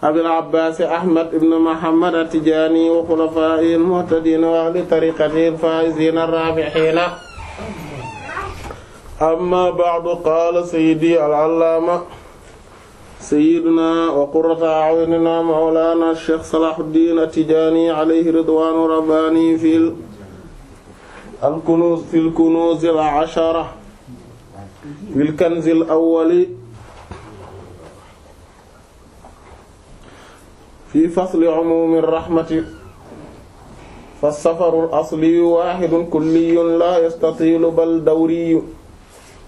abil abbaas ahmad ibn muhammad at-tijaani wa xulafaa'ihi al-muhtadiina wa ahli tariqatihi al-faa'iziina ar-raabihiina amma ba'du qaala sayyidi al-allaama sayyidunaa wa qurrata a'yuninaa mawlaanaa ash-shaykh salaahudiin at-tijaani alayhi ridwaanu rabbaani fil al-kunuuz fil kunuuzil ashara fil kanzil awwali fii fasli umumi rahmati fa safaru asliyu waxidun kulliyun la yastatilu bal dawriyu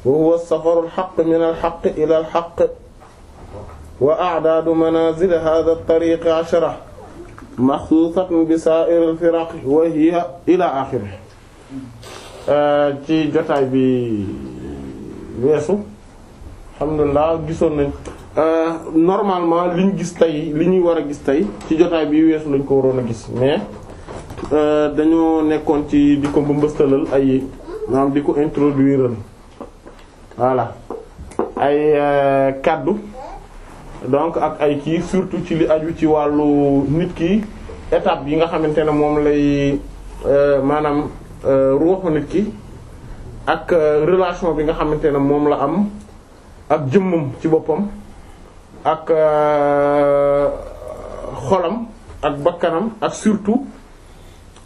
wa huwa safaru alxaq min alxaq ila alxaq wa acdaadu manazil hada altariqi ashara maxsuusatun bi saairi alfiraqi wa hiya ila axiri ci jotaay bi weesu alhamdulilah gisoon nañ Euh, li liñ gis tey li ñuy war a gis tey ci jotaay bi weesu lañ ko waroon a gis mais euh, dañoo nekkoon ci di ko mbëstalal ay maanaam di ko introduire voilà ay euh, kàddu donc ak ay kii surtout ci li aju ci wàllu nit ki étape yi nga xamante ne moom lay maanaam ruuxu nit ki ak relation bi nga xamante ne moom la am ak jëmmam ci boppam ak euh, xolam ak bakkanam ak surtout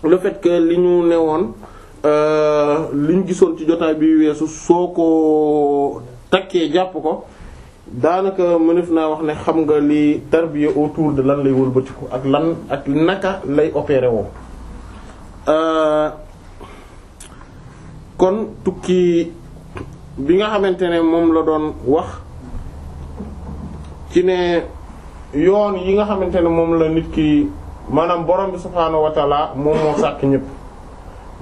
le fait que li ñu ne woon euh, li ñu gisoon ci jotaay bi weesu soo ko takkee jàpp ko daanaka mënef naa wax ne xam nga li tarbiya autour de lan lay wëlbatiku ak lan ak naka lay opéré woo euh, kon tukki bi nga xamante ne moom la doon wax ci ne yoon yi nga xamante ne moom la nit ki maanaam borom bi subhaanahu moom moo sàkk ñëpp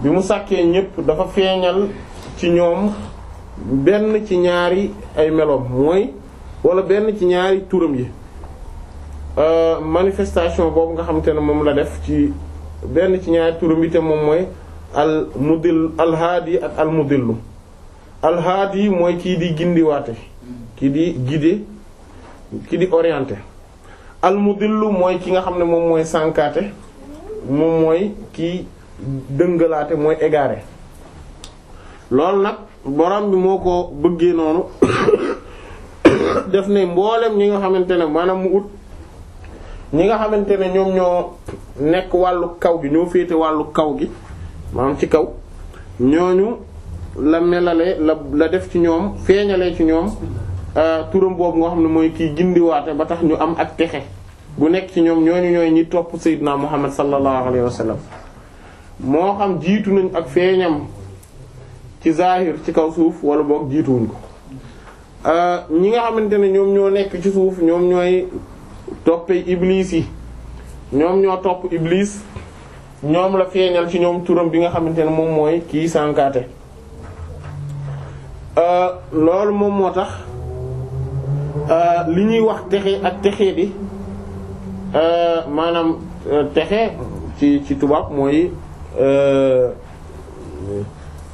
bi mu sàkkee ñëpp dafa feeñal ci ñoom benn ci ñaari ay meloom mooy wala benn ci ñaari turam yi euh, manifestation boobu nga xamante ne moom la def ci benn ci ñaari moom mooy al mudil alhaadi ak al mudillu mooy kii di gindiwaate kii di gide ki di orienté al mu mudillu mooy ki nga xam ne moom mooy sànkaate moom mooy ki dëngalaate mooy égaré loolu nag borom bi moo ko bëggee noonu def ne mboolem ñi nga xamante ne maanaam mu ut ñi nga xamante ne ñoom ñoo nekk wàllu kaw gi ñoo féete wàllu kaw gi maanaam ci kaw ñooñu la melale la def ci ñoom feeñalee ci ñoom Euh, turam boobu nga xam ne mooy kii gindiwaate ba tax ñu am ak texe bu nekk ci ñoom ñooñu ñooy ñi topp Seydina Muhammad sallallahu alayhi wa sallam moo xam jiitu nañ ak feeñam ci zahir ci kaw suuf wala boog jiituwuñ ko euh, ñi nga xamante ne ñoom ñoo nekk ci suuf ñoom ñooy toppee iblis yi ñoom ñoo topp iblis ñoom la feeñal ci ñoom turam bi nga xamante ne moom mooy kii sànkaate euh, loolu moom moo tax Euh, li ñuy wax texe ak texe di euh, maanaam euh, texe ci ci tubaab mooy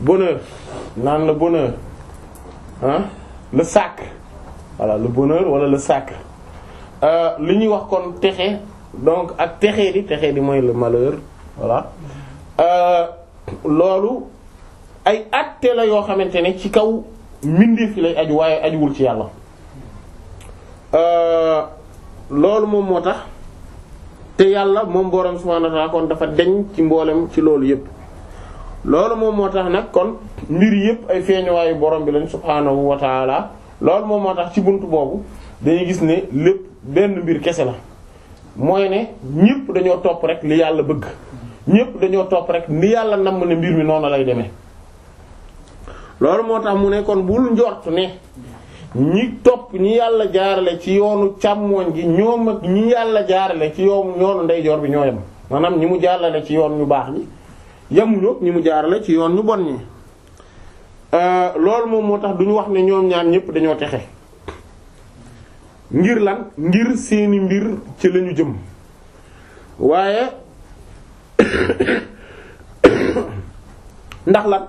bonheur naan le bonheur ah le sac voilà le bonheur wala le sac li ñuy wax kon texe donc ak texe di texe di mooy le malheur voilà loolu ay acte la yoo xamante ne ci kaw mbindeef yi lay aju waaye ajuwul ci yàlla Euh, loolu moom moo tax te yàlla moom boroom subhaanahu wa ta'aala kon dafa deñ ci mboolem ci loolu yépp loolu moom moo tax nag kon mbir yépp ay feeñuwaayu boroom bi lañ subhaanahu wa ta'aala loolu moom moo tax ci bunt boobu dañuy gis ne lépp benn mbir kese la mooy ne ñépp dañoo topp rek li yàlla bëgg ñépp dañoo topp rek li yàlla namm ne mbir mi noonu lay demee loolu moo tax mu ne kon bul njort ne ñi topp ñi yàlla jaarale ci yoonu càmmooñ gi ñoom ak ñi yàlla jaarale ci yoonu yoonu ndeyjoor bi ñoo yem maanaam ñi mu jaarale ci yoon ñu baax ñi yemuñu ñi mu jaarale ci yoon ñu bon ñi euh, loolu moom moo tax duñu wax ne ñoom ñaan ñépp dañoo texe ngir lan ngir seeni mbir ci lañu jëm waaye ndax la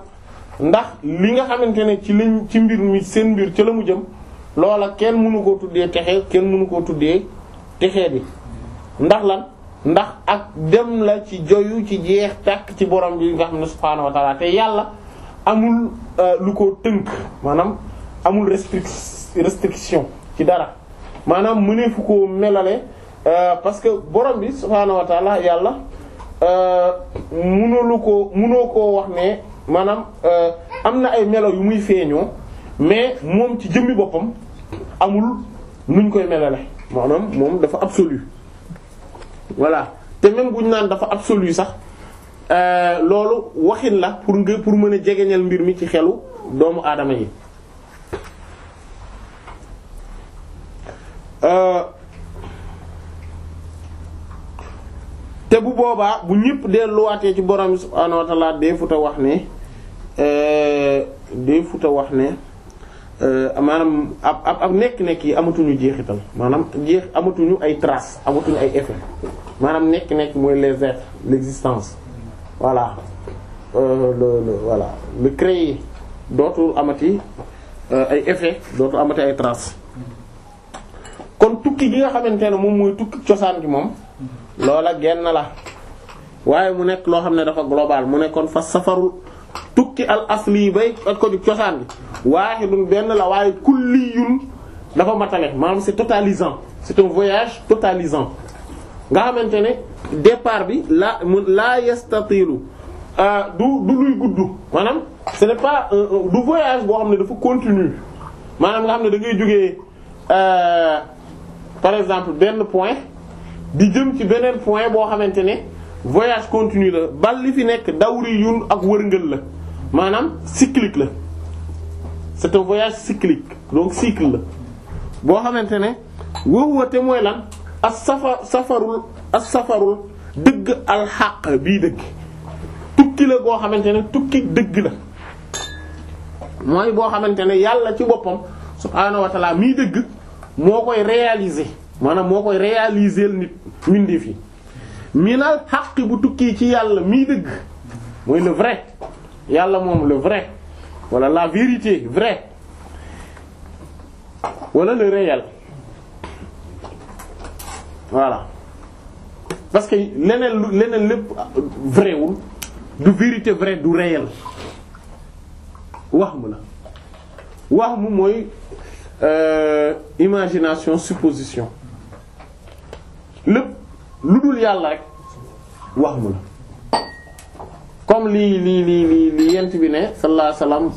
ndax li nga xamante ne ci lañ ci mbir mi seen mbir ca la mu jëm loola kenn mënu koo tuddee texe kenn mënu koo tuddee texee bi ndax lan ndax ak dem la ci joyu ci jeex tàkk ci borom bi nga xam ne subhaanahu wa te yàlla amul euh, lu ko tënk maanaam amul restriction ci dara maanaam mëneefu ko melale euh, parce que borom bi subhaanahu wa ta'ala yàlla euh, mënulu ko mënoo ko wax ne maanaam euh, am na ay melo yu muy feeñoo mais moom ci jëmmi boppam amul nuñ koy melale maanaam moom dafa absolu voilà te même bu ñu naan dafa absolu sax euh, loolu waxin la pour nga pour mën a jegeñal mbir mi ci xelu doomu aadama yi euh, te bu boobaa bu ñëpp delluwaatee ci borom subhaanahu wa ta'aala deefuta wax ne Euh, day futa wax ne euh, maanaam ab ab ab nekk-nekk yi amatuñu jeexital maanaam jeex amatuñu ay traces amatuñu ay effet maanaam nekk-nekk mooy les êtres l'existence voilà euh, le le voilà le créer dootul amati euh, ay effet dootul amati ay traces kon tukki gi nga xamante ne moom mooy tukki cosaan gi moom loola genn la waaye mu nekk loo xam ne dafa global mu nekkoon fa safarul tukki al asli bay ak ko cosaan bi waahidun benn la waaye kulliyun dafa matale maanaam c'est totalisant c'est un voyage totalisant nga xamante ne départ bi la la yastatilu euh, du du luy gudd maanaam ce n'est pas du voyage boo xam ne dafa continu maanaam nga xam ne dangay jóge jógee euh, par exemple benn point di jëm ci beneen point boo xamante ne voyage continu la bal li fi nekk dawri yun ak wërngël la maanaam cyclique la c'est un voyage cyclique donc cycle la boo xamante ne wëwwa te mooy lan as safar safarul as safarul dëgg alxaq bii dëgg tukki la boo xamante ne tukki dëgg la mooy boo xamante ne yàlla ci boppam subhaanahu wa ta'ala mii dëgg moo koy réaliser maanaam moo koy réaliser nit mbindeef yi minal xaq bu tukki ci yàlla mii dëgg mooy le vrai yàlla moom le vrai wala la vérité vrai walla le réel voilà parce que leneen lu leneen lépp vrai wul du vérité vrai du réel wax mu la wax mu mooy euh, imagination supposition lépp lu dul yàlla rek wax mu la comme lii lii lii lii lii yent bi ne sallallahu alayhi wasallam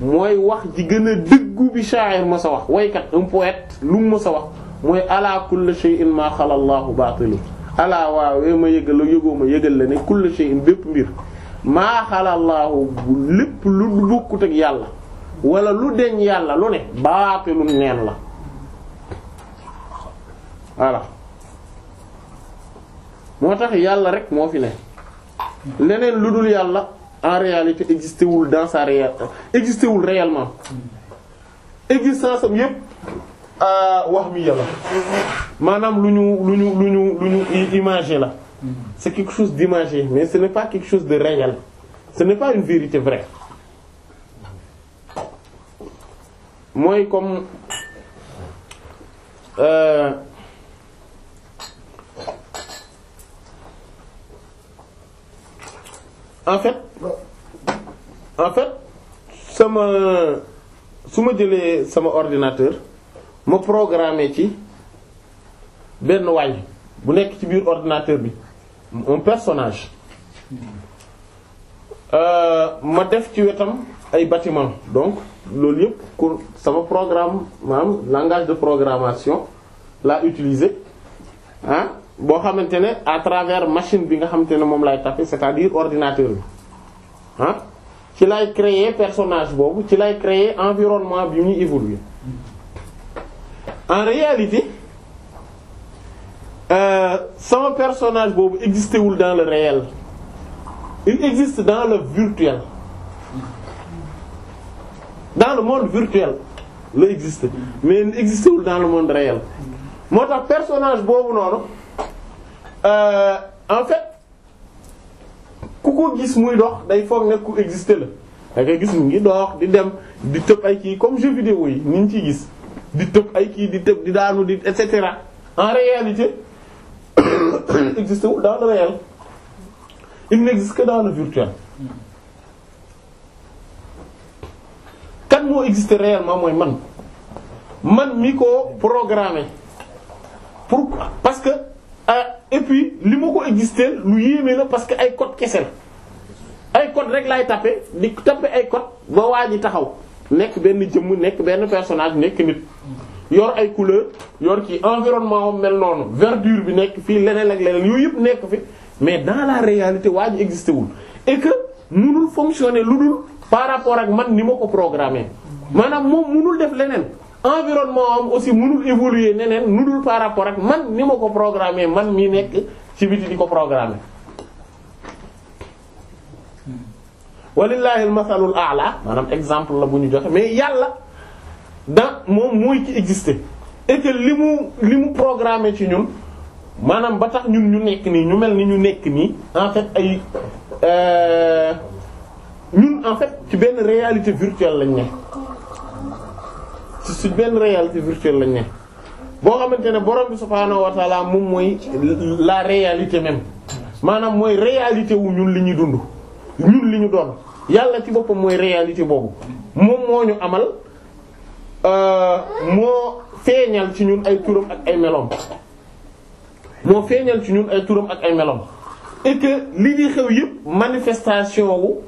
mooy wax ji gën a dëggu bi sha'ir ma sa wax waykat un poète lu ma sa wax mooy ala kulli shay'in ma xala Allahu baatilu ala waawee ma yëgal la yëgoo ma yëgal la ne kulli shay'in bépp mbir maa lépp lu bokkut ak yàlla wala lu deñ yàlla lu ne baatilun neen la voilà moo tax yàlla rek moo fi ne leneen lu dul yàlla en réalité existé wul dans sa réalité existé wul réellement existence am yépp euh, wax mi yàlla maanaam lu ñu lu ñu lu ñu lu ñu imagé la c'est quelque chose d'imagé mais ce n'est pas quelque chose de réel ce n'est pas une vérité vraie mooy comme euh, en fait en fait sama su ma jëlee sama ordinateur ma programmer ci benn waay bu nekk ci biir ordinateur bi un personnage euh, ma def ci wetam ay bâtiment donc loolu yëpp pour sama programme maanaam langage de programmation laa utiliser ah boo xamante ne à travers machine bi nga xamante ne moom lay tapé c'est-à-dire ordinateur bi ah ci lay créer personnage boobu ci lay créer environnement bi muy évoluer en réalité euh, sama personnage boobu existé wul dans le réel il existe dans le virtuel dans le monde virtuel la existé mais existé wul dans le monde réel moo tax personnage boobu noonu. Euh, en fait ku ko gis muy dox day foog ne ku exister la da ngay gis mu ngi dox di dem di tëb ay kii comme jeu vidéo yi ni ñu ciy gis di tëb ay kii di tëb di daanu di et cetera en réalité il n'existe wul dans le réel il n'existe que dans le virtuel. kan moo existe réellement mooy man man mi ko programmé pourquoi parce Ah, et li ma ko exister lu yéeme la parce que ay code kese la ay code rek lay tapé di tapé ay code ba waa ji taxaw nekk benn jëmm nekk benn personnage nekk nit yor ay couleur yor ci environnement am mel noonu verdure bi nekk fii leneen ak leneen yooyu yëpp nekk fi mais dans la réalité waa ji existé wul et que mënul fonctionner lu dul par rapport ak man ni ma ko programmé maanaam moom mënul def leneen. environnement am aussi mënul évoluer neneen nu dul par rapport ak man ni ma ko programmee man mii nekk ci biti di ko programmer walillahi almasalul a'la maanaam exemple la bu ñu joxe mais yàlla da moom mooy ci exister et que li mu li mu programmer ci ñun maanaam ba tax ñun ñu nekk nii ñu mel ni ñu nekk nii en fait ay euh, ñun en fait ci benn réalité virtuelle lañ nekk ci su benn réalité virtuelle lañ ne boo xamante ne borom bi subhaanahu wa taala moom mooy la réalité même maanaam mooy réalité wu ñun li ñuy dund ñun li ñu doon yàlla ci boppam mooy réalité boobu moom moo ñu amal euh, moo feeñal ci ñun ay turam ak ay meloom moo feeñal ci ñun ay turam ak ay meloom li di xew yëpp manifestation wu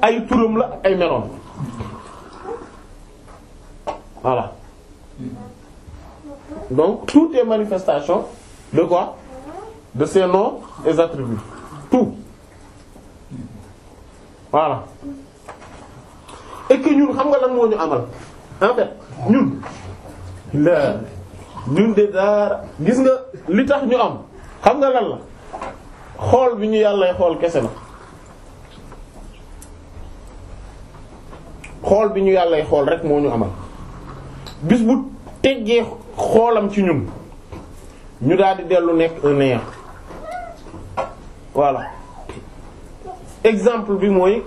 ay turam la ak ay meloom voilà donc toutes les manifestations de quoi de ses noms et attributs tout voilà et que ñun xam nga lan moo ñu amal en fait ñun la ñun de dara gis nga li tax ñu am xam nga lan la xool bi ñu yàllay xool kese na xool bi ñu yàllay xool rek moo ñu amal bis bu teggee xoolam ci ñun ñu daal di dellu nekk un néant voilà exemple bi mooy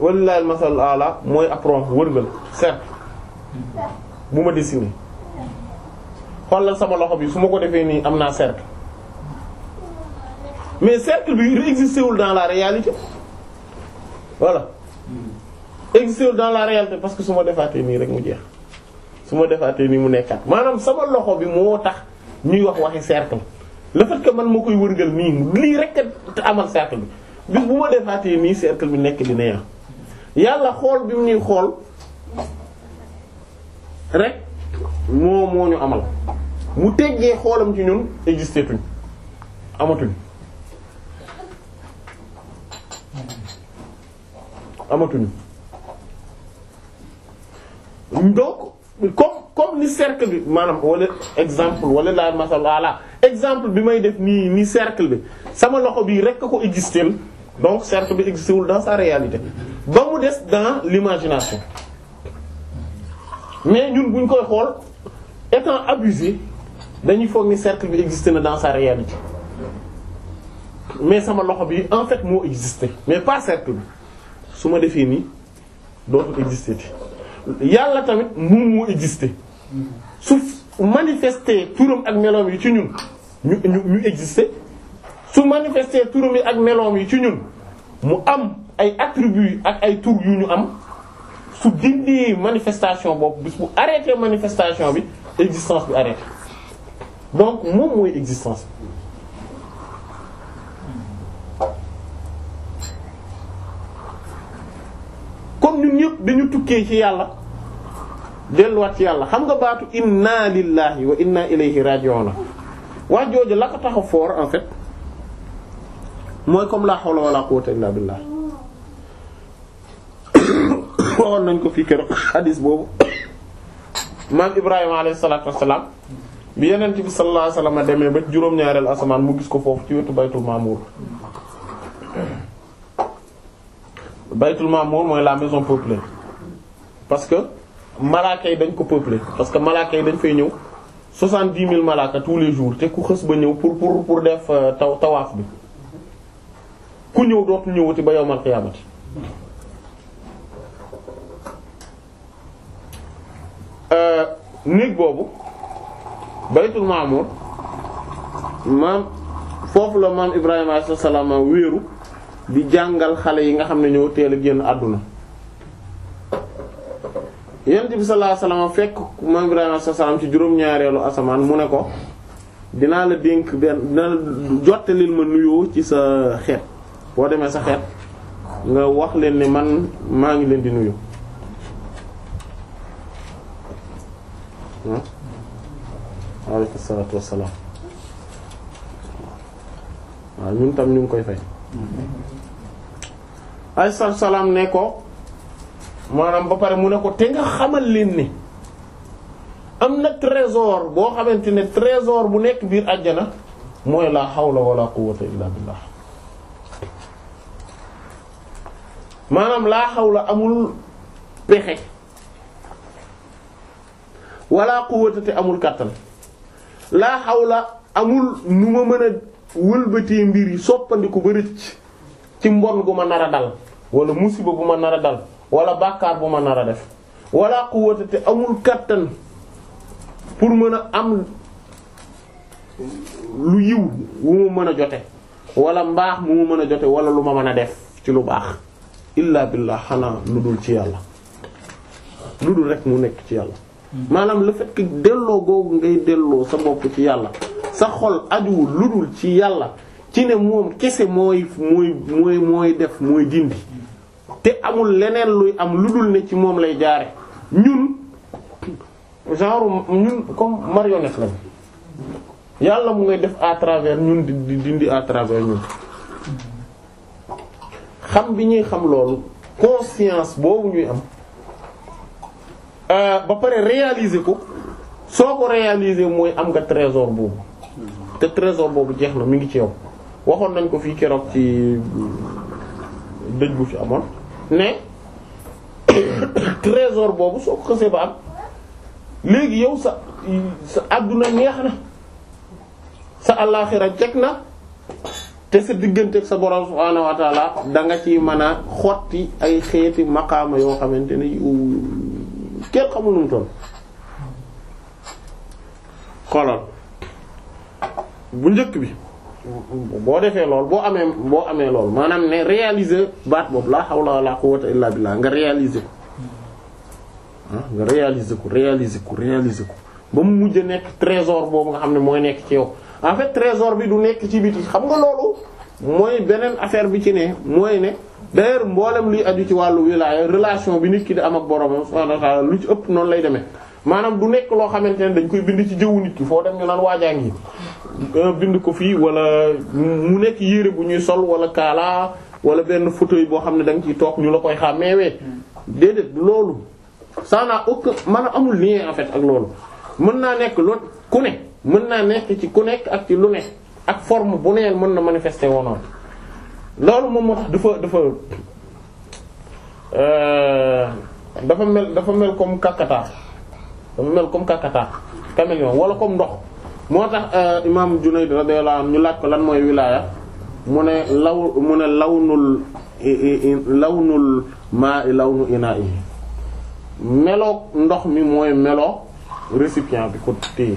wallahi al-masal ala mooy ab rond wërngal cercle bu ma dessiné la sama loxo bi su ma ko defee nii am naa cercle mais cercle bi existé wul dans la réalité exister dans la réalité parce que su ma defaatee nii rek mu jeex su ma defaatee nii mu nekkaat maanaam sama loxo bi moo tax ñuy wax waxi cercle le fait que man ma koy wërngal nii lii rek a amal cercle bi bis bu ma defaatee nii cercle bi nekk dina yaa yàlla xool bi mu ñuy xool rek moo moo ñu amal mu teggee xoolam ci ñun exister tuñ amatuñ amatuñu donc comme comme ni cercle bi maanaam wala exemple wala la masal voilà exemple bi may def nii nii cercle bi sama loxo bii rek ko exister donc cercle bi existé wul dans sa réalité ba mu des dans l'imagination mais ñun bu ñu koy xool étant abusé dañuy foog ni cercle bi existé na dans sa réalité mais sama loxo bi en fait moo existé mais par cercle bi su ma defee nii dootul existé yàlla tamit moom moo exister su manifester turam ak meloom yi ci ñun ñu ñu ñu su manifester turam yi ak meloom yi ci ñun mu am ay attributs ak ay tur yu ñu am su dindi manifestation boobu bis bu arrêté manifestation bi existence bi arrêté donc moom mooy existence comme ñun ñëpp dañu tukkee ci yàlla delluwaat yàlla xam nga baatu inna lillahi wa inna ilayhi raji'un wax jooju la ko tax a fort en fait mooy comme la hawla wala quwwata illa billah waxoon nañ ko fii keroog hadis boobu maam Ibrahima alayhi salaatu wassalaam bi Yonent bi sallallahu alayhi demee ba juróom-ñaareel asamaan mu gis ko foofu ci wetu baytul maamur baytul maamur mooy la maison peuplée parce que malaaka yi dañ ko peuplé parce que malaaka yi dañ fay ñëw soixante-dix mille malaaka tous les jours te ku xës ba ñëw pour pour pour def euh, taw tawaaf bi ku ñëw dootu ñëwati ba yawmal qiyaamati euh, néeg boobu baytul maamur maam foofu la maam Ibrahima alayhi salaam wéeru di jàngal xale yi nga xam ne ñoo teel a génn àdduna yonent bi sallallahu alayhi wasallam fekk moom Ibrahima sallam ci juróom-ñaareelu asamaan mu ne ko dinaa la dénk benn dinaa jottalil ma nuyoo ci sa xeet boo demee sa xeet nga wax leen ne man maa ngi leen di nuyu aleykum salaatu waaw ñun tam ñu ngi koy fay alayhi salaam ne ko maanaam ba pare mu ne ko te nga xamal leen ne am na trésor boo xamante ne trésor bu nekk biir àjjana mooy la hawla wala quwwata illa billah maanaam laa xaw la amul pexe wala quwwata te amul kàttan laa xaw la amul nu ma mën a wëlbatee mbir yi soppandiku ba rëcc ci mbon gu ma nar dal wala musiba bu ma nar a dal wala bàkkaar bu ma nar a def wala quwwata te amul kàttan pour mën a am lu yiw wu ma mën a jote walla mbaax mu mu mën a jote wala lu ma mën a def ci lu baax illa billah xanaa lu dul ci yàlla lu dul rek mu nekk ci yàlla maanaam le fait delloo googu ngay delloo sa bopp ci yàlla sa xol ajuwul lu dul ci yàlla ci ne moom kese mooy mooy mooy mooy def mooy dindi te amul leneen luy am lu dul ne ci moom lay jaare ñun genre ñun comme marionnette lañ yàlla mu ngay def à travers ñun di dindi à travers ñun xam bi ñuy xam loolu conscience boobu ñuy am euh, ba pare réaliser ko soo ko réaliser mooy am nga trésor boobu te trésor boobu jeex na mi ngi ci yow waxoon nañ ko fii keroog ci dëj bu fi amoon ne trésor boobu soo ko xasee ba am léegi yow sa àdduna neex na sa àllaaxira jeg na te sa diggante ak sa borom subhaanahu wa danga da ci mën a xotti ay xeeti maqaama yoo xamante ne kenn xamul nu mu toll bu njëkk bi boo defee lool boo amee boo amee lool maanaam ne réaliser baat boobu laa hawla wala quwwata illa billah nga réaliser ko ah, nga réaliser ko réaliser ko réaliser ko ba mu mujj nekk trésor boobu nga xam ne mooy nekk ci yow en fait trésor bi du nekk ci biti xam nga loolu mooy beneen affaire bi ci ne mooy ne d'ailleurs mboolem luy aju ci wàllu wilaaya relation bi nit ki di am ak boromam subhaanahu wa ta'aala lu ci ëpp noonu lay demee maanaam du nekk loo xamante ne dañ koy bind ci jëwu nit ki foo dem ñu naan waajaangi Euh, bind ko fii wala mu nekk yére bu ñuy sol wala kaalaa wala benn fauteuil boo xam ne da nga ciy toog ñu la koy xàmmeewee déedéet loolu ça n'a man a amul lien en fait ak loolu mën naa nekk lool ku ne mën naa nekk ci ku nekk ak ci lu nekk ak forme bu neen mën na manifester wonoon loolu moom moo dafa dafa euh, dafa mel dafa mel comme kakataa dafa mel comme kakataa caméléon wala comme ndox moo tax euh, imaam Junayd radiyallahu anhu ñu laaj ko lan mooy wilaaya mu ne law mu ne law lawnul maa i lawnu inaa i meloog ndox mi mooy meloog récipient bi ko téye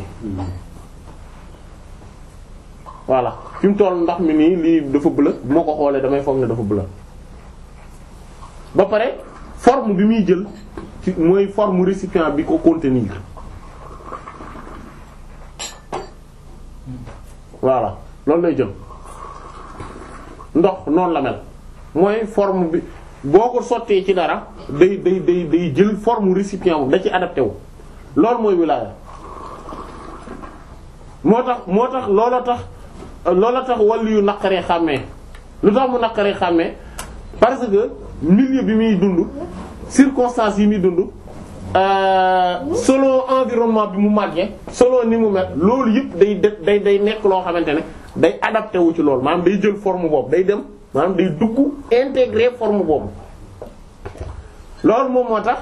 voilà fi mu toll ndox mi nii lii dafa bleu moo ko xoolee damay foog ne dafa bleu ba pare forme bi muy jël ci mooy forme récipient bi ko contenir voilà loolu lay jël ndox noonu la mel mooy forme bi boo ko sottee ci dara day day day day jël forme récipient da ci adapté wu loolu mooy wilaaya moo tax moo tax loola tax loola tax wàllu yu naqaree xàmmee lu tax mu naqaree xàmmee parce que milieu bi muy dund circonstances yi muy dund Euh, solo environnement bi mu màggee solo ni mu mel loolu yëpp day day day nekk loo xamante ne day adapté wu ci loolu maanaam day jël forme boobu day dem maanaam day dugg intégré forme boobu loolu moom moo tax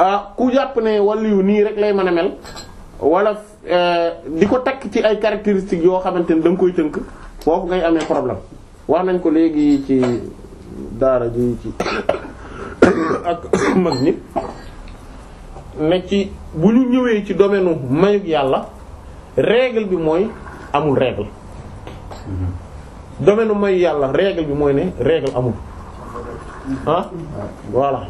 euh, ku jàpp ne waliyu nii rek lay mën a mel wala euh, di ko takk ci ay caractéristiques yoo xamante ne da koy tënk foofu ngay amee problème wax nañ ko léegi ci daara ji ci ak mag ñi ne ci bu ñu ñëwee ci domaine u mayug yàlla règle bi mooy amul règle domaine mayu yàlla règle bi mooy ne règle amul ah voilà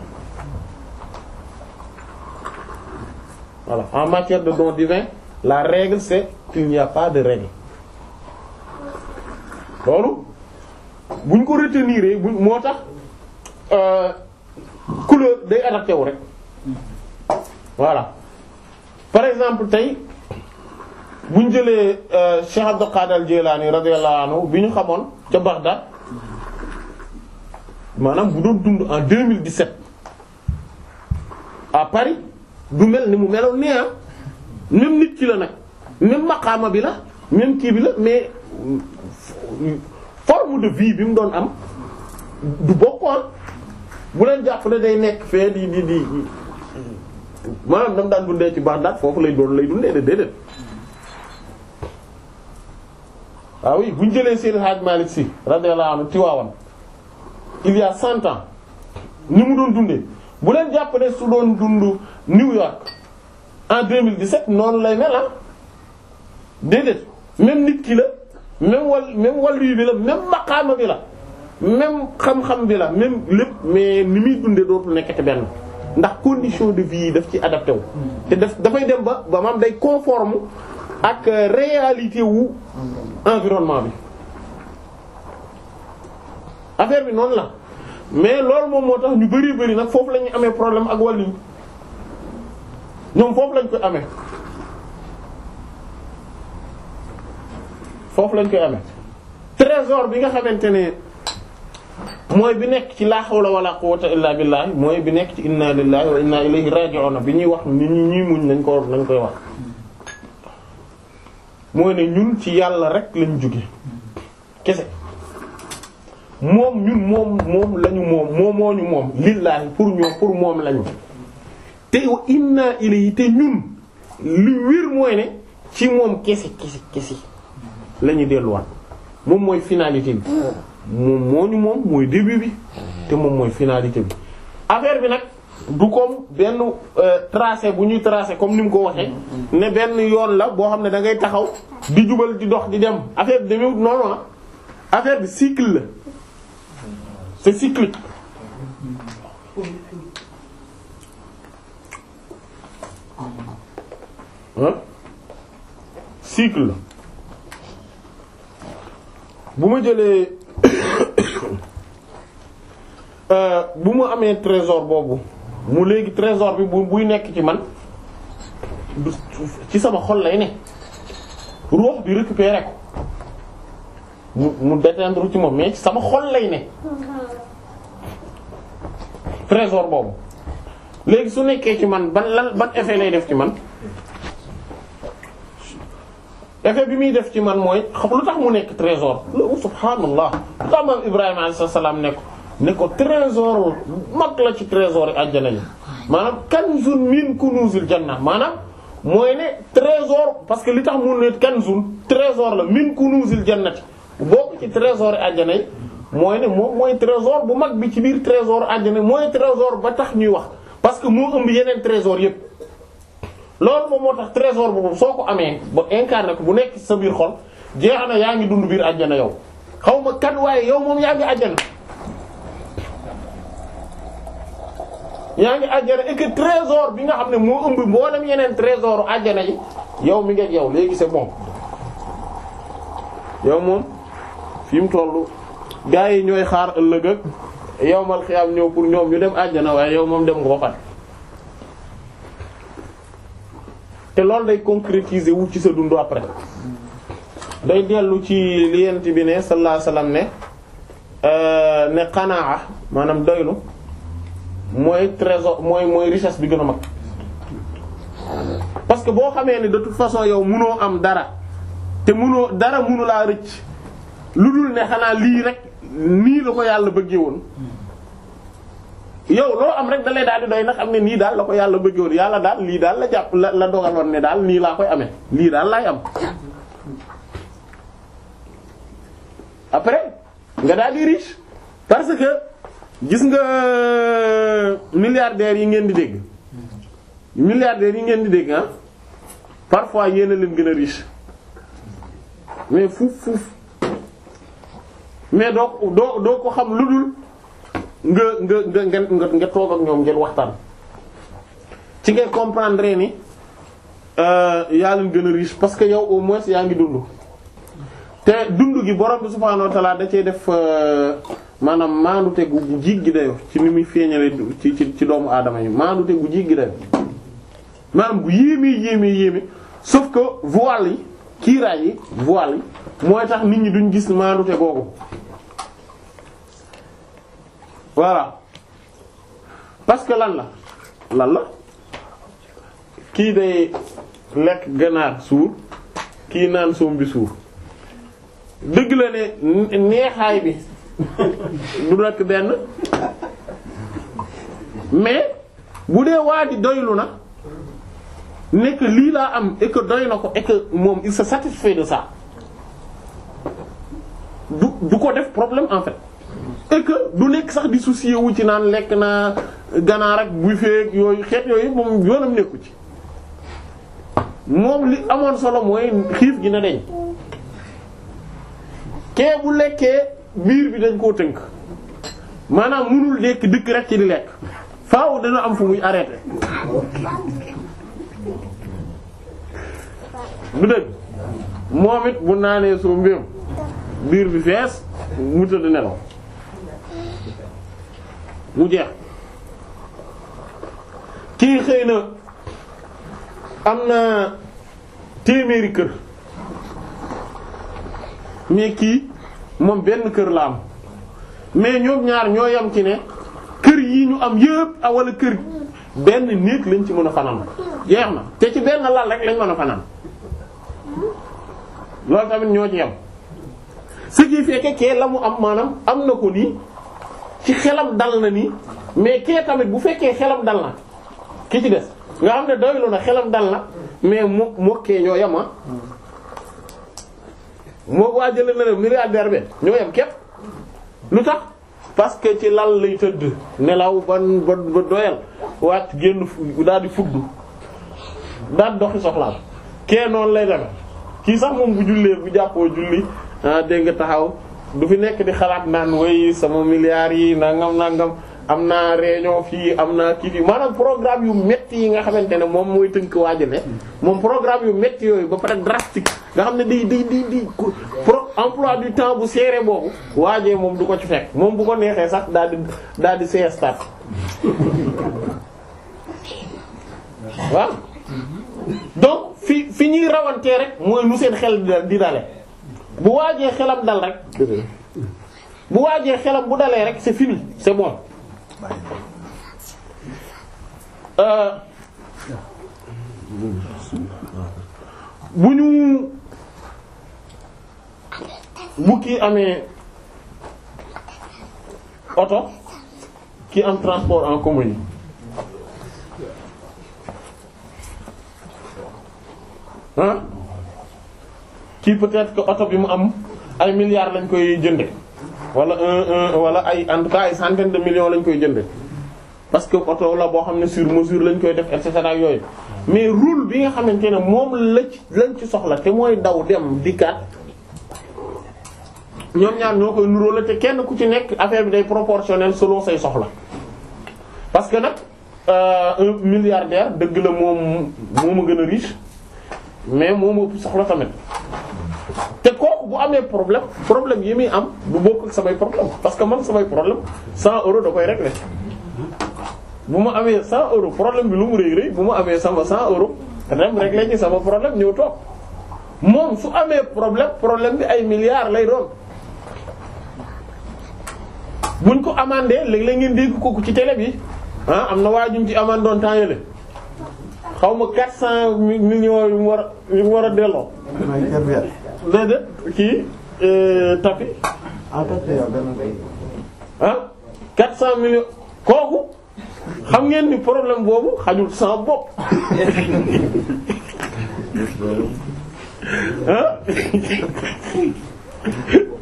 voilà en matière de don divin la règle c'est qu'il n'y a pas de règle loolu buñ ko retenir buñ moo tax euh, couleur day adapté wu rek voilà par exemple tey bu ñu jëlee euh, Cheikh Abdou Qadir al-Jilani bi ñu xamoon ca Bagdad maanaam bu doon dund en 2017 à Paris du mel ni mu meloon nee ah nit ki la nag même maqaama bi la même kii bi la mais forme de vie bi mu doon am du bokkoon bu leen jàpp ne day nekk fee di di di. maanaam dam daan dundee ci Bagdad foofu lay doon lay dundee de déedéet ah oui bu ñu jëlee Seydi Hadj Malick Sy radiyallahu anhu Tiwaawan il y a cent ans ni mu doon dundee bu leen jàpp su doon dund New York en 2017 noonu lay mel ah déedéet même nit ki la même wal même wàllu bi la même maqaama bi la même xam-xam bi la même lépp mais ni muy dundee dootul nekkati benn. ndax condition de vie yi daf ci adapté wu. te daf dafay dem ba ba maam day conforme ak euh, réalité wu environnement bi affaire bi noonu la mais loolu moom moo tax ñu bari bari nag foofu la ñuy amee problème ak wàllu ñoom foofu lañ koy amee foofu lañ koy amee trésor bi nga xamante ne. mooy bi nekk ci laa hawla wala quwwata illa billah mooy bi nekk ci inna lillahi wa inna ilayhi raji'un bi ñuy wax nit ñi ñuy muñ nañ ko nañ koy wax mooy ne ñun ci yàlla rek lañ jóge kese moom ñun moom moom lañu moom lillaahi pour ñoom pour moom lañu te inna ilayhi te ñun li wér mooy ne ci moom kese kese kese lañu delluwaat moom mooy finalité moom moo ñu moom mooy début bi te moom mooy finalité bi affaire bi nag du comme benn euh, tracé bu ñuy tracé comme ni mu ko waxee ne benn yoon la boo xam ne da ngay taxaw di jubal di dox di dem affaire bi demewut noonu la ah. affaire bi cycle la c'est cyclique ah la bu ma jëlee Euh, bu mu amee trésor boobu mu léegi trésor bi bu buy nekk ci man ci sama xol lay ne ruux bi récupérer ko mu mu déteindre ci moom mais sama xol lay ne trésor boobu léegi su nekkee ci man ban lan ban effet lay def ci man. effet bi muy def ci man mooy xam lu tax mu nekk trésor lu subhaanallah lu tax maam Ibrahima alayhi salaam ne ko ne ko trésor mag la ci trésor yi àjjana yi maanaam kanzun min kunuzil janna maanaam mooy ne trésor parce que li tax mu ne kanzun trésor la min kunuzil jannati bokk ci trésor yi àjjana yi mooy ne moom mooy trésor bu mag bi ci biir trésor àjjana mooy trésor ba tax ñuy wax parce que moo ëmb yeneen trésor yépp loolu moom moo tax trésor boobu soo ko amee ba incarné ko bu nekk sa biir xol jeex na yaa ngi dund biir àjjana yow xaw ma kan waaye yow moom yaa ngi yaa ngi àjjana bi nga xam ne moo ëmb mboolem yeneen trésor àjjana yi yow mi ngeeg yow léegi c'est bon yow moom fi mu toll gaa yi ñooy xaar ëllëg ak yow mal xiyaam ñëw pour ñoom ñu dem àjjana waaye yow moom dem nga ba pare te loolu day concrétiser wu ci sa dund après day dellu ci lient bi ne sallallahu alayhi wasallam ne euh, ne qanaa maanaam doylu mooy trésor mooy mooy richesse bi gën a mag parce que boo xamee ne de toute façon yow mënoo am dara te mënoo dara mënu laa rëcc lu dul ne xanaa lii rek nii la ko yàlla bëggee woon yow loo am rek da lay daal doy nag am ne nii daal la ko yàlla bëggoon yàlla daal lii daal la jàpp la la dogaloon ne daal nii laa koy amee lii daal laay am après nga daal di parce que gis nga euh, milliardaires yi ngeen di dégg milliardaires yi ngeen di dégg ah parfois yéen a leen gën a riche mais fuuf fuuf mais doo doo doo ko xam lu dul. nga nga nga nga nga toog ak ñoom ngeen waxtaan ci ngay comprendre ni euh, yaa leen gën a riche parce que yow au moins yaa ngi dund te dund gi borom bi subhaanahu wa da cee def euh, maanaam maandute gu gu jiig gi dayo ci ni muy feeñale ci ci doomu aadama yi maandute gu jiig gi dayo maanaam gu yéeme yéeme yéeme sauf que voile yi kiiraay yi voile yi mooy tax nit ñi duñ gis maandute googu voilà parce que lan la lan la kii day lekk ganaar suur kii naan soom bi suur dëgg la ne neexaay bi du nekk benn mais bu dee waa doylu na nekk lii laa am et doy na ko et moom il se satisfait de ça du du ko def problème en fait et que du nekk sax di soucier wu ci naan lekk naa ganaar ak buy feek yooyu xeet yooyu moom yoonam nekku ci moom li amoon solo mooy xiif gi na deñ kee bu lekkee biir bi dañ koo tënk maanaam mënul lekk dëkk rek ci di lekk faaw dana am fu muy arrêté du dëgg moom it bu naanee soo mbéem biir bi fees mu tëdd nelaw mu jeex kii xëy na am na téeméeri kër mais kii moom benn kër la am mais ñoom ñaar ñoo yam ci ne kër yi ñu am yépp a ah, wala kër benn néeg lañ ci mën a fanaan jeex na te ci benn lal rek lañ mën a fanaan loolu tamit ñoo ci yam ce qui fait kee la mu am maanaam am na ko nii ci xelam dal na ni mais kee tamit bu fekkee xelam dal na ki ci des nga xam ne doylu na xelam dal na mais mo moo kee ñoo yem ah. moo waa jël na leen milliardaire bi ñoo yem képp lu tax parce que ci lal lay tëdd nelaw ban ba ba doyal wàcc génn daal di fudd daal doxi soxlaam kee noonu lay demee kii sax moom bu jullee bu jàppoo julli ah nga taxaw. du fi nekk di xalaat naan way sama milliards yi nangam nangam am naa réunion fii am naa kii fii maanaam programme yu métti yi nga xamante ne moom mooy tënk waajo ne moom programme yu métti yooyu ba pare drastique nga xam ne day day day day pro emploi du temps bu serré boobu waajee moom du ko ci fekk moom bu ko neexee sax daal di daal di siestat waaw donc fi fi ñuy rawantee rek mooy lu seen xel di dale bu waajee xelam dal rek. bu waajee xelam bu dalee rek c'est fini c'est bon. Euh, bu ñu bu amee oto ki am transport en commun yi kii peut que oto bi mu am ay milliards lañ koy jënde wala un un wala ay en tout ay centaine de million lañ koy jënde parce que oto la boo xam ne sur mesure lañ koy def et cetera yooyu mais rôle bi nga xamante ne moom lañ ci soxla te mooy daw dem dikkaat ñoom ñaar ñoo koy nuróo la te kenn ku ci nekk affaire bi day proportionnel selon say soxla parce que nag euh, un milliardaire dëgg la moom moo ma gën a riche mais moo ma soxla tamit te kooku bu amee problème problème yi muy am bu bokk ak samay problème parce que man samay problème 100 euros da koy régler bu ma amee 100 euros problème bi lu mu rëy rëy bu mu amee sama 100 euros dem régler ci sama problème ñëw toog moom su amee problème problème bi ay milliards lay doon. buñ ko amandé léeg-léeg ngeen dégg ko ci tele bi ah am na waa ñu ci amandoon temps yële. xaw ma quatre cent millions yu mu war yu mu war a delloo. kii euh, tapi. ah quatre cent millions kooku xam ngeen ni problème boobu xajul sama bopp ah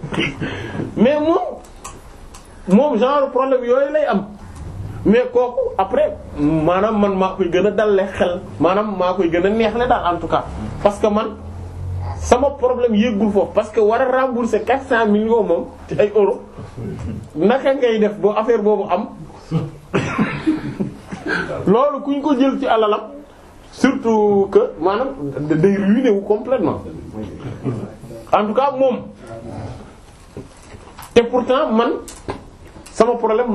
mais moom moom genre problème yooyu lay am. mais kooku après maanaam man maa koy gën a dalle xel maanaam maa koy gën a neexle daal en tout cas parce que man sama problème yëggul foofu parce que war a rembourser quatre cent millions moom ci ay euros naka ngay def boo affaire boobu am loolu kuñ ko jël ci alalam surtout que maanaam day ruiné wu complètement en tout cas moom te pourtant man sama problème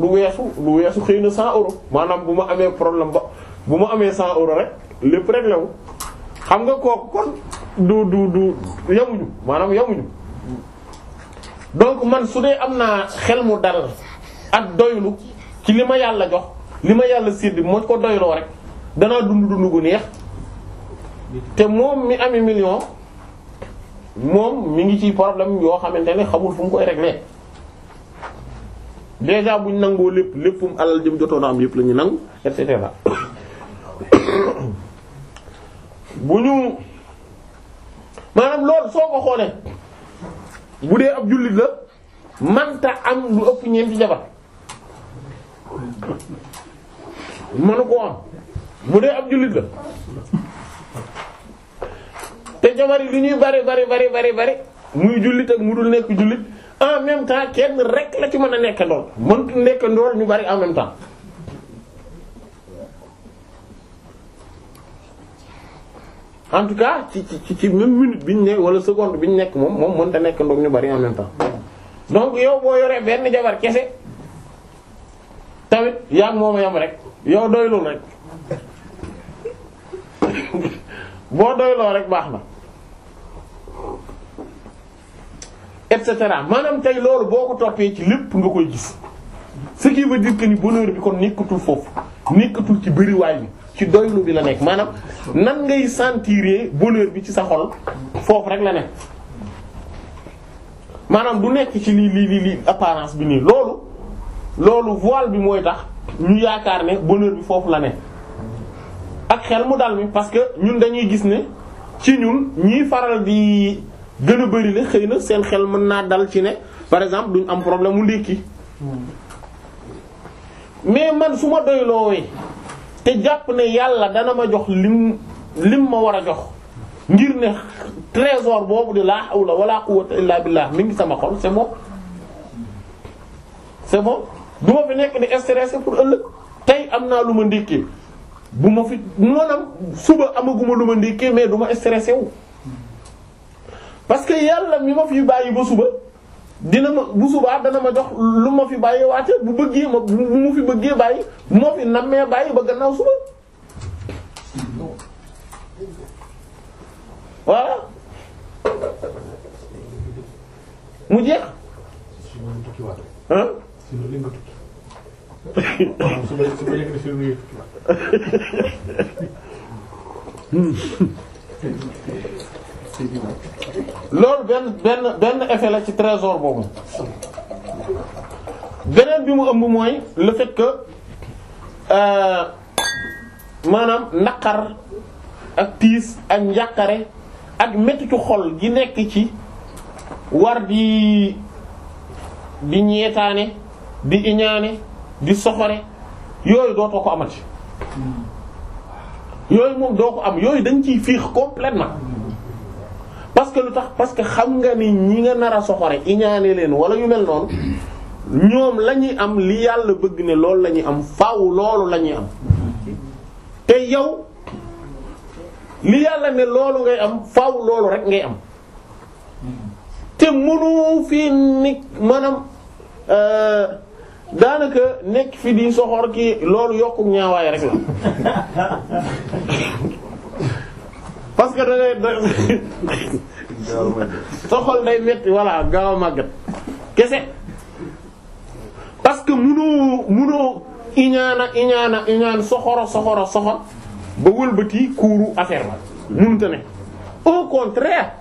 du weesu du weesu xëy na 100 euros maanaam bu ma amee problème ba bu ma amee 100 euros rek lépp réglé wu xam nga kooku kon du du du yamuñu maanaam yamuñu donc man su dee am naa xel mu dara ak doylu ci li ma yàlla jox li ma yàlla sédd moo ko doyloo rek danaa dund dund gu neex te moom mi amee million moom mi ngi ci problème yoo xamante ne xamul fu mu koy réglé. déjà bu ñu nangoo lépp léppum alal mu jotoon a am yëpp la ñu nangu et bu ñu maanaam lool soo ko xoolee bu dee ab jullit la manta am lu ëpp ñeenti jabar mënu koo am bu dee ab jullit la te jabar yi li ñuy bari bari bari bari bari muy jullit ak mu dul nekk jullit en même temps kenn rek la ci mën a nekk ndool mënut nekk ndool ñu bari en même temps en tout cas ci ci ci même bi ñu nekk wala seconde bi ñu nekk moom moom mënut a nekk ndool ñu bari en même temps donc yow boo yoree benn jabar kese tamit yaa moom yam rek yow doylul rek boo doyloo rek baax na. et cetera maanaam tey loolu boo ko toppee ci lépp nga koy gis ce qui veut dire que ni bonheur bi kon nekkatul foofu nekkatul ci bëriwaay bi ci doylu bi la nekk maanaam nan ngay sentir bonheur bi ci sa xol foofu rek la nekk maanaam du nekk ci lii lii lii lii apparence bi nii loolu loolu voile bi mooy tax ñu yaakaar ne bonheur bi foofu la ne ak xel mu dal mi parce que ñun dañuy gis ne ci ñun ñiy faral di. gën a bari ne xëy na seen xel mën naa dal ci ne par exemple duñ am problème mu ndékki mais man su ma doy loowee te jàpp ne yàlla dana ma jox lim lim ma war a jox ngir ne trésor boobu di laa hawla wala quwwata illa billah mi ngi sama xol c'est bon c'est du ma fi nekk di stressé pour ëllëg tey am naa lu ma ndékkee bu ma fi noonam suba amaguma lu ma ndékkee mais du ma stressé wu parce que yàlla mi ma fi bàyyi ba suba dina ma bu subaa dana ma jox lu ma fi bàyyi waate bu bëggee ma bu mu fi bëggee bàyyi ma fi nammee bàyyi ba gannaaw suba voilà loolu benn benn benn effet la ci trésor boobu beneen bi mu ëmb mooy le fait que euh, maanaam naqar ak tiis ak njàqare ak mettitu xol gi nekk ci war di di ñeetaane di iñaane di soxore yooyu dootoo ko amati hmm. yooyu moom doo ko am yooyu dañ ciy fiix completement parce que lu tax parce que xam nga ni ñi nga nar a soxore iñaane leen wala yu mel noonu ñoom la ñuy am li yàlla bëgg ne loolu lañuy am faaw loolu la ñuy am te yow li yàlla ne loolu ngay am faaw loolu rek ngay am te mënu fi ni maanaam euh, daanaka nekk fi di soxor ki loolu yokku ñaawaay rek la parce que da ngay sa xol day metti voilà gaaw a màggat kese parce que munoo munoo iñaana iñaana iñaan soxoro soxoro soxor ba wëlbati kuuru affaire ba munute ne au contraire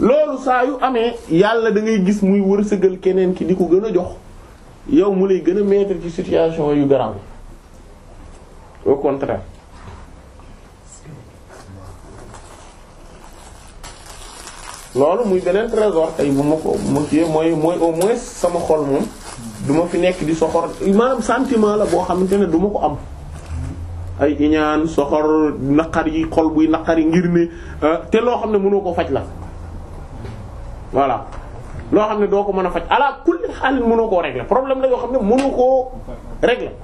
loolu saa yu amee yàlla da gis muy wërsëgal keneen ki di ko gën a jox yow mu lay gën a mettre ci situation yu garaaw au contraire loolu muy beneen trésor ay bu ma ko mooy mooy au moins sama xol moom du ma fi nekk di soxor maanaam sentiment la boo xamante ne duma ko am. ay iñaan soxor naqar yi xol buy naqar yi ngir ne euh, te loo xam ne mënoo ko faj la voilà loo xam ne doo ko mën a faj ala kulli xaalis mënoo koo régler problème la yoo xam ne mënoo koo régler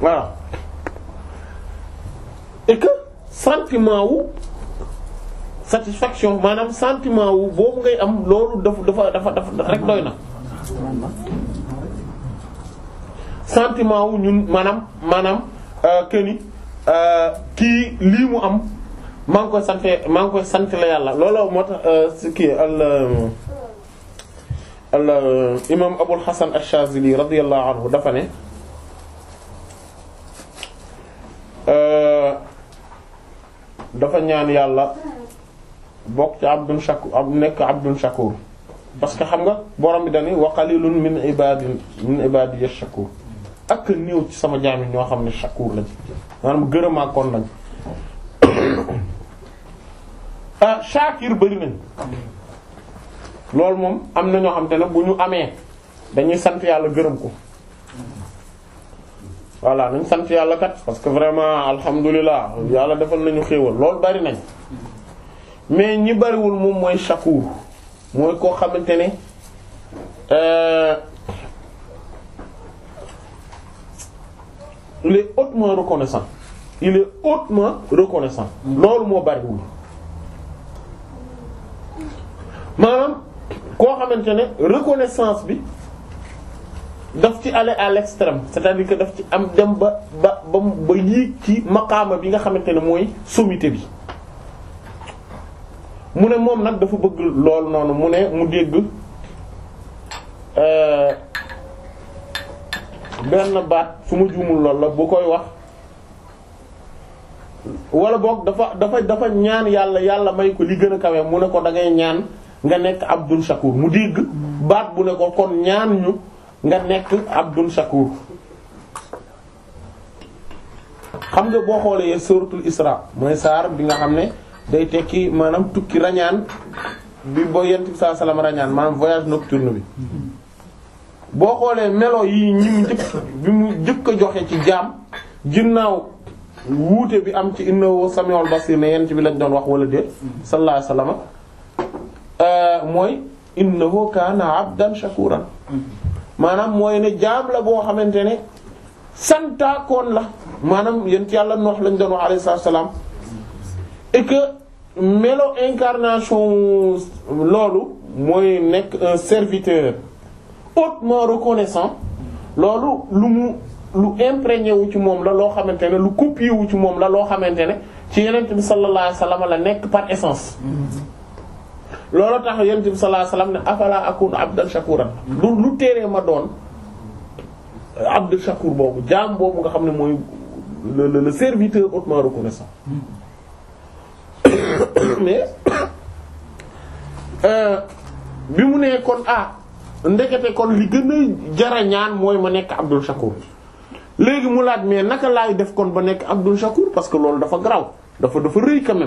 voilà et que wu. satisfaction maanaam sentiment wu boobu ngay am loolu dafa dafa dafa dafa rek doy na. sentiment wu ñun maanaam maanaam euh, que ni euh, kii lii mu am maa ngi koy sant maa ngi koy sant la yàlla looloo moo tax euh, kii al al imaam Abul Hasan Ash-Shazili radiyallahu anhu dafa ne. dafa ñaan yàlla bokk ci abdun shakur ab nekk abdun shakur parce que xam nga borom bi dañuy wa qalilun min ibadi min ibadiy shakur ak néew ci sama jaam ñoo xam ne shakur lañ maanaam gërëmaakoon lañ ah shakir bëri nañ loolu moom am na ñoo xam te ne bu ñu amee dañuy sant yàlla gërëm ko voilà nañ sant yàlla kat parce que vraiment alhamdulilah yàlla defal nañu xéewal loolu bari nañ mais ñi bariwul moom mooy shakur mooy koo xamante ne euh, il est hautement reconnaissant il est hautement reconnaissant loolu moo bariwul maanaam koo xamante ne reconnaissance bi daf ci aller à l'extrême c'est-à-dire que daf ci am dem ba ba ba ba yéeg ci maqaama bi nga xamante ne mooy sommité bi mu ne moom nag dafa bëgg loolu noonu mu ne mu dégg euh, benn baat su ma juumul lool la bu koy wax wala boog dafa dafa dafa ñaan yàlla yàlla may ko li gën a kawee mu ne ko dangay ñaan nga nekk Abdul Shakur mu dégg baat bu ne ko kon ñaan ñu nga nekk Abdul Shakur xam nga boo xoolee suratul Isra mooy saar bi nga xam ne. day tekki maanaam tukki rañaan bi boo yent bi saa salaam rañaan maanaam voyage nocturne bi boo xoolee melo yi ñi mu jëkk bi mu njëkk a joxe ci jaam ginnaaw wuute bi am ci innahu samiul basir ne yent bi lañ doon wax wala déet sallallahu alayhi wasallam euh, mooy innahu kaana abdan shakuran maanaam mooy ne jaam la boo xamante ne santaakoon la maanaam yent yàlla noox lañ doon wax alayhi salaam et que melo incarnation loolu mooy nekk un serviteur hautement reconnaissant loolu lu mu lu imprégné wu ci moom la loo xamante ne lu copié ci moom la loo xamante ne ci yonent bi sallallahu alayhi wasallam la nekk par essence loolu tax yonent bi sallallahu alayhi wasallam ne afala akunu abdan shakuran lu lu téeree ma doon abdul shakur boobu jaam boobu nga xam ne mooy le le serviteur hautement reconnaissant mais euh, bi mu nee kon ah ndekete kon li gën a jarañaan mooy ma nekk Abdul Shakur léegi mu laaj mais naka laay def kon ba nekk Abdul Shakur parce que loolu dafa graw dafa dafa rëy quand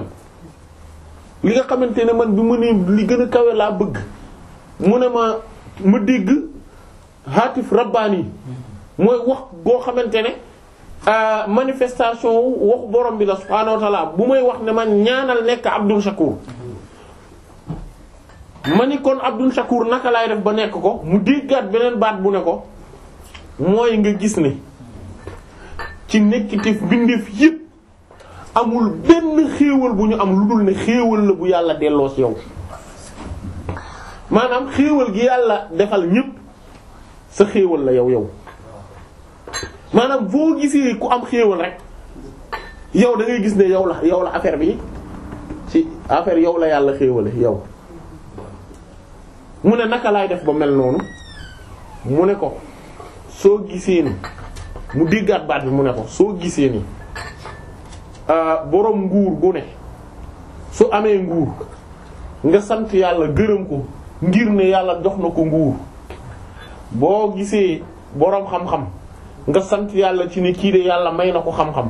li nga xamante ne man bi mu ne li gën a kawe laa bëgg mu ne ma ma dégg haatif rabbaani mooy wax goo xamante ne Euh, manifestation waxu borom bi la subhaanahu wa bu may wax ne man ñaanal nekk Abdul Shakur ma ni kon Abdul Shakur naka laay def ba nekk ko mu déggaat beneen baat bu ne ko mooy nga gis ne ci nekkiteef bindeef yépp amul benn xéewal bu ñu am lu dul ne xéewal la bu yàlla delloo ci yow maanaam xéewal gi yàlla defal ñépp sa xéewal la yow yow maanaam boo gisee ku am xéewal rek yow dangay gis ne yow la yow la affaire bi ci affaire yow la yàlla xéewale yow mu ne naka laay def ba mel noonu mu ne ko soo gisee ni mu diggaat baat bi mu ne ko soo gisee ni euh, boroom nguur gu ne su amee nguur nga sant yàlla gërëm ko ngir ne yàlla jox na ko nguur boo gisee boroom xam-xam nga sant yàlla ci ni kii de yàlla may na ko xam-xam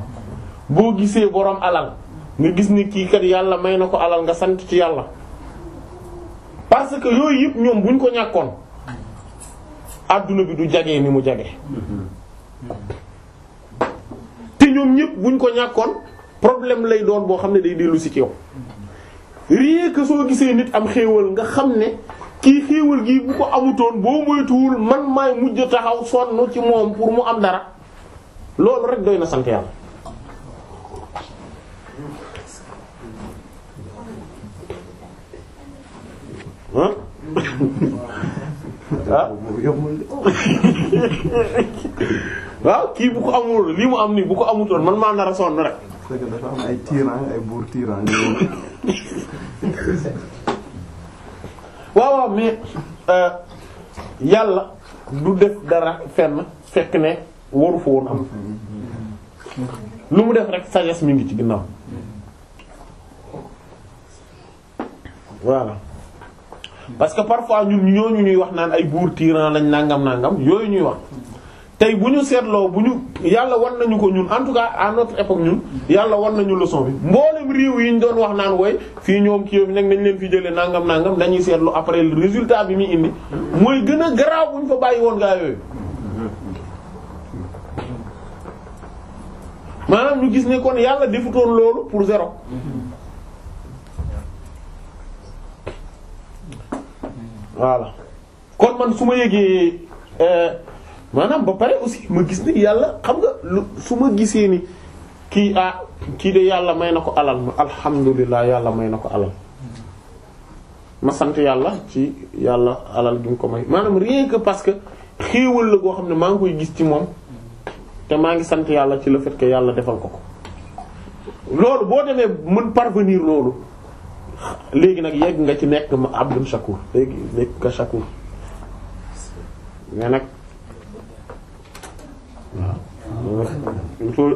boo gisee boroom alal nga gis ni kii kat yàlla may na ko alal nga sant ci yàlla parce que yooyu yëpp ñoom buñ ko ñàkkoon àdduna bi du jagee ni mu jage te ñoom ñëpp buñ ko ñàkkoon problème lay doon boo xam ne day dellu si ci yow rien que soo gisee nit am xéewal nga xam ne kii xéewal gi bu ko amutoon boo moytuwul man maay mujj taxaw sonn ci moom pour mu am dara loolu rek doy na sant yàlla waaw ah? ah, kii bu ko amul lii mu am nii bu ko amutoon man maa dara sonn rek. dafa am ay tyran ay waaw waaw mais euh, yàlla du def dara fenn fekk ne waru fa woon am lu mu def rek sagesse mi ngi ci ginnaaw waaw parce que parfois ñun ñooñu ñuy wax naan ay buur tyran lañ nangam nangam yooyu ñuy wax tey bu ñu seetloo bu ñu yàlla war nañu ko ñun en tout cas à notre époque ñun yàlla war nañu leçon bi mboolem réew yi ñu doon wax naan woy fii ñoom kii yooyu nag nañ leen fi jëlee nangam nangam dañuy seetlu après le résultat bi muy indi mooy gën a garaaw bu ñu fa bàyyi woon gaa maanaam ñu gis ne kon yàlla defutoon loolu pour zéro voilà kon man su ma yëgee. Euh, maanaam ba pare aussi ma gis ni yàlla xam nga lu su ma gisee ni kii ah kii de yàlla may na ko alal ma alhamdulilah yàlla may na ko alal ma sant yàlla ci yàlla alal gi mu ko may maanaam rien que parce que xéewal la goo xam ne maa ngi koy gis ci moom te maa ngi sant yàlla ci le fait yàlla defal ko ko loolu boo demee mën parvenir loolu léegi nag yegg nga ci nekk ma Abdul Shakur léegi nekk nga Shakur mais nag il faut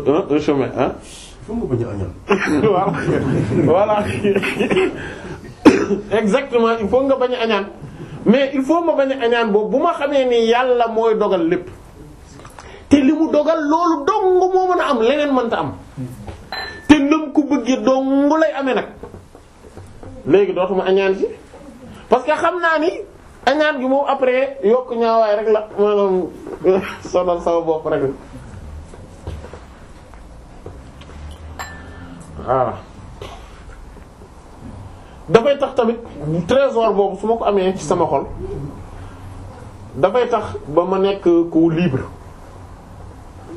exactement il faut nga bañ añaan mais il faut ma bañ añaan boobu bu ma xamee ni yàlla mooy dogal lépp te li mu dogal loolu dong moo mën a am leneen mënta am te nam ko bëggee dong lay amee nag léegi dootuma añaan ci parce xam naa ni. añaan gi moom après yokk ñaawaay rek la maanaam sonal sama bopp rek voilà dafay tax tamit trésor boobu su ma ko amee ci sama xol dafay tax ba ma nekk ku libre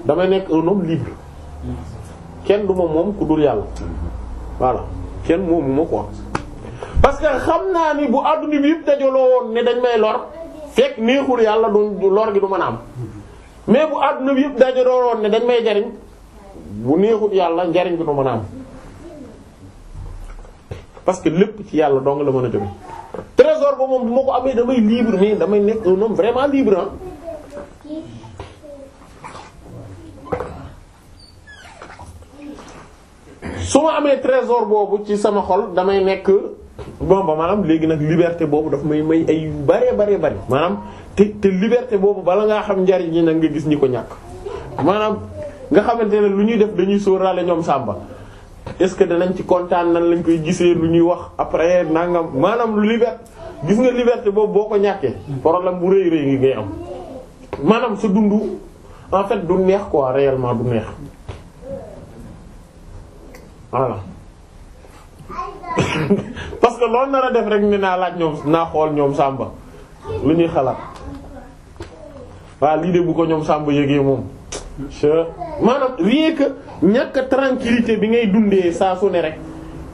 damay nekk un homme libre kenn du ma moom ku dul yàlla voilà kenn moomu ma quoi parce que xam naa ni bu àdduna bi yëpp dajaloo woon ne dañ may lor fekk neexul yàlla du lor gi du mën a am mais bu adduna bi yëpp dajaloo woon ne dañ may jariñ bu neexul yàlla njariñ bi du mën a am parce que lépp ci yàlla dong la mën a jóge trésor ba moom bu ma ko amee damay libre mais damay nekk un homme vraiment libre ah su ma amee trésor boobu ci sama xol damay nekk bon maanaam léegi nag liberté boobu dafa may may ay bare bare bare maanaam te te liberté boobu bala ngaa xam njariñ yi nag nga gis ñi ko ñàkk maanaam nga xamante ne lu ñuy def dañuy sóoraale ñoom sàmba est-ce que danañ ci kontaan nan lañ koy gisee lu ñuy wax après nangam maanaam lu liberté gis nga liberté boobu boo ko ñàkkee problème bu rëy rëy ngi ngay am maanaam sa dund en fait du neex quoi réellement du neex voilà que loolu nara def rek ni naa laaj ñoom naa xool ñoom sàmba lu ñuy xalaat waaw lii de bu ko ñoom sàmba yëgee moom. maanaam rien que ñàkk tranquillité bi ngay dundee saa su ne rek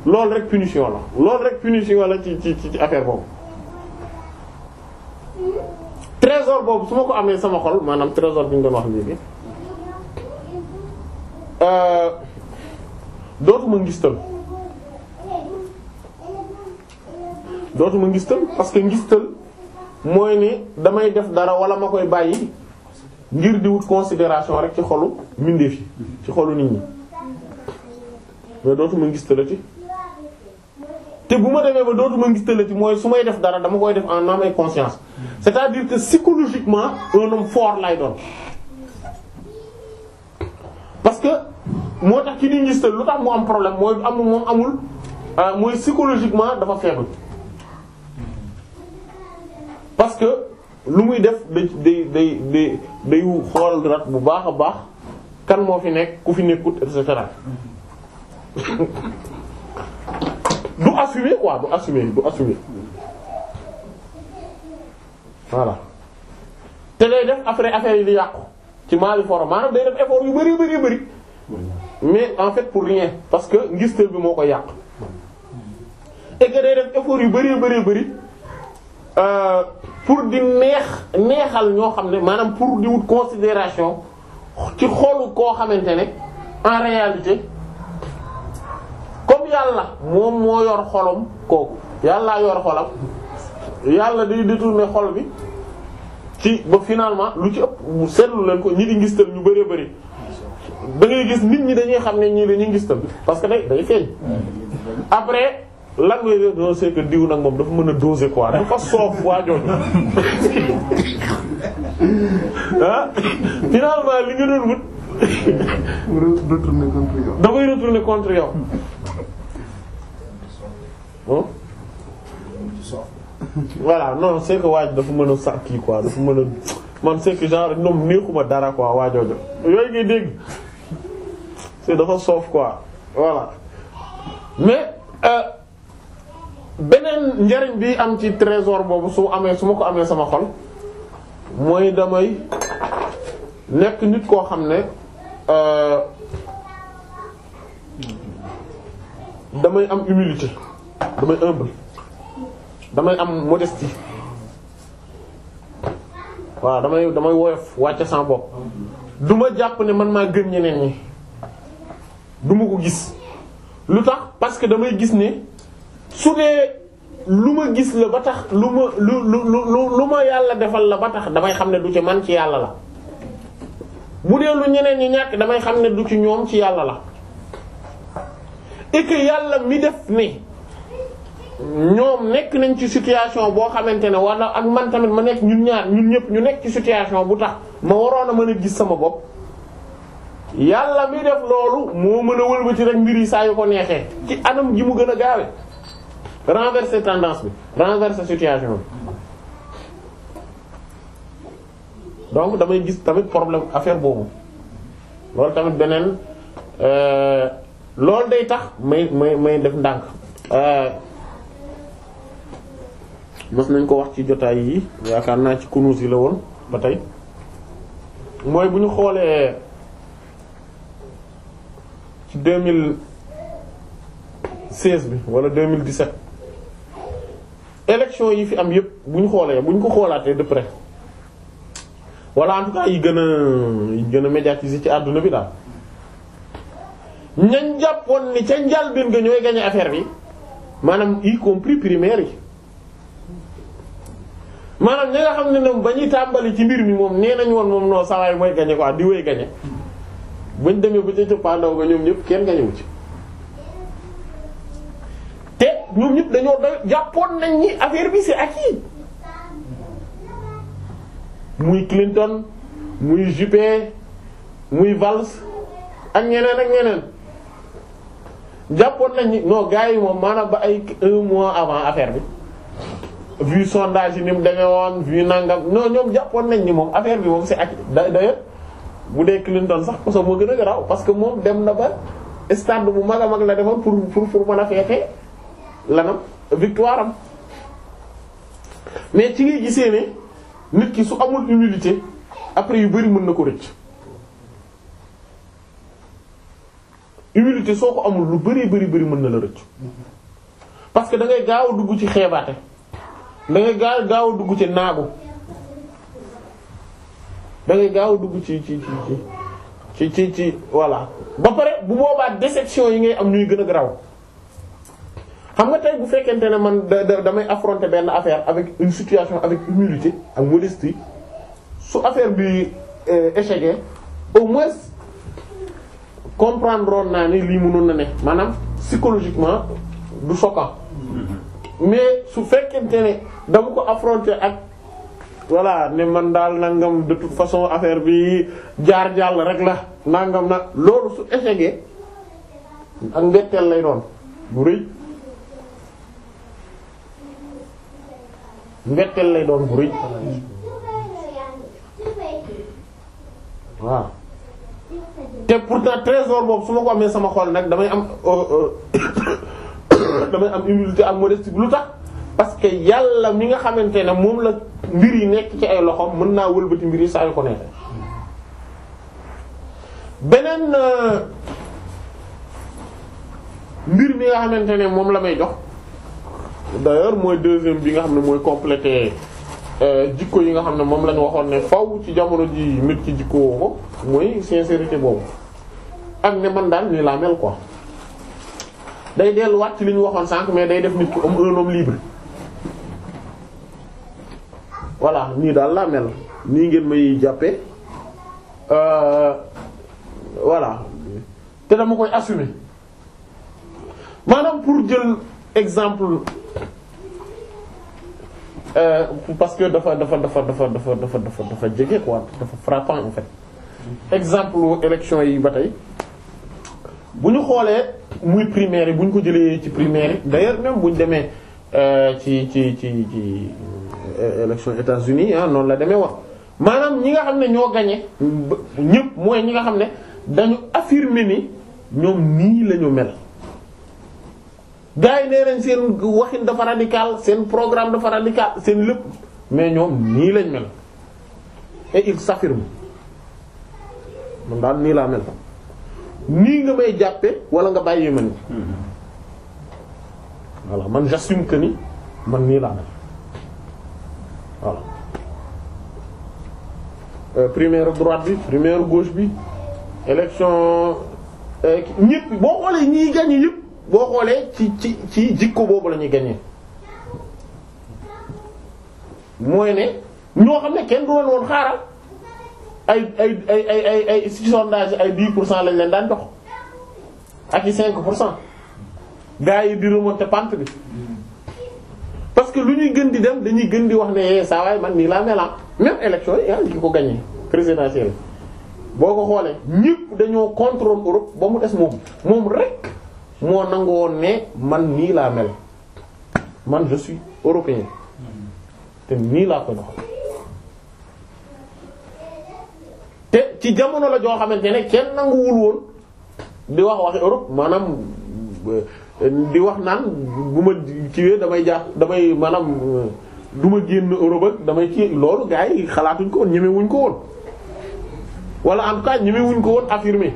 loolu rek punition la loolu rek punition la ci ci ci affaire boobu. trésor boobu su ma ko amee sama xol maanaam trésor bi ñu doon wax léegi euh, dootuma ngistal dootuma ngistal parce que ngistal mooy ne damay def dara wala ma koy bàyyi ngir di wut considération rek ci xolu mbindeef yi ci xolu nit ñi mais dootuma ngistalati te bu ma demee ba dootuma ngistalati mooy su may def dara dama koy def en âme et conscience c'est-à-dire que psychologiquement un homme foor lay doon parce que moo tax ki di ngistal lu tax mu am problème mooy amul moom amul euh, mooy psychologiquement dafa faible parce que lu muy def day day day day xool rat bu baax a baax kan moo fi nekk ku fi nekkut et cetera du assumer quoi du assumer du assumer voilà te day def après affaire yi di yàqu ci maali forom maanaam day def effort yu bari bari bari mais en fait pour rien parce que ngistal bi moo ko yàq et que day def effort yu bari bari bari Euh, pour di neex neexal ñoo xam ne maanaam pour di wut considération ci xolu koo xamante ne en réalité comme yàlla moom moo yor xolam kooku yàllaa yor xolam yàlla day détourner xol bi ci ba finalement lu ci ëpp mu seetlu leen ko ñi di ngistal ñu baree bëri da ngay gis nit ñi dañuy xam ne ñii dañuy ngistal parce que day day feeñ après lan mooy def non c'est que diw nag moom dafa mën a doser quoi dafa soof waa jooju ah finalement li nga doon wut. retourner contre yow. da koy non c'est que waaj dafa mën a sàr kii quoi dafa mën a man c'est que dara quoi waa jooju yooyu ngay dégg c'est dafa soof quoi voilà mais. Euh, beneen njariñ bi am ci trésor boobu su amee su ma ko amee sama xol mooy damay nekk nit koo xam ne euh, damay am humilité damay humble damay am modestie waaw damay damay woyof wàcce sama bopp duma jàpp ne man maa gën ñeneen ñi du ko gis lu tax parce que damay gis ne. su dee lu ma gis la ba tax lu ma lu lu lu lu ma yàlla defal la ba tax damay xam ne du ci man ci yàlla la bu dee ñeneen ñi ñàkk damay xam ne du ci ñoom ci yàlla la et yàlla mi def ni ñoom nekk nañ ci situation boo xamante ne wala ak man tamit ma nekk ñun ñaar ñun ñëpp ñu nekk ci situation bu tax ma waroon a mën a gis sama bopp yàlla mi def loolu moo mën a wëlbati rek mbir yi saa yu ko neexee ci anam ji mu gën a gaawe renverser tendance bi renverser situation bi donc damay gis tamit problème affaire boobu loolu tamit beneen euh, loolu day tax may may may def ndànk euh, mos nañ ko wax ci jotaay yi yaakaar naa ci kunuus la woon ba tey mooy bu ñu xoolee ci deux mille seize bi wala deux mille dix-sept élection yi fi am yépp bu ñu xoolee bu ñu ko xoolaatee de près wala en tout cas yi gën a yi gën a médiatisé ci àdduna bi daal ñañ jàppoon ni ca njàlbéen nga ñooy gagné affaire bi maanaam y compris primaire yi maanaam ñi nga xam ne ñoom ba ñuy tàmbali ci mbir mi moom nee nañ woon moom non saa waay mooy gagné quoi di wéy gagné buñ demee ba ca cëppaandaw ba ñoom ñépp kenn gagné wu ci. te ñoom ñëpp dañoo doy jàppoon nañ ni affaire bi c'est acquis muy Clinton muy Juppé muy Valls ak ñeneen ak ñeneen jàppoon nañ ni non gars yi moom maanaam ba ay un mois avant affaire bi vu sondage yi ni mu demee woon vu nangam non ñoom jàppoon nañ ñi moom affaire bi moom c'est acquis d'ailleurs bu dee Clinton sax parce que moo gën a garaaw parce que moom dem na ba stade bu mag a mag la defoon pour pour pour mën a feexee. lanam victoire am mais ci ngay gisee ne nit ki su amul humilité après yu bari mën na ko rëcc humilité soo ko amul lu bari bari bari mën na la rëcc parce que da ngay gaaw dugg ci xeebaate dangay ngay gaaw gaaw a dugg ci naagu da ngay gaaw a dugg ci ci ci ci ci ci voilà ba pare bu boobaa déception yi ngay am ñuy gën a graw xam nga tey bu fekkente ne man damay affronter benn affaire avec une situation avec humilité ak modestie su affaire bi euh, échec au moins comprendre naa ni lii mënoon na ne maanaam psychologiquement du choquant mm-hmm. mais su fekkente ne dama ko affronter ak voilà ne man daal nangam de toute façon affaire bi jaar jàll rek la nangam nag loolu su échec ak mbetteel lay doon bu rëy. mbetteel lay doon bu waaw te pourtant trésor boobu su ma ko amee sama xol nag damay am euh, euh, damay am humilité am modestie lu tax parce que yàlla mi nga xamante ne moom la mbir yi nekk ci ay loxo mën naa wëlbati mbir yi saa yu ko neexee beneen euh, mbir mi nga xamante ne moom la may jox d'ailleurs mooy deuxième bi nga xam ne mooy complété euh, jikko yi nga xam ne moom lañu waxoon ne faw ci jamono ji nit ki jikko woo ko mooy sincérité boobu ak ne man daal nii laa mel quoi day delluwaat ci li ñu waxoon sànq mais day def nit ko am un homme libre voilà nii daal laa mel nii ngeen may jàppe euh, voilà te dama koy assumer maanaam pour jël exemple Euh, parce que dafa dafa dafa dafa dafa dafa dafa dafa jege quoi dafa frappant en fait exemple élection yi ba tey bu ñu xoolee muy primaire yi bu ñu ko jëlee ci primaire yi d'ailleurs même bu ñu demee euh, ci ci ci ci euh, élection États-Unis ah noonu la demee wax maanaam ñi nga xam ne ñoo gagné ñëpp mooy ñi nga xam ne dañu affirmer ni ñoom nii la mel. gars yi nee nañ seen waxin dafa radical seen programme dafa radical seen lépp mais ñoom nii lañ mel et il s'affirme man daal nii laa mel nii nga may jàppe wala nga bàyyi ma ni voilà man j'assume que man nii laa mel voilà euh, première bi première gauche bi élection euh, ñëpp boo xoolee ñii gagné yëpp boo xoolee ci ci ci jikko boobu la ñuy gañee mooy ne ñoo xam ne kenn du woon woon xaaral ay ay ay ay ay ay ci ay 10 pour cent lañ leen daan dox ak i cinq pour cent gaa yi di remonter pant bi parce que lu ñuy gën di dem dañuy gën di wax ne yee eh, saa waay man nii laa mel ah. même élection yi ah di ko gagné présidentielle boo ko xoolee ñëpp dañoo contrôle Europe ba mu des moom moom rek. moo nangu woon ne man nii laa mel man je suis européen te nii laa ko dox te ci jamono la joo xamante ne kenn nanguwul woon di wax waxi Europe maanaam euh, di wax naan bu ma ciwee damay jàpp damay maanaam euh, du ma génn Europe damay ci loolu gars yi xalaatuñ ko woon ñemewuñ ko woon wala en tout ñemewuñ ko woon affirmer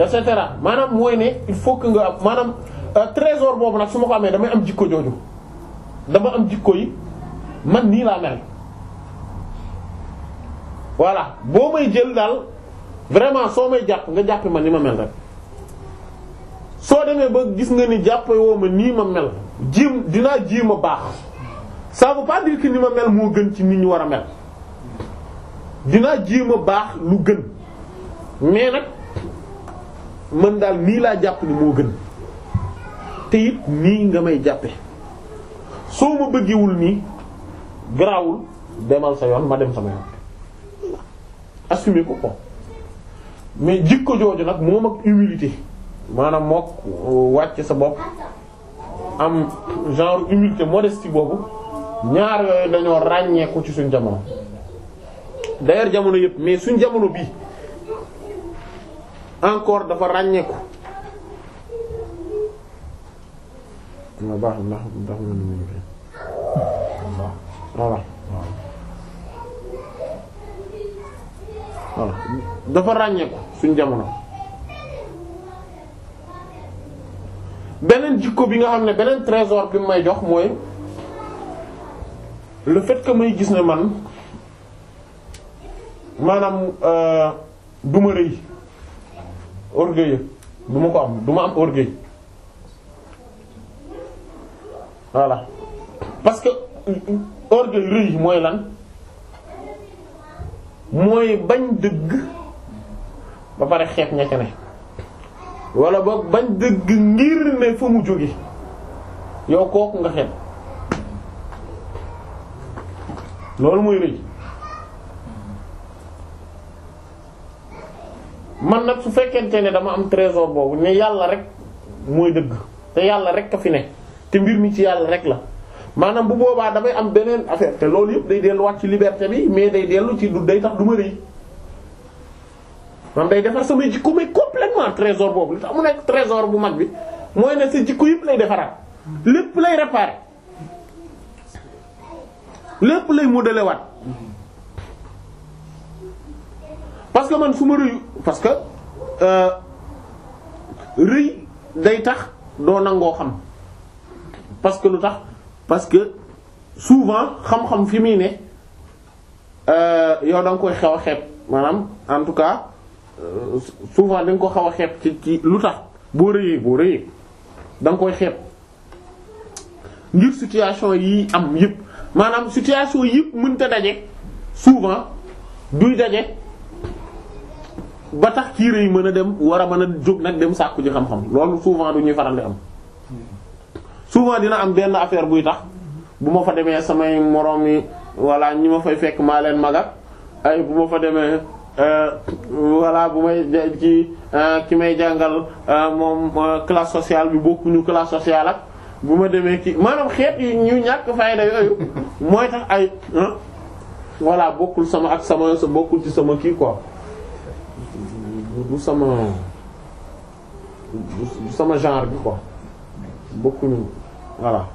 et cetera maanaam mooy ne il faut que nga am maanaam euh, trésor boobu nag su ma ko amee damay am jikko jooju dama am jikko yi man nii laa mel voilà boo may jël daal vraiment soo may jàpp nga jàppi ma ni ma mel rek soo demee ba gis nga ni jàpp ma nii ma mel jiim dinaa jiim a baax ça veut pas dire que ni ma mel moo gën ci nit ñu war a mel dinaa jiim a baax lu gën mais nag man daal nii laa jàpp ni moo gën te it nii nga may jàppe soo ma bëggewul nii garaawul demal sa yoon ma dem sama yoon assumer ko ko mais jikko jooju nag moom ak humilité maanaam mook euh, wàcc sa bopp am genre humilité modestie boobu ñaar yooyu dañoo ràññeeku ci suñ jamono d'ailleurs jamono yëpp mais suñ jamono bii encore dafa ràññeeku. baax dafa ràññeeku suñ jamono. beneen jikko bi nga xam ne beneen trésor bi mu may jox mooy le fait que may gis ne man maanaam euh, du rëy. orgueil du ma ko am duma am orgueil voilà parce que orgueil rëy mooy lan mooy bañ dëgg ba pare xeet ña walla ne bañ dëgg ngir ne fa mu jóge yow kooku nga xeet loolu mooy rëy man nag su fekkente ne dama am trésor boobu ne yàlla rek mooy dëgg te yàlla rek ka fi ne te mbir mi ci yàlla rek la maanaam bu boobaa damay am beneen affaire te loolu yëpp day delluwaat ci liberté bi mais day dellu ci du day tax du ma rëy man day defar samay jikko mais complètement trésor boobu li tax mu nekk trésor bu mag bi mooy ne sa jikko yëpp lay defaraat lépp lay réparer lépp lay modeler delewaat parce que man fu ma rëyu parce que euh, rëy day tax doo nangoo xam parce que lu tax parce que souvent xam-xam fi muy ne euh, yow da nga koy xew a xeeb maanaam en tout cas euh, souvent da nga ko xaw a xeeb ci ci lu tax boo rëyee boo rëyee da nga koy xeeb ngir situation yi am yëpp maanaam situation yëpp mënta daje souvent duy daje. ba tax kii rëy mën a dem war a mën a jóg nag dem sàkku ji xam-xam loolu souvent du ñuy faral di am souvent dina am benn affaire buy tax bu ma fa demee samay moroom yi walla ñi ma fay fekk maa leen maga ak ay bu ma fa demee walla euh, bu may ci euh, ki may jàngal euh, moom classe sociale bi bokkuñu classe sociale ak bu ma demee ki maanaam xeet yi ñu ñàkk fayda yooyu mooy tax ay walla bokkul sama ak sama bokkul ci sama kii quoi du sama du sama genre bi quoi bokkuñu voilà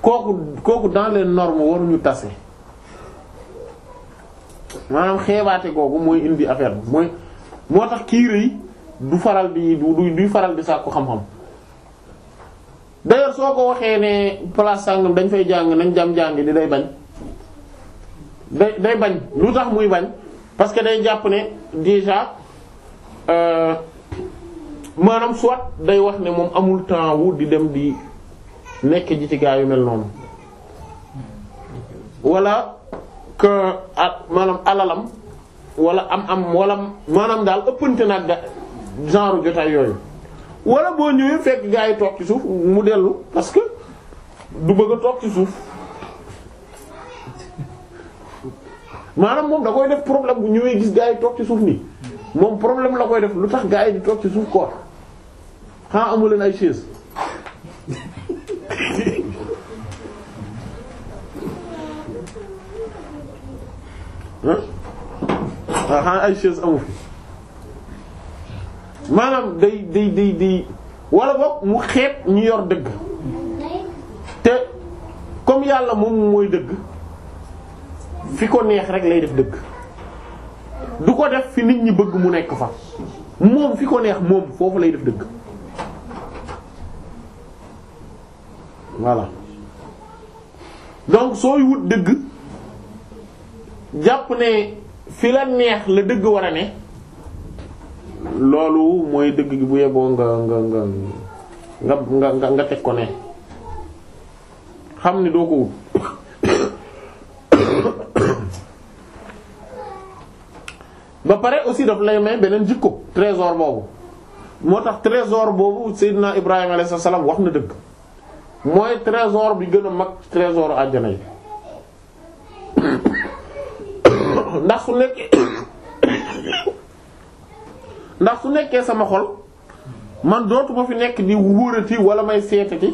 kooku kooku dans les normes waruñu tase maanaam xeebaate googu mooy indi affaire bi mooy moo tax kii yi du faral di du duy faral di sàkku xam-xam d'ailleurs soo ko waxee ne place sàngam dañ fay jàng nañ jam jàng di day bañ day day bañ lu tax muy bañ parce que day jàpp ne déjà Euh, maanaam soit day wax ne moom amul temps wu di dem di nekk ji ci gaa yu mel noonu walla que maanaam alalam wala am am wala maanaam daal ëppante nag genre jotaay yooyu wala boo ñëwee fekk gaa yi toog ci suuf mu dellu parce que du bëgg a toog ci suuf maanaam moom da koy def problème bu ñëwee gis gaa yi toog ci suuf nii moom problème la koy def lu tax gaa yi di toog ci suuf koor xanaa amu ay chaise xanaa ay chaise amu fi maanaam day day day day wala boog mu xeeb ñu yor dëgg te comme yàlla moom mooy dëgg fi ko neex rek lay def dëgg du ko def fi nit ñi bëgg mu nekk fa moom fi ko neex moom foofu lay def dëgg voilà donc sooy wut dëgg jàpp ne fi la neex la dëgg war ne loolu mooy dëgg gi bu yeboo nga nga nga nga nga teg ko ne xam ne doo ko wut ba pare aussi daf lay may beneen jikko trésor boobu moo tax trésor boobu Seydina Ibrahima alayhi salaam wax na dëgg mooy trésor bi gën a mag trésor àjjana yi ndax su nekkee ndax su nekkee sama xol man dootuma fi nekk di wóorati wala may seetati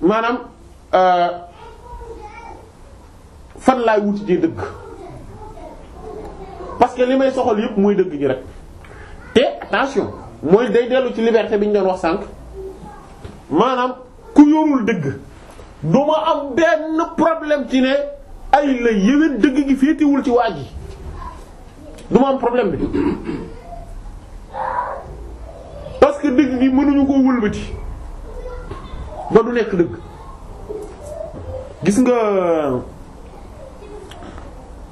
maanaam euh, fan laay wuti ci dëgg parce que li may soxal yëpp mooy dëgg gi rek te attention mooy day dellu ci liberté bi ñu doon wax sànq maanaam ku yorul dëgg du ma am benn problème ci ne ay la yéwén dëgg gi féetiwul ci waa ji du ma am problème bi parce que dëgg gi mënuñu ko wëlbati ba du nekk dëgg gis nga.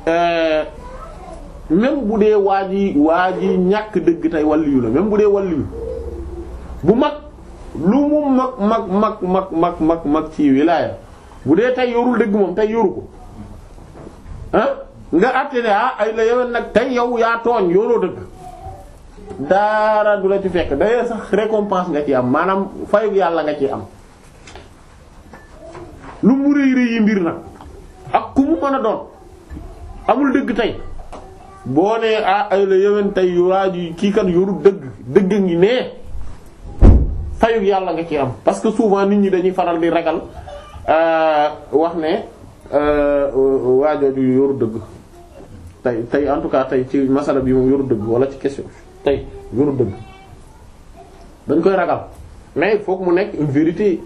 Euh, même bu dee waa ji waa ji ñàkk dëgg tey wàlliyu la même bu dee wàlliyu bu mag lu mu mag mag mag mag mag mag mag ci wilaaya bu dee tey yorul dëgg moom tey yoru ko ah nga àtte ne ah ay la yeween nag tey yow yaa tooñ yoroo dëgg daara du la ci fekk d'ailleurs sax récompense nga ci am maanaam fayu yàlla nga ci am lu mu rëy rëy yi mbir nag ak ku mu mën a doon amul dëgg tey boo nee ah ay la yéwén tey yu raaju kii kat yoru dëgg dëgg ngi ne fayug yàlla nga ci am parce que souvent nit ñi dañuy faral di ragal euh, wax ne euh, waajooju yoru dëgg tey tey en tout cas tey ci masala bi moom yoru dëgg wala ci question tey yoru dëgg dañ koy ragal mais il mu nekk une vérité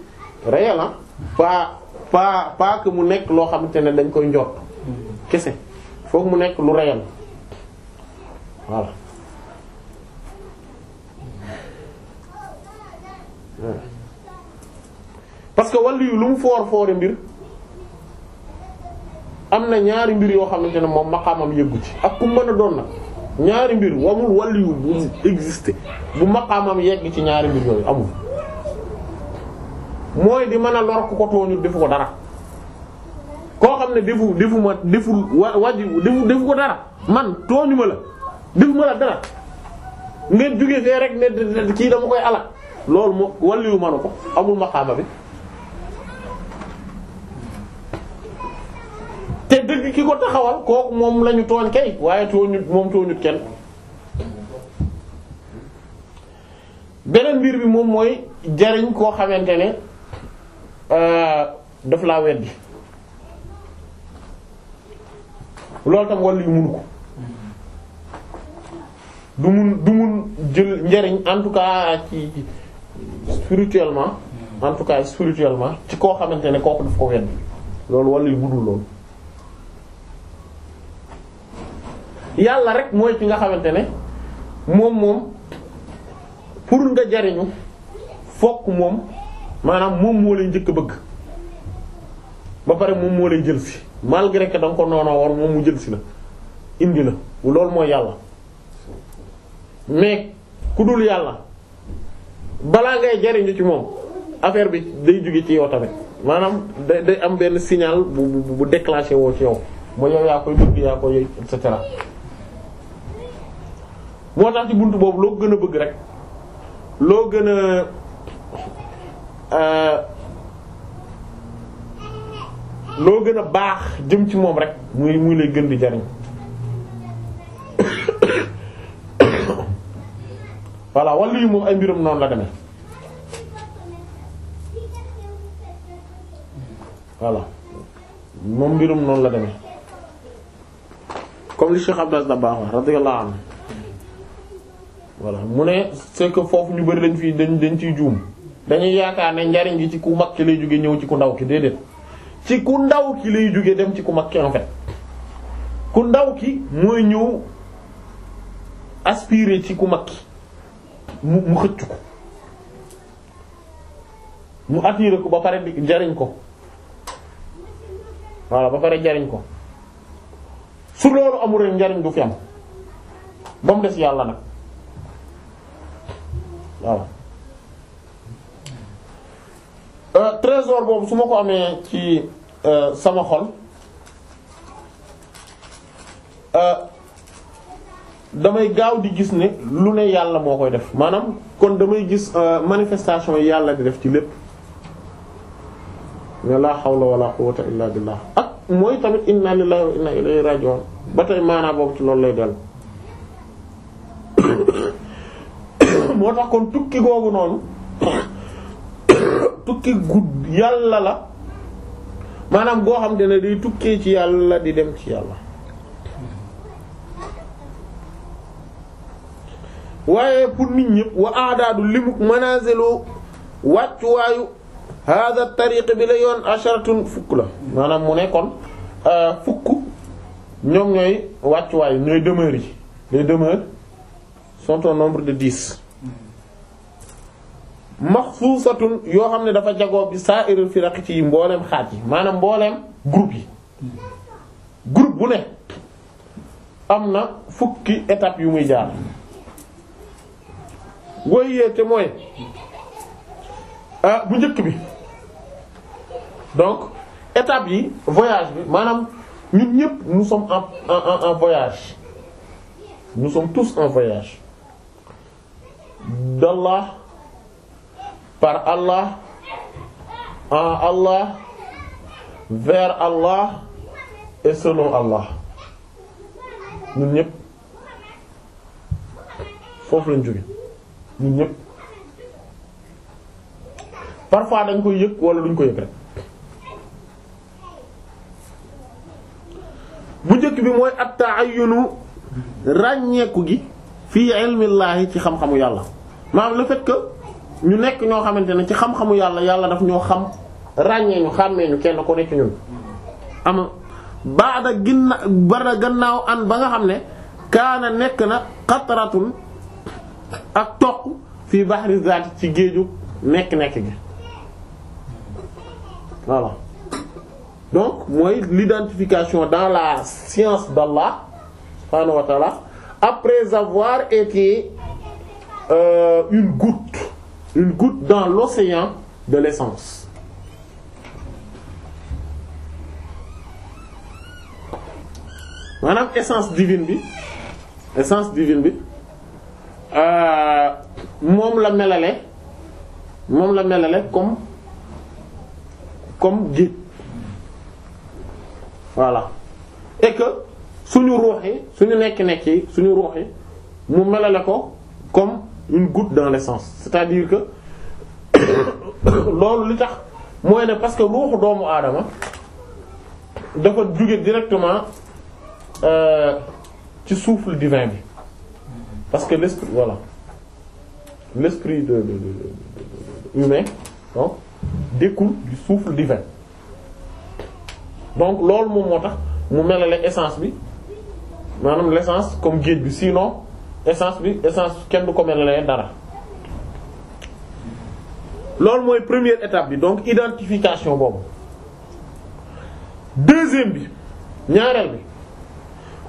réelle ah pas pas pas que mu nekk loo xamante ne dañ koy njort kese il mu nekk lu réel voilà parce que wàllu yu lu mu foor foori mbir am na ñaari mbir yoo xamante ne moom maqaamam yëggu ci ak ku mën a doon nag ñaari mbir wamul wàllu yu bu exister bu maqaamam yegg ci ñaari mbir yooyu amul mooy di mën a lor ku ko tooñu defu ko dara koo xam ne defu defu ma deful wa waji defu defu ko dara man tooñu la defuma la dara ngeen jóge fee rek ne kii dama koy alal loolu moo wàlliwu manu ko amul maxaama bi te dëgg ki ko taxawal kooku moom lañu tooñ kay waaye tooñut moom tooñut kenn beneen mbir bi moom mooy jariñ koo xamante ne euh, def laa bi lool tam wàlliwu munu ko du mun du mun jël njariñ en tout cas ci spirituellement hmm. en tout cas spirituellement ci koo xamante ne kooku daf ko wedd loolu wala yu budul loolu yàlla rek mooy ki nga xamante ne moom moom pour nga jariñu fokk moom maanaam moom moo lay njëkk bëgg ba pare moom moo lay jël si malgré que da nga ko noonoo woon moom mu jël si la indi la loolu mooy yàlla mais ku dul yàlla balaa ngay jariñu ci moom affaire bi day jóge ci yow tamit maanaam day day am benn signal bu bu bu déclenché woo ci yow ba yow yaa koy bëgg yaa koy et cetera moo tax ci buntu boobu loo gën a bëgg rek loo gën a euh, loo gën a baax jëm ci moom rek muy muy lay gën di jariñ voilà wala yu moom ay mbiram noonu la demee voilà moom mbirum noonu la demee comme li Cheikh Abdel Dabba wax radiyallahu anhu voilà mu ne c'est foofu ñu bari dañ fii dañ dañ ci juum dañuy yaakaar ne njariñ gi ci ku mag ki lay jóge ñëw ci ku ndaw ki déedéet ci ku ndaw ki dem ci ku mag ki en ku ndaw ki mooy ñëw aspirer ci ku mag ki mu mu xëcc ko mu attiré ko ba pare njariñ ko voilà ba pare jariñ ko su loolu amul rek njariñ du fi am ba mu des yàlla nag waaw euh, trésor boobu su ma ko amee ci euh, sama xol euh, damay gaaw di gis ne lu ne yàlla moo koy def maanaam kon damay gis euh, manifestation yi yàlla di def ci lépp ne laa xawla wala quwwata illa billah ak mooy tamit inna lillahi wa inna ilayhi raji'un ba tey maanaa boobu ci loolu lay dellu moo tax kon tukki googu noonu tukki gudd yàlla la maanaam goo xam ne day tukkee ci yàlla di dem ci yàlla waaye pour nit ñëpp wa aadaadu limuk manaazilu wàccuwaayu hada tariq bi la yoon asharatun fukk la maanaam mu nekkoon kon euh, fukk ñoom ñooy wàccuwaayu ñooy demeures yi les demeures sont nombre de dix maxsuusatun yoo xam ne dafa jagoo bi saa sa'irul firaq ci mbooleem xaaj yi maanaam mbooleem groupe yi groupe bu ne am na fukki étape yu muy jaar way yeete mooy ah bu njëkk bi donc état yi voyage bi maanaam ñun ñëpp nous sommes en en en voyage nous sommes tous en voyage d'Allah par Allah en Allah vers Allah et selon Allah ñun ñëpp foofu lañ jóge ñun dañ koy duñ ko yëg rek bu njëkk bi mooy at-ta'ayyunu ràññeeku gi fii ilmillaahi ci xam-xamu yàlla maanaam le fait ñu nekk ñoo xamante ne ci xam-xamu yàlla yàlla daf ñoo xam ràññee ñu xàmmee ñu kenn ko nekk ñun ama baada ginna bara gannaaw an ba nga xam ne kaana nekk na xataratun ak toq fi bahri zaati ci géeju nekk-nekk gi voilà donc mooy l'identification dans la science d'Allah subhanahu wa ta'ala après avoir été euh, une goutte une goutte dans l'océan de l'essence maanaam essence divine bi essence divine bi Euh, moom la melale moom la melale comme comme géej voilà et que suñu ruux yi suñu nekk-nekk yi suñu ruux yi mu melale ko comme une goutte dans l'essence c'est-à-dire que loolu li tax mooy ne parce que ruuxu doomu aadama dafa jóge directement euh, ci souffle divin bi parce que l'esprit voilà l'esprit de, de, de, de humain donc découle du souffle divin donc loolu moom moo tax mu melale essence bi maanaam l'essence comme géej bi sinon essence bi essence kenn du ko melalee dara loolu mooy première étape bi donc identification boobu deuxième bi ñaareel bi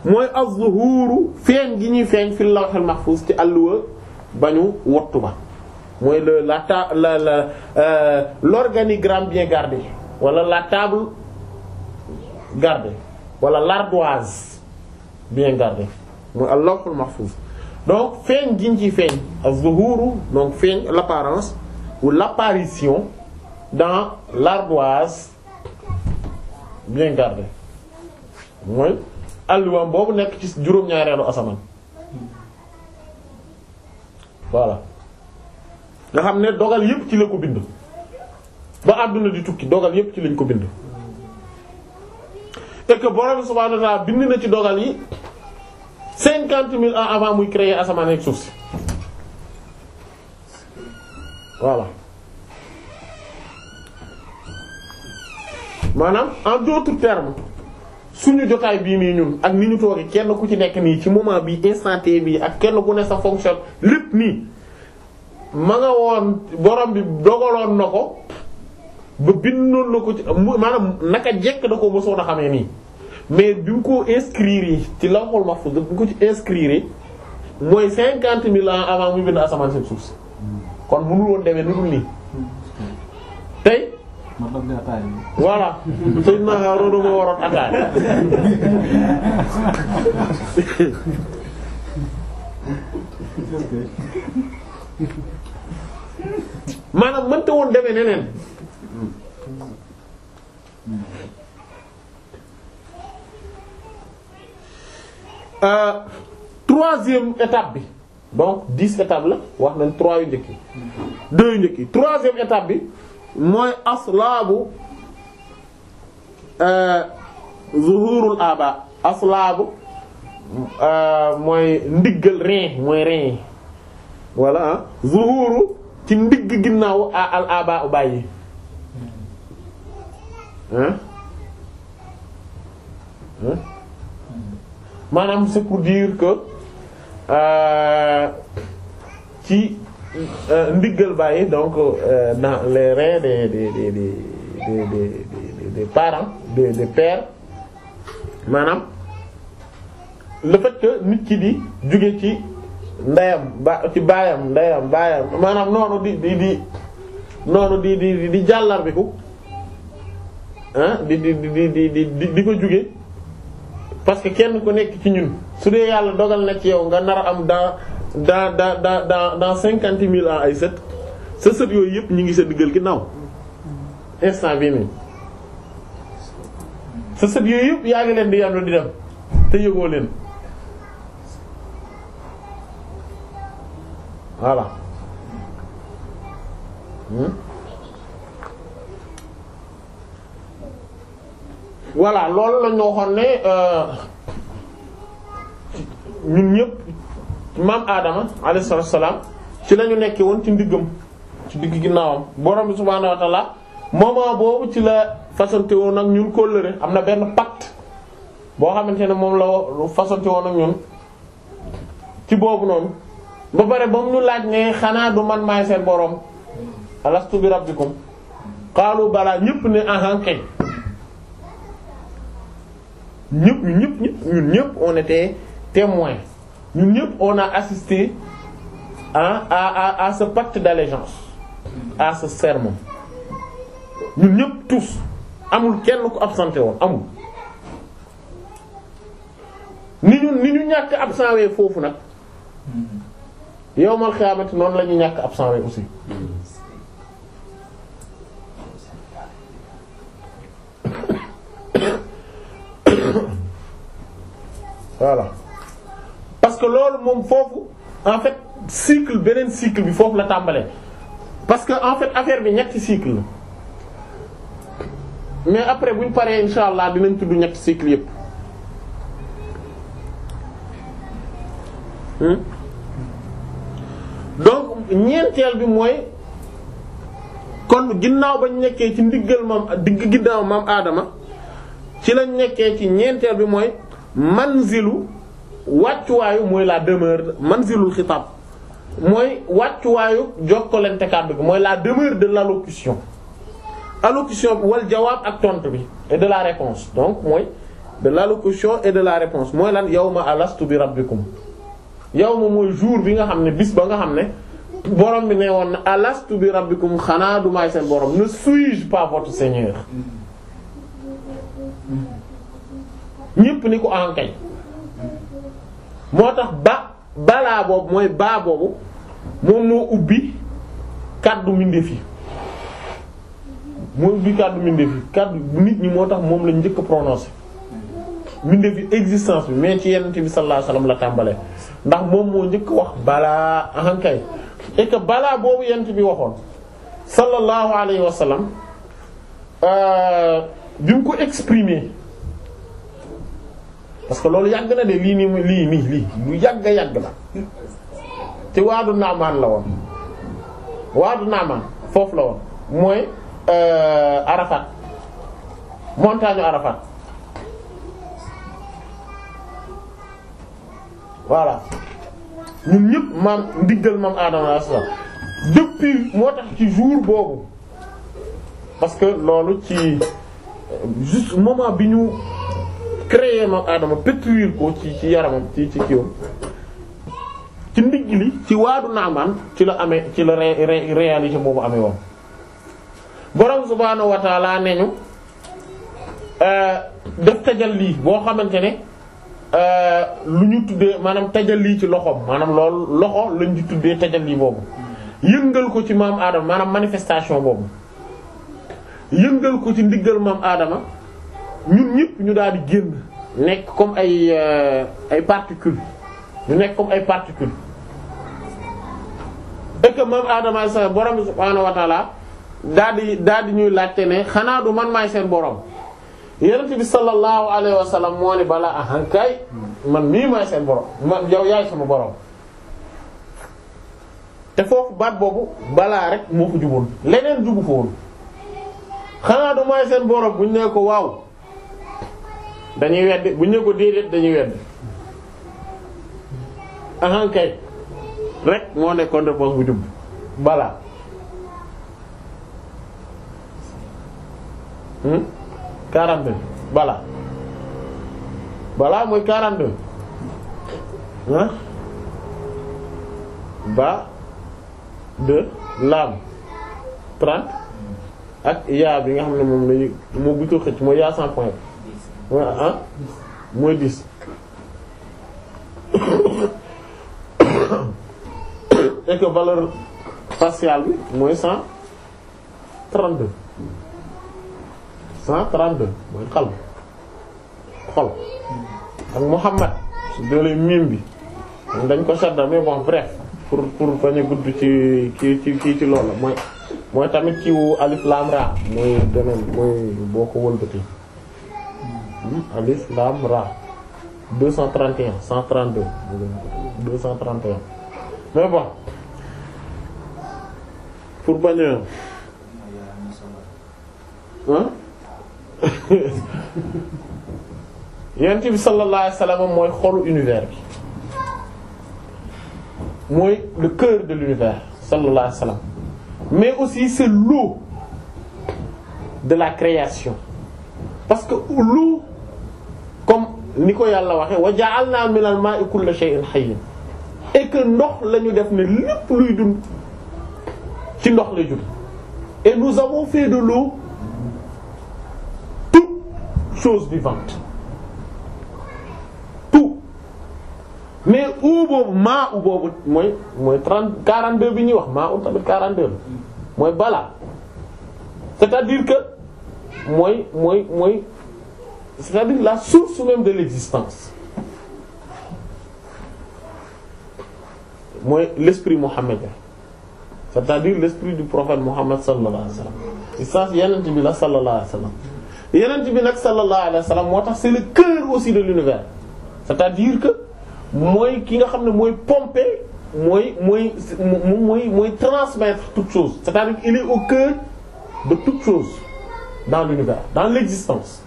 mooy az-zuhuuru feeñ gi ñuy feeñ fi fil lawhil mahfuz ci alluwa bañu wottu ba mooy le la ta la la euh, l'organigramme bien gardé wala la table gardée wala l'ardoise bien gardée mooy al-lawhul mahfuz donc feeñ gi ñu ciy feeñ az-zuhuuru donc feeñ u ou l'apparition dans l'ardoise bien gardée mooy. alluwaam boobu nekk ci juróom-ñaareelu asamaan voilà nga xam ne dogal yépp ci la ko bind ba àdduna di tukki dogal yépp ci lañ ko bind te que borom subhaanahu wa bind na ci dogal yi cinquante mille ans avant muy créer asamaan ak suuf si voilà maanaam en d'autres termes suñu jotaay bii nii ñun ak ni ñu toogee kenn ku ci nekk nii ci moment bi instant bi ak kenn ku ne sa fonction lépp nii ma nga woon borom bi dogaloon na ko ba bindoon na ko ci maanaam naka jekk da ko mosoon a xamee nii mais bi mu ko inscrire yi ci lawhul mahfuz bi ko ci inscrire yi mooy cinquante mille ans avant muy bind asamaan seen suuf si kon mënul woon demee nu nii tey voilà Seydina Haaruna moo waroon attaay maanaam mënta woon demee neneen Euh, troisième étape bi donc dix étapes la wax nañ trois yu njëkk yi deux yu njëkk yi troisième étape bi mooy aslaabu euh, zuhurul aba aslaabu euh, mooy ndiggal rein mooy rein walla ah ndigg ginnaaw al aba bàyyi hein hein maanaam c'est pour dire que euh, ci ndiggal bàyyi donc dans les reins des des des des des des parents des des pères maanaam le fait que nit ki di jóge ci ndeyam ba ci baayam ndeyam baayam maanaam noonu di di di noonu di di di jàllar bi ko ah di di di di di di ko jóge parce que kenn ku nekk ci ñun su dee yàlla dogal na ci yow nga nar a am dans dans dans dans dans cinquante mille ans ay sët sa sët yooyu yëpp ñu ngi seen diggal ginnaaw instant bii sa sët yooyu yëpp yaa ngi leen di yàlla di dem te yëgoo leen voilà. Hmm? voilà loolu la ñu ne euh, ñun ñëpp maam Adama alayhi salaam ci la ñu nekkee woon ci ndiggam ci digg ginnaawam borom bi subhaanahu wa taala moment boobu ci la fasante woon ak ñun kóllëre am na benn pacte boo xamante ne moom la fasante woon ak ñun ci boobu noonu ba pare ba mu ñu laaj ne xanaa du man maay seen borom alastu bi rabbikum xaalu balaa ñëpp ne ahankay ñëpp ñëpp ñëpp ñun ñëpp on était témoin ñun ñëpp on a assisté à à à ce pacte d'allégeance à ce serment ñun ñëpp tous amul kenn ku absenté woon amul. ni ñu ni ñu ñàkk absent wee foofu nag yow yowmal xiyaamati noonu la ñu ñàkk absent wee aussi. voilà. parce que loolu moom foofu en fait cycle beneen cycle bi foofu la tàmbalee parce que en fait affaire bi ñetti cycle la mais après bu ñu paree insha allah dinañ tudd ñetti cycle yépp hmm? donc ñeenteel bi mooy kon ginnaaw bañ nekkee ci ndiggal maam digg ginnaaw maam aadama ci lañ nekkee ci ñeenteel bi mooy manzilu wàccuwaayu mooy la demeure manzilul xitaab mooy wàccuwaayu jokkalante kàddu bi mooy la demeure de l'allocution allocution bi wal jawaab ak tontu bi et de la réponse donc mooy de l'allocution et de la réponse mooy lan ma alastu bi rabbikum yawma mooy jour bi nga xam ne bis ba nga xam ne borom bi ne woon na alastu bi rabbikum xanaa du maay seen borom ne suis-je pas votre seigneur ñépp ni ko ankay moo tax ba balaa boobu mooy baa boobu moom moo ubbi kàddu mbindeef yi moo ubbi kàddu mbindeef yi kàddu nit ñi moo tax moom lañ njëkk a prononcé mbindeef yi existence bi mais ci yenente bi sallallahu alayhi wasallam la tàmbalee ndax moom moo njëkk wax balaa ahankay et balaa boobu yenent bi waxoon sallallahu alayhi wasallam euh, bi mu ko exprime parce que loolu yàgg na de lii nii lii nii lii lu yàgg yàgg la te waadu naamaan la woon waadu naamaan foofu la woon mooy euh, Arafat montagne Arafat voilà ñun ñëpp maam ndiggal maam Adama alayhi salaam depuis moo tax ci jour boobu parce que loolu ci euh, juste moment bi ñu. créer moom aadama pétrir ko ci ci yaramam ci ci kiiwam ci ndigg li ci waadu naamaan ci la amee ci la réalité boobu amee woon borom subhaanahu wa ta'ala ne ñu euh, def tajalli boo xamante ne euh, lu ñu tuddee maanaam lii ci loxoom maanaam loolu loxo lañ ci tajal tajalli boobu yëngal ko ci maam aadama maanaam manifestation boobu yëngal ko ci ndiggal maam aadama ñun ñëpp ñu daal di génn nekk comme ay euh, ay particules ñu nekk comme ay particules et que moom Adama borom subhaanahu wa daal di daal di ñuy laajte ne xanaa du man maay seen borom yonent bi sallallahu alayhi wa sallam moo ne balaa ahankay man mii maay seen borom man yow yaay sama borom. te foofu baat boobu balaa rek moo ko juboon leneen jubu fa xanaa du maay seen borom bu ñu nee ko waaw. dañuy wedd bu ñu ko déedéet dañuy wedd ahankay rek moo nekkoon réponse bu jub bala hmm 42 balaa balaa mooy 42 hein ba de laam 30 ak yaa bi nga xam ne moom lañu moo bu ko xëcc mooy yaa sans point ah mooy dix et que valeur faciale bi mooy cent trente-deux cent trente-deux mooy xal xol ak Muhammad su doolee miim bi dañ ko sadda mais bon bref pour pour bañ a gudd ci ci ci kii ci loolu mooy mooy tamit ci wu alif lam ra mooy deneen mooy boo ko wëlbati alif lam ra 231 132 231 mais bon pour bañ a ah bi sallallahu alayhi wasallam mooy xolu univers bi mooy le cœur de l'univers sallallahu alayhi wasallam mais aussi c'est l'eau de la création parce que comme ni ko yàlla waxee wa ja'alna minal ma'i kulla shay'in hayyin et que ndox lañu def ni lépp luy dund ci ndox la dund et nous avons fait de chose vivante tout mais eau boobu maa mooy mooy trente quarante deux bi ñuy wax maa u tamit quarante deux mooy balaa c'est-à-dire que mooy mooy mooy c'est-à-dire la source même de l'existence mooy l'esprit mohammédien c'est-à-dire l'esprit du prophète Mohammed sallallahu alayhi wa sallam ci saa bi la sallallahu alayhi wa sallam bi nag sallallahu alayhi wa moo tax c'est le aussi de l'univers c'est-à-dire que mooy ki nga xam ne mooy pomper mooy mooy mooy mooy transmettre toute chose c'est-à-dire il est au cœur de toute chose dans l'univers dans l'existence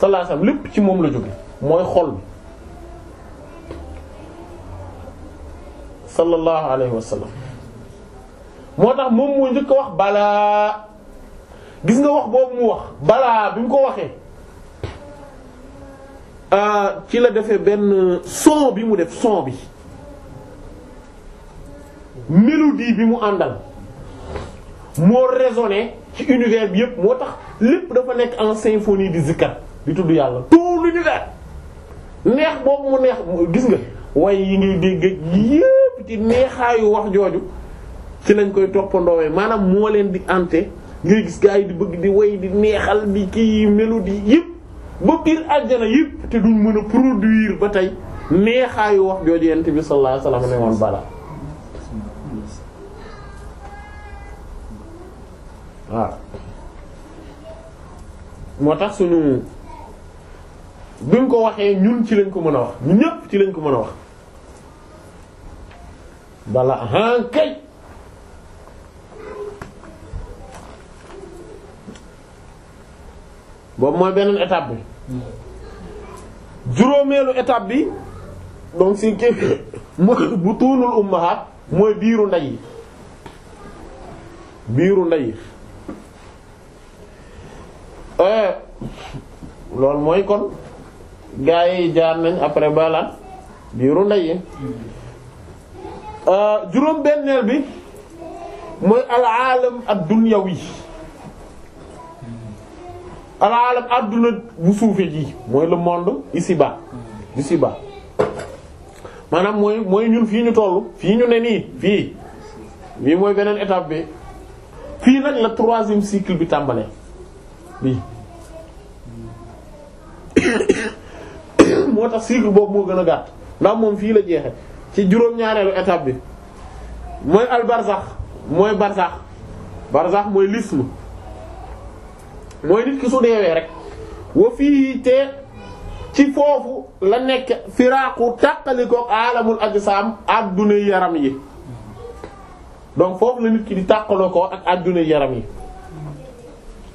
sallallahu lépp ci moom la jóge mooy xol bi sallallahu alayhi wasallam moo tax moom moo njëkk a wax balaa gis nga wax boobu mu wax balaa bi mu ko waxee euh, ci la defee benn son bi mu def son bi mélodie bi mu àndal moo résonné ci univers bi yépp moo tax lépp dafa nekk en symphonie di zikar di tudd yàlla tout l'univers neex boobu mu neex gis nga waaye yi ngay dégg yépp ci neexaayu wax jooju ci lañ koy toppandoowee maanaam moo leen di ante ngay gis gaa yi di bëgg di way di neexal di kii mélodie yépp ba biir àjjana yépp te duñ mën a produire ba tey neexaayu wax jooju yent bi sallallahu alayhi wasallam ne woon bala waaw moo tax suñu buñ ko waxee ñun ci lañ ko mën a wax ñun ñëpp ci lañ ko mën a wax bala hankay ah, boobu mooy beneen étape bi juróomeelu étape bi donc si kii bu tuunul ummahat mooy biiru ndey yi biiru ndey yi eh, loolu mooy kon gaa yi jaar nañ après balaan biiru ndey yi euh, juróom benneel bi mooy alaalam ad-dunyawi alaalam adduna bu suufee ji mooy le monde ici-bas ici maanaam mooy mooy ñun fii ñu tollu fii ñu ne nii fii bii mooy beneen étape bi fii nag la troisième cycle bi tàmbalee moo tax cycle boobu moo gën a gàtt ndax moom fii la jeexe ci juróom-ñaareelu étape bi mooy al barzax mooy barzax barzax mooy lisme mooy nit ki su deewee rek wa fii te ci foofu la nekk firaaku tàqalikook alamul ajsam adduna yaram yi donc foofu la nit ki di tàqaloo ko ak adduna yaram yi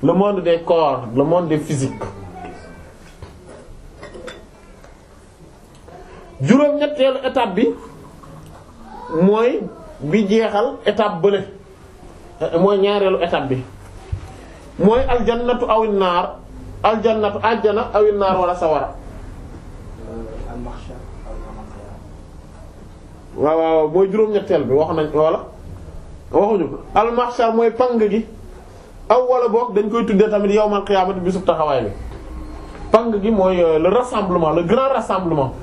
le monde des corps le monde des physiques juróom-ñetteelu étape bi mooy bi jeexal étape bële mooy ñaareelu étape bi mooy aljannatu aw naar aljannatu ajjana aw naar wala sawara. waaw waaw mooy juróom-ñetteel bi wax nañ wala waxuñu ko mooy pang gi aw wala boog dañ koy tuddee tamit yawmal qiyaamati bisub taxawaay bi pang gi mooy euh, le rassemblement le grand rassemblement.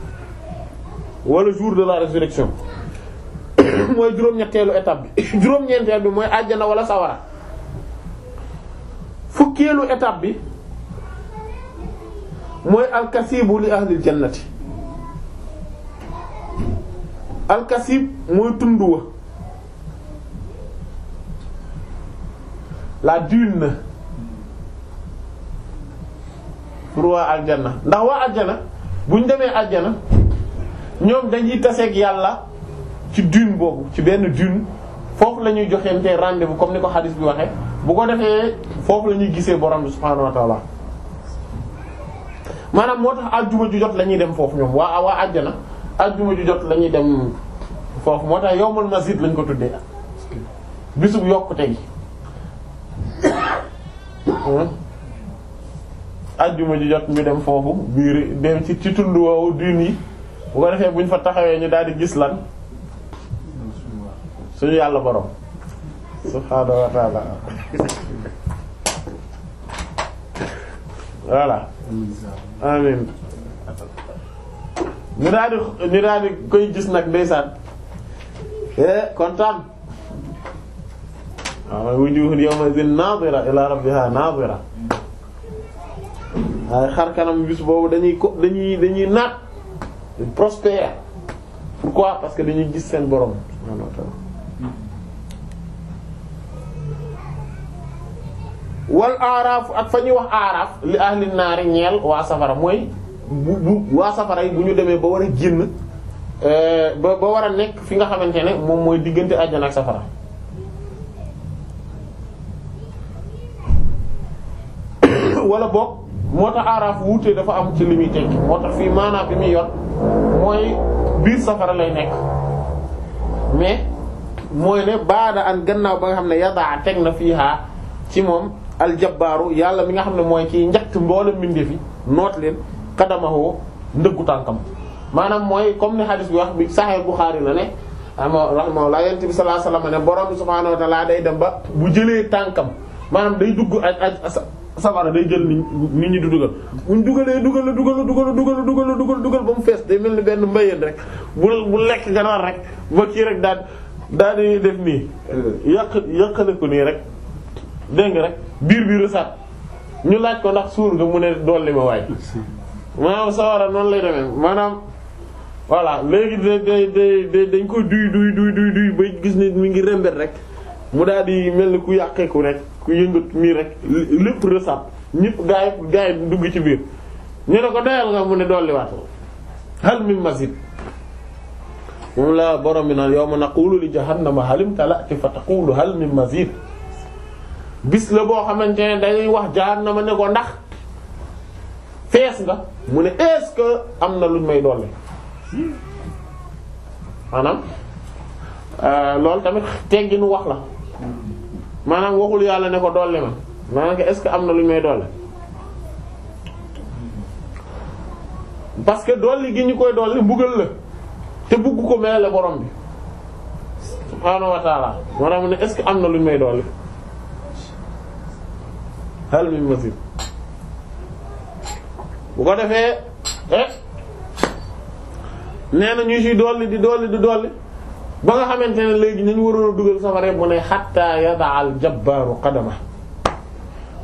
wala jour de la résurrection mooy juróom-ñetteelu étape bi juróom-ñeenteel bi mooy àjjana wala sawara fukkeelu étape bi mooy alkasibu li ahlil jannati alkasib mooy tund wa la dune pour waa aljana ndax waa aljana buñ demee aljana ñoom dañuy taseeg yàlla ci dune boobu ci benn dune foofu la ñuy joxeente rendez-vous comme ni ko xadis bi waxee bu ko defee foofu la ñuy gisee borom bi subhaanahu wa ta'ala maanaam moo tax ajjuma ju jot la ñuy dem foofu ñoom waa waa àjjana ajjuma ju jot la ñuy dem foofu moo tax yowmal masjid lañ ko tuddee bisub yokkute gi hmm? ajjuma ju jot ñu dem foofu biir dem ci tund woowu dune yi bu ko defee bu fa taxawee ñu daal di gis lan suñu yàlla borom subhaanahu wa ta'ala amin ñu daal ñu daal koy gis nag ndeysaan eh, kontaan waaw wujuhun yawma'idhin nadira ila rabbiha nadira waaye xar kanam bis boobu dañuy ko dañuy dañuy naat ils prospèrent pourquoi parce que dañuy gis seen borom wal aaraaf ak fa ñuy wax aaraaf li ahli naari ñeel waa safara mooy bu bu waa safara yi bu ñu demee ba war a jinn euh, ba ba war a nekk fi nga xamante ne moom mooy diggante àjjana ak safara wala boog moo tax aaraaf wuute dafa am ci li muy tekki moo tax fii maanaam bi muy yor mooy biir safara lay nekk mais mooy ne baada an gannaaw ba nga xam ne yadaa teg na fii xaa ci moom aljabbaaru yàlla bi nga xam ne mooy kii njëkk mboole mbindeef fi noot leen kadamahoo ndëggu tànkam maanaam mooy comme ni hadith bi wax bi Sahih Bukhari la ne ama rahimahullah yent bi sallallahu alayhi ne borom bi subhaanahu wa day dem ba bu jëlee tànkam maanaam day dugg aj aj safara day jël nit ñi du dugal bu ñu dugalee dugal dugal dugal dugal dugal dugal dugal ba mu fees day mel ni benn mbayeen rek bu bu lekk ganaar rek ba kii rek daal daal di def nii yàq yàqale ko nii rek dégg nga rek biir bi resaat ñu laaj ko ndax suur nga mu ne dolli ma waay maanaam safara noonu lay demee maanaam voilà léegi day day day dañ koy duy duy duy duy ba gis ne mi ngi rembet rek mu daal di mel ni ku yàqeeku rek. ku yëngatu mii rek lépp resap ñëpp gaa yi gaa yi ci biir ñu ne ko doyal nga mu ne dolliwaat hal min masid moom la borom bi yow yawma naqulu li jahannama hal imtala'ti fa taqulu hal min mazid bis la boo xamante ne dañuy wax jahannama ne ko ndax fees nga mu ne est am na lu may doole maanaam euh, loolu tamit tegginu wax la maanaam waxul yàlla ne ko dolli ma maanaam est-ce que am na lu may dolli parce que dolli gi ñu koy dolli mbugal la te bugg ko mel la borom bi subhaanahu wa ta'ala maanaam ne est am na luñ may dolli hal min bu ko defee eh nee na ñu ci dolli di dolli di dolli ba nga xamante ne léegi nañu waroon a dugal safara mu ne xatta yadaal jabbaaru qadama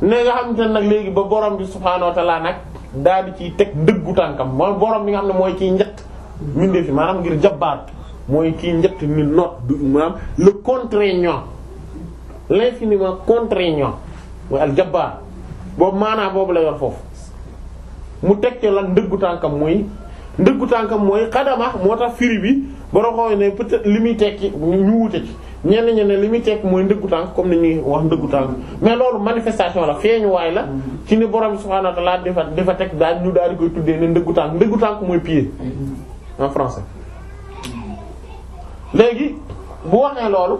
ne nga xamante ne nag léegi ba borom bi subhaanahu wa nag daal di ciy teg dëggu tànkam mooy borom bi nga xam ne mooy kiy njëtt mindee fi maanaam ngir jabbaar mooy kii njëtt mi noot du maanaam le contraignant l'infiniment contraignant mooy al jabbaar boobu maanaam boobu la yor foofu mu teg ci lan dëggu tànkam mooy dëggu tànkam mooy qadama moo tax firi bi borom xooy ne peut-être li muy tekki ñu wute ci ñenn ñi ne li muy tekki mooy ndëggu tànk comme ni ñuy wax ndëggu tànk mais loolu manifestation la waay la ci ni borom subhaanahu wa ta'aala dafa dafa teg daal ñu daal di koy tuddee ne ndëggu tànk ndëggu tànk mooy pied en français. léegi bu waxee loolu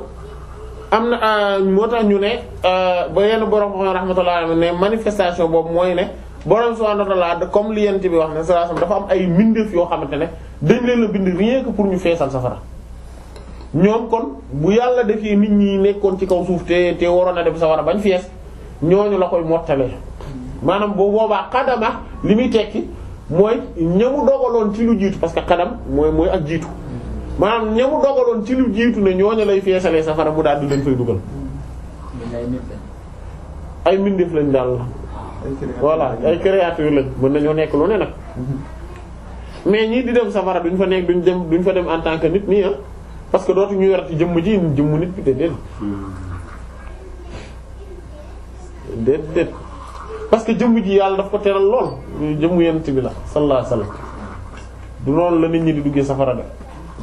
am na euh, moo tax ñu ne euh, ba yenn borom xooy rahmatullahi ne manifestation boobu mooy ne. borom subhanahu wa ta'ala comme li yent bi wax na sa alayhi dafa am ay mbindeef yoo xamante ne dañ leen a bind rien que pour ñu feesal safara ñoom kon bu yàlla defee nit ñi nekkoon ci kaw suuf te te waroon a dem safara bañ fees ñooñu la koy mottalee maanaam boobu boobaa xadama li muy tekki mooy ñamu dogaloon ci lu jiitu parce que xadam mooy mooy ak jiitu maanaam ñamu dogaloon ci lu jiitu ne ñooñu lay feesalee safara mu daal di leen fay dugal ay mbindeef lañ daal voilà ay créature lañ mën nañoo nekk lu ne nag mais ñii di dem safara duñ fa nekk duñ dem duñ fa dem en tant que nit nii ah parce que dootu ñu werati jëmm ji jëmm nit bi que jëmm ji yàlla daf ko teral lool jëmm yent bi la sallallahu alayhi du loolu la nit ñi di duggee safara def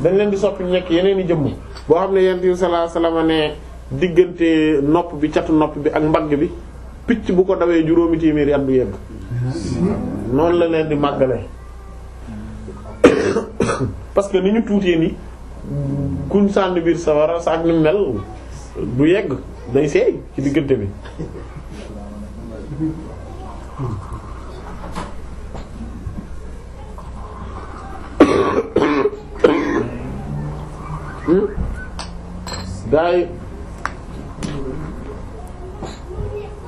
dañ leen di soppi ñekk yeneen i jëmm boo xam ne yent bi sallallahu alayhi ne diggante nopp bi catu nopp bi ak mbagg bi picc bu ko dawee juróomi téeméeri at du yegg noonu la leen di màggale parce que ni ñu tuutee ni kuñ sànni biir sawara sa ak ni mel du yegg day seey ci diggante bi hmm? gaa yi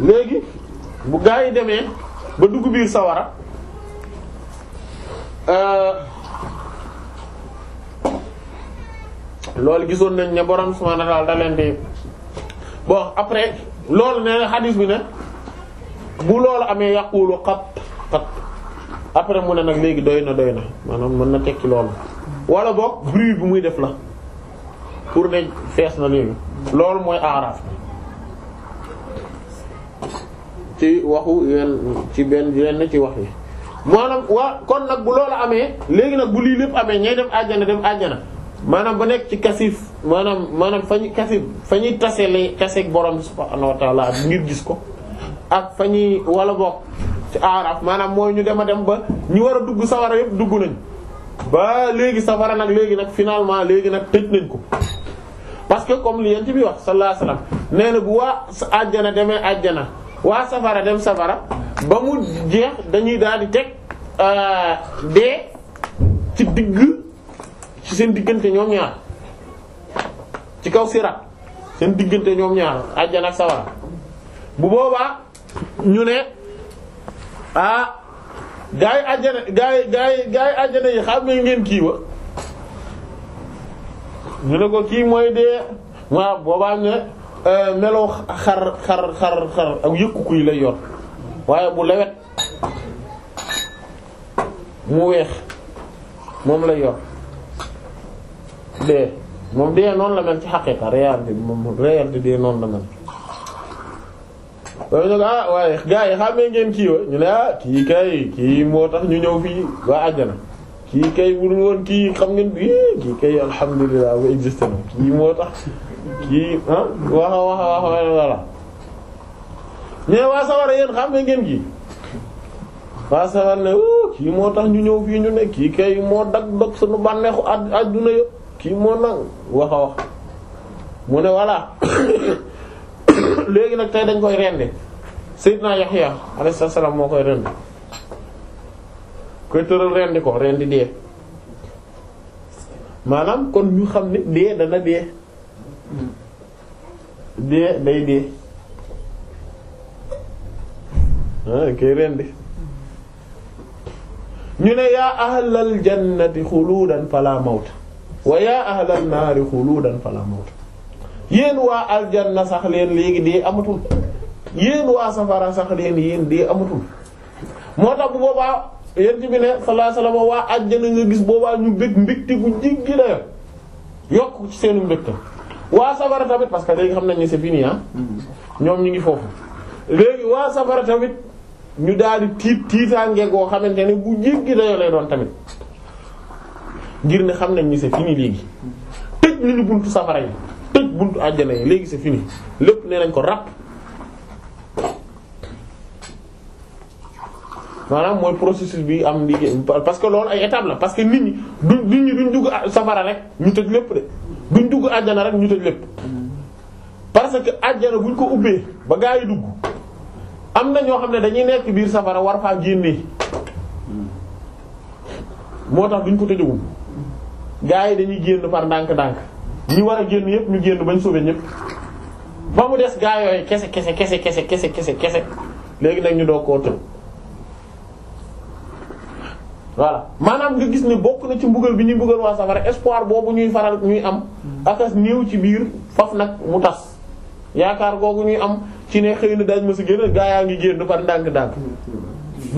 léegi bu gaa yi demee ba dugg biir sawara euh, loolu gisoon nañ ne borom subhaanahu wa ta'aala da leen di bon après loolu nee xadiis bi ne bu loolu amee yàquwulu xat xat après mu ne nag léegi doy na doy na maanaam mën na tekki loolu wala boog bruit bi muy def la pour ne fees na léegi loolu mooy aaraaf ci waxu yenn ci benn yenn ci wax yi maanaam waa kon nag bu loolu amee léegi nag bu lii lépp amee ñay dem àjjana dem àjjana maanaam ba nekk ci kasif maanaam maanaam fa ñu kasif fa ñuy tasele taseeg borom subhaanahu wa ta'ala ngir gis ko ak fa ñuy wala bokk ci aaraaf maanaam mooy ñu dem a dem ba ñu war a dugg sawara yëpp dugg nañ ba léegi safara nag léegi nag finalement léegi nag tëj nañ ko parce que comme li yent bi wax salaa alayhi wasallam bu waa àjjana demee àjjana waa safara dem safara ba mu jeex dañuy daal di teg euh, dee ci digg ci seen diggante ñoom ñaar ci kaw sirat seen diggante ñoom ñaar àjjana ak safara bu boobaa ñu ne ah yi àjjana gaa yi gaa àjjana yi xam ngeen kii wa ñu ne ko kii mooy dee waaw boobaa ne euh, meloo xar xar xar ak yëkku kuy lay yor waaye bu lewet mu weex moom lay yor dee moom dee noonu la mel ci xaqiiqa réalité bi moom réalité dee noonu la mel dañu ne ah waaye gars yi xamee ngeen kii wa ñu ne ah kii kay kii moo tax ñu ñëw fii waa àjjana kii kay bu dul woon kii xam ngeen bii kii kay alhamdulilah ba existé kii moo tax kii ah waxa waxa waxa wala mais waa sawara yéen xam nga ngeen gi waa sawar ne kii moo tax ñu ñëw fii ñu ne kii kay moo dag dog suñu bànneexu àdduna yëpp kii moo nang wax a wax mu ne voilà léegi nag tey dañ koy rende Seydina Yaxya alayhi salaam moo koy rende koy tëral rendi ko rendi dee maanaam kon ñu xam ne dee dana dee dee day dee ah rendi ñu ne yaa ahlal jannati xuluudan fala aljanna sax leen léegi dee amatul yéen waa safara sax leen yéen dee amatul moo tax bu boobaa yent bi ne sallallahu alayhi wasallam waa àjjana nga gis boobaa ñu bég mbégte bu jéggi dayo yokk ci seenu mbégte waa safara tamit parce que léegi xam nañ sa c'est fini ah. mm-hmm. ñoom ñu ngi foofu léegi waa safara tamit ñu daal di tiit tiitaange goo xamante ne bu jéggi dayo lay doon tamit ngir ne xam nañ ni c'est fini léegi mm-hmm. tëj li ñu buntu safara yi tëj buntu àjjana yi léegi c'est fini lépp nee nañ ko ràpp maanaam mooy processus bi am di parce que loolu ay étape la parce que nit ñi du nit ñi duñ dugg safara rek ñu tëj lépp duñ dugg àjjana rek ñu tëj lépp parce que àjjana buñ ko ubbee ba gaa yi dugg am na ñoo xam ne dañuy nekk biir safara war faa génnee moo tax duñ ko tëjagum gaa yi dañuy génn par ndànk-ndànk ñi war a génn yépp ñu génn bañ sauver ñépp ba mu des gaa kese kese kese kese kese kese kese léegi nag ñu doog koo tëj. waa maanaam nga gis ne bokk na ci mbugal bi ñuy mbugal waa safara espoir boobu ñuy faral ñuy am akas néew ci biir faf nag mu tas yaakaar googu ñuy am ci ne xëy na daañ ma si génn gaa yaa ngi génn par ndànk-ndànk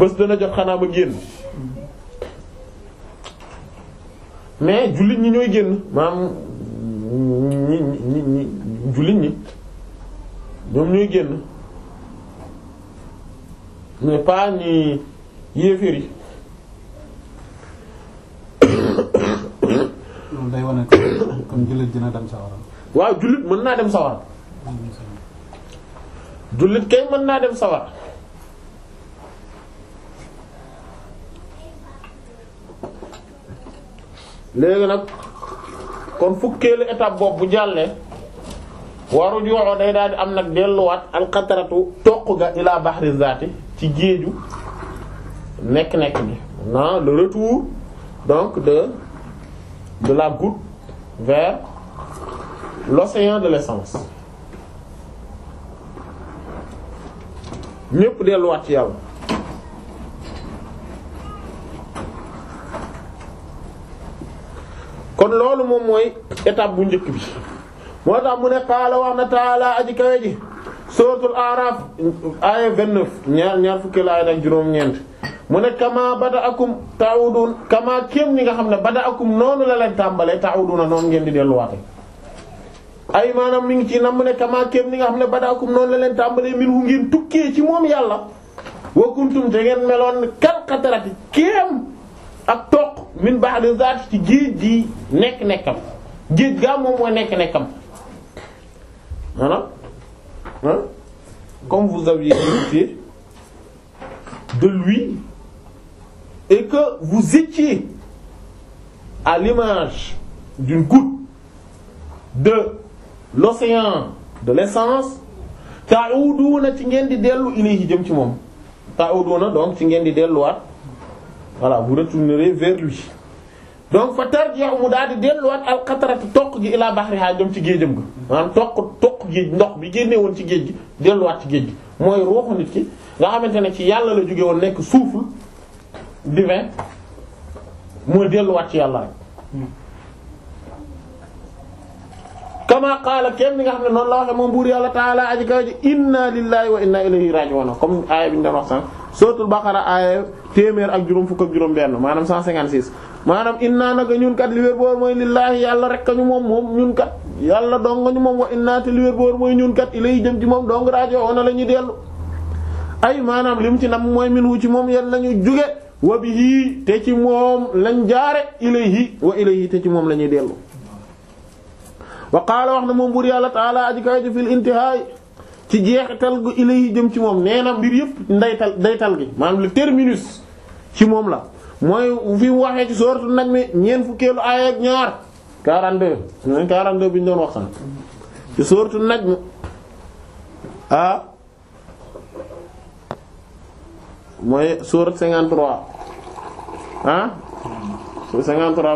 bés dana jot xanaa ma génn mais jullit ñi ñooy génn maanaam ñi ñi ñi jullit ñoom ñooy génn mais day wane kon jullit waaw jullit mën naa dem sawara. jullit naa dem sawara. léegi nag kon fukkeelu étape boobu bu jàllee waru joxoo day daal di am nag delluwaat alxataratu toq ga ila bahri zaati ci géeju nekk-nekk bi na le retour donc de de la goutte vers l'océan de l'essence ñépp delluwaat ci yàlla kon loolu moom mooy étape bu njëkk bi moo tax mu ne qaala wax na taala aji kawe ji suratul araf aaya 29 ñaar ñaar fukki laay nag juróom-ñeent mu ne kama bada akum taawudun kama kéem ñi nga xam ne bada akum noonu la leen tàmbalee taawuduna noonu ngeen di delluwaate ay maanaam mi ngi ci nam mu ne kama kéem ñi nga xam ne bada akum noonu la leen tàmbalee min hu ngeen tukkee ci moom yàlla wa kuntum te ngeen meloon kal qatarati kéem ak toq min ba'di zaat ci géej gi nekk nekkam géej gaa moom mooy nekk nekkam maanaam hein, comme vous aviez hérité de lui et que vous étiez à l'image d'une goutte de l'océan de l'essence ta'uduna ci ngeen di dellu ilayhi jëm ci moom na donc ci ngeen di delluwaat voilà vous retournerez vers lui donc fa tarji'u mu daal di delluwaat alxataratu toq gi ilaa bahrihaa jëm ci géejam ga maanaam toq toq géej ndox bi génne woon ci géej gi delluwaat ci géej gi mooy ruuxu nit ki nga xamante ne ci yàlla la jóge woon nekk souffle divin mooy delluwaat ci yàlla rek hmm. kama qaala kenn li nga xam ne noon la waxe moom buur yàlla taala aji kaw ji inna lillahi wa inna ilayhi raji'un comme aaya bi ñu doon wax sànq suratul aaya téeméer ak juróom fukk ak juróom benn maanaam 156 maanaam inna naka ñun kat li wér boor mooy lillaahi yàlla rek ka ñu moom moom ñun kat yàlla donga ñu moom wa inna te li boor mooy ñun kat ilayhi jëm ci moom dong raji'un la ñuy dellu ay maanaam li mu ci nam mooy min wu ci moom yéen la ñu juge wa bihi te ci moom lañ jaare ilayhi wa ilayhi te ci moom la ñuy dellu wa qaala wax na moom buur yàlla taala aji kawe ji fil ci jeexital gu ilay jëm ci moom nee na mbir yëpp ndaytal ndaytal gi maanaam le terminus ci moom la mooy fi mu waxee ci sooratu nag mi ñeent ñaar 42 42 doon wax sax nag mi ah mooy sooratu 53 ah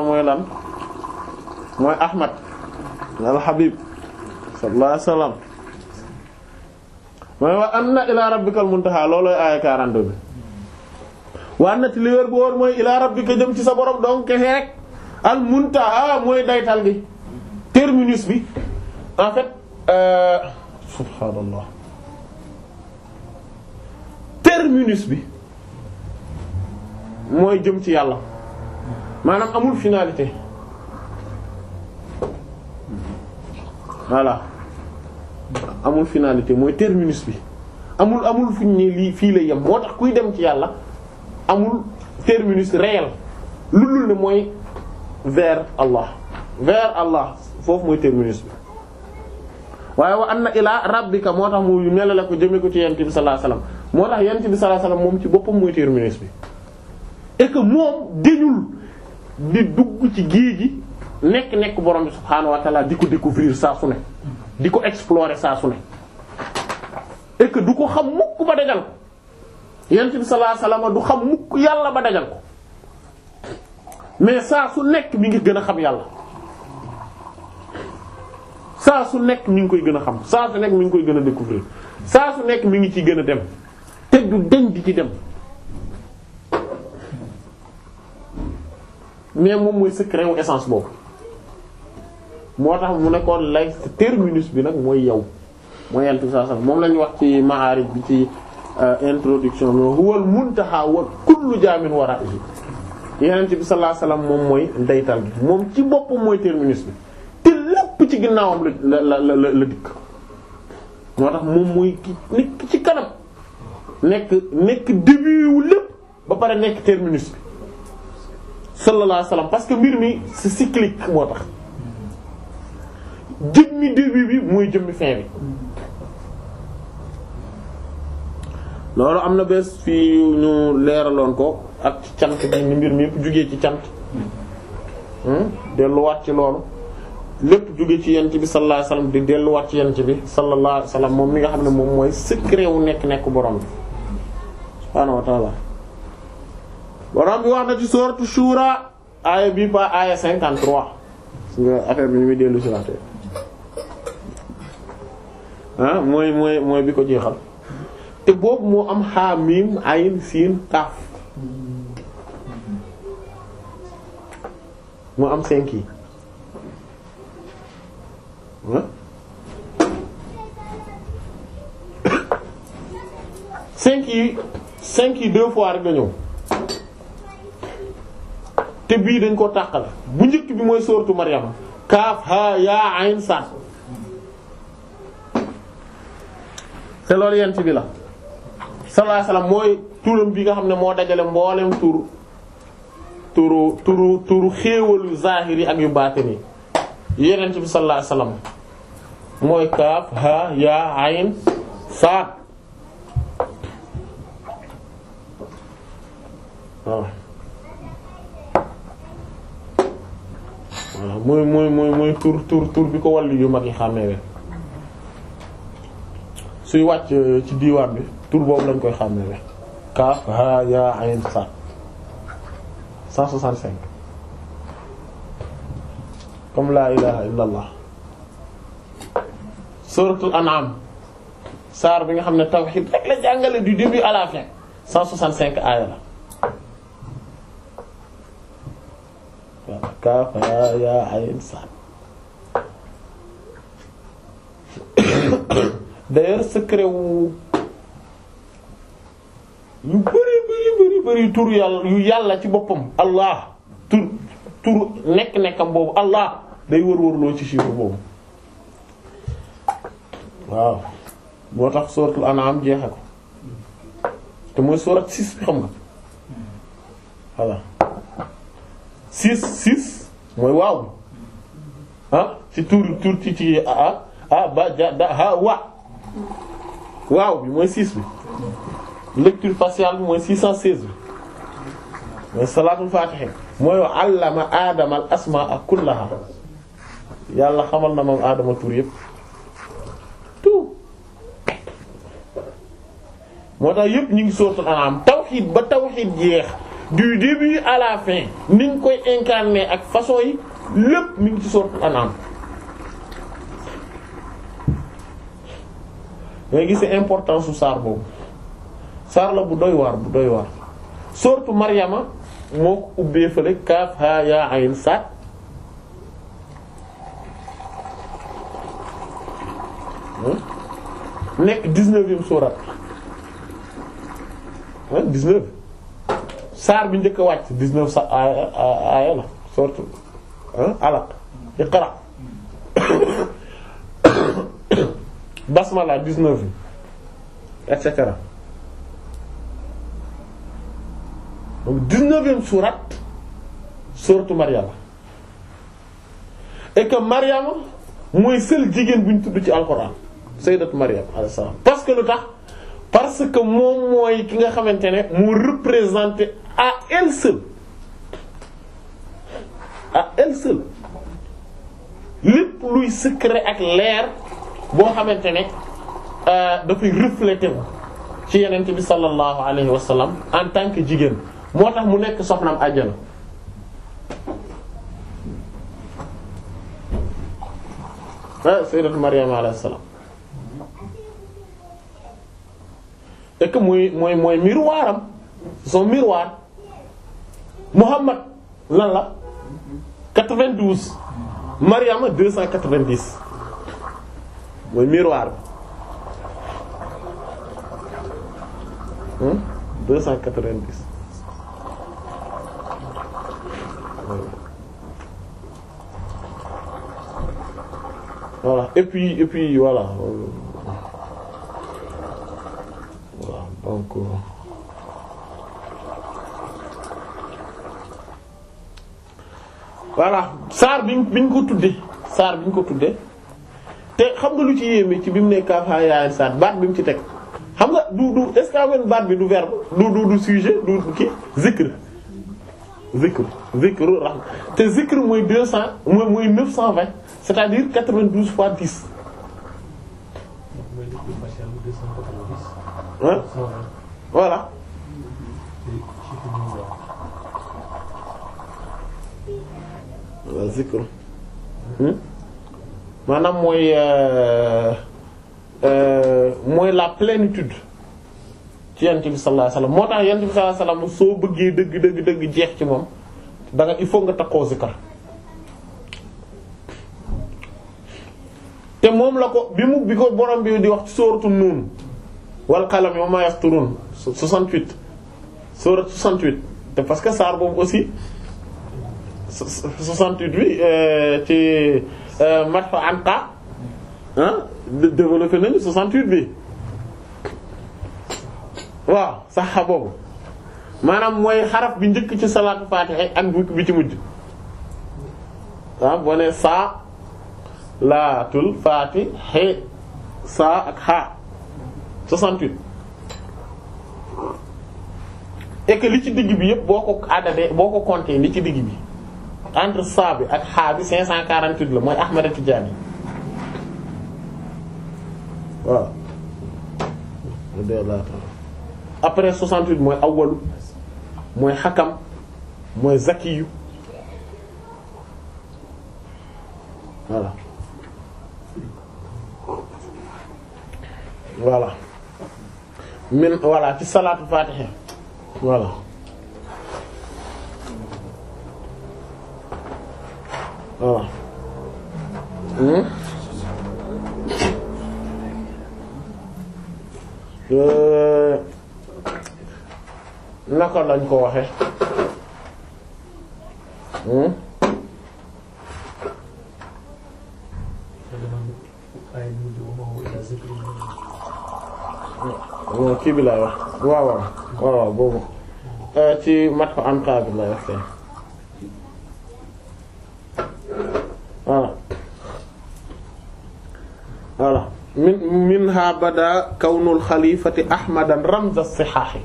mooy lan mooy Ahmad al habib sallallahu alayhi wasallam mooy wa anna ila rabbikal muntaha loolooy aaya bi waa nati li wér bu wóor mooy ila rabbika jëm ci sa borom donc kese rek al muntaha mooy daytal gi terminus bi en fait euh, subhaanallah terminus bi mooy jëm ci yàlla maanaam amul finalité voilà amul finalité mooy terminus bi amul amul fu ñu ne lii fii lay yem moo tax kuy dem ci yàlla amul terminus réel lu dul ne mooy vers Allah vers Allah foofu mooy terminus bi waaye wa anna ilaa rabbika moo tax mu la ko jëme ko ci yent bi sallallahu alayhi moo tax yent bi sallallahu alayhi moom ci boppam mooy terminus bi et moom dañul di dugg ci géej gi nekk-nekk borom bi subhaanahu wa taala di ko découvrir saa su ne di ko explorer saa su ne et du ko xam mukk ba dajal ko yent bi sallallahu alayhi wasallam du xam mukk yàlla ba dajal ko mais saa su nekk mi ngi gën a xam yàlla saa su nekk mi ngi koy gën a xam saa su nekk mi ngi koy gën a découvrir saa su nekk mi ngi ci gën a dem te du deñ di ci dem mais moom mooy secret wu essence boobu moo tax mu nekkoon lay terminus bi nag mooy yow mooy yentu saa sax moom la wax ci maarij bi ci euh, introduction bi huwal muntaha wa kullu jaamin wara'ihi yenent bi sallallahu alayhi moom mooy ndeytal bi moom ci boppam mooy terminus bi te lépp ci ginnaawam la la la la dikk moo tax moom mooy ki nekk ci kanam nekk nekk début wu ba pare nekk terminus bi sallallahu alayhi wasallam parce que mbir mi c'est cyclique moo tax jëmmi début bi mooy jëmmi fin bi loolu am na bés fii ñu leeraloon ko ak cant bi ni mbir mi yëpp jugee ci cant hmm? delluwaat ci loolu lépp jóge ci yent bi sallallahu alayhi wasallam di delluwaat ci yent bi sallallahu alayhi wasallam moom mi nga xam ne moom mooy secret wu nekk nekku borom bi subhaanahu wa ta'ala borom bi wax na ci sourate Shura aaya bi ba aaya 53 su nga affaire bi ñu muy dellu si ah mooy mooy mooy bi ko jeexal te boobu moo am xaa miim ayin siin kaaf moo am cinq yi cinq yi cinq deux fois rek la ñëw te bii dañ ko tàqale bu njëkk bi mooy sooratu Maryam kaaf haa yaa ayn saad te loolu yent bi la sallallahu alayhi mooy turam bi nga xam ne moo dajale mboolem tur turu turu turu xéewalu zahir yi ak yu baatin yi yenent bi sallallahu alayhi wasallam mooy kaaf ha ya ayn saad waaw mooy mooy mooy mooy tur tur tur bi ko wàllu yu mag yi xàmmee suy wàcc euh, ci diwaan bi tur boobu lañ koy xàmmee kaaf haa yaa ayn saad comme laa ilaha illa allah suratul an'am saar bi nga xam ne tawhid rek la jàngale du début à la fin 165 aaya la waaw kaaf haa yaa ayn saad d'ailleurs secret wu yu bari bari bari bari tur yàlla yu yàlla ci boppam allah tur tur nekk-nekkam boobu allah day wër-wërloo ci chiffre boobu waaw boo tax suratul an'am jeexe ko te mooy surat six bi xam nga voilà six six mooy waaw ah ci tur tur ci ci a ah, a ah, ba ja da ha wa waaw bi mooy 6 bi lecture faciale bi mooy 616 bi mooy salaatul faatihi mooy wa allama aadama al asmaa kullaha yàlla xamal na moom aadama tur yëpp tout moo tax yëpp ñu ngi sóoratul An'am tawxiid ba tawxiid jeex du début à la fin niñ koy incarner ak façon yi lépp mi ngi ci sóoratul dangay gis importance su saar boobu saar la bu doy waar bu doy waar surtout Maryama moo ko ubbee fële kaaf haa yaa ayn saat hmm? nekk dix-neuvième sourate ah hmm? saar bi njëkk a wàcc dix sa aaya aaya la surtout ah hmm? alaq iqra basmala 19 bi et cetera donc 19e sourate sourate que Maryam mooy seul jigéen bu ñu tudd ci alxuraan sayyidatu Maryam alayhi salaam parce que lu tax parce que moom mooy ki nga xamante ne mu représenter à elle seule à elle seule lépp luy secret ak leer. boo xamante ne euh, dafay reflété wu ci yenent bi sallallahu alayhi wa sallam en tant que jigéen moo tax mu nekk soxnaam àjjana ah, sayyidatu Maryam alayhi salaam et que muy mooy mooy miroir am son miroir Muhammad la 92 mooy miroir bi hmm? deux cent quatre-vingt-dix voilà et puis et puis voilà voilà donc euh, voilà saar biñ biñ ko tudde saar biñ ko tudde te xam nga lu ci yéeme ci bi mu nekk Kaafa yaayal saat baat bi mu ci teg xam nga du du est-ce baat bi du verbe du du du sujet du kii zikr zikr zikr rahma te zikr mooy deux cent mooy mooy neuf cent vingt c'est-à-dire quatre-vingt-douze fois dix. ah voilà. zikr. Hmm? maanaam mooy euh, euh, mooy la plénitude ci yent bi sallallahu alayhi wasallam moo tax yent bi sallallahu alayhi soo bëggee dëgg dëgg dëgg jeex ci moom da il faut nga takkoo zikar te moom la ko bi mu bi ko borom bi di wax ci sooratu nuun wal qalami wa ma yasturun 68 sooratu 68 te parce que saar boobu aussi 68 bi euh, ci Euh, mat fa anqa ah développé nañu 68 bi waaw saxa boobu maanaam mooy xaraf bi njëkk ci salaatu faatiha ak bi ci mujj ah boo nee saa laatul faatiha saa ak xa 68 et que li ci digg bi yëpp boo ko addadee boo ko compter li ci digg bi. entre saa bi ak xaa bi 548 la mooy Ahmada Tidiane waaw. après 68 mooy awalu mooy xakam mooy zakiyu voilà voilà min voilà ci salaatul faatiha voilà waaw hmm? eh, naka lañ ko waxe hmm? Hmm, kii bi laay wax waaw waaw waaw boobu eh, ci mat ko an kaa bi laay voilà min minha bada kawnul xalifati ahmadan ramz as-sihaahi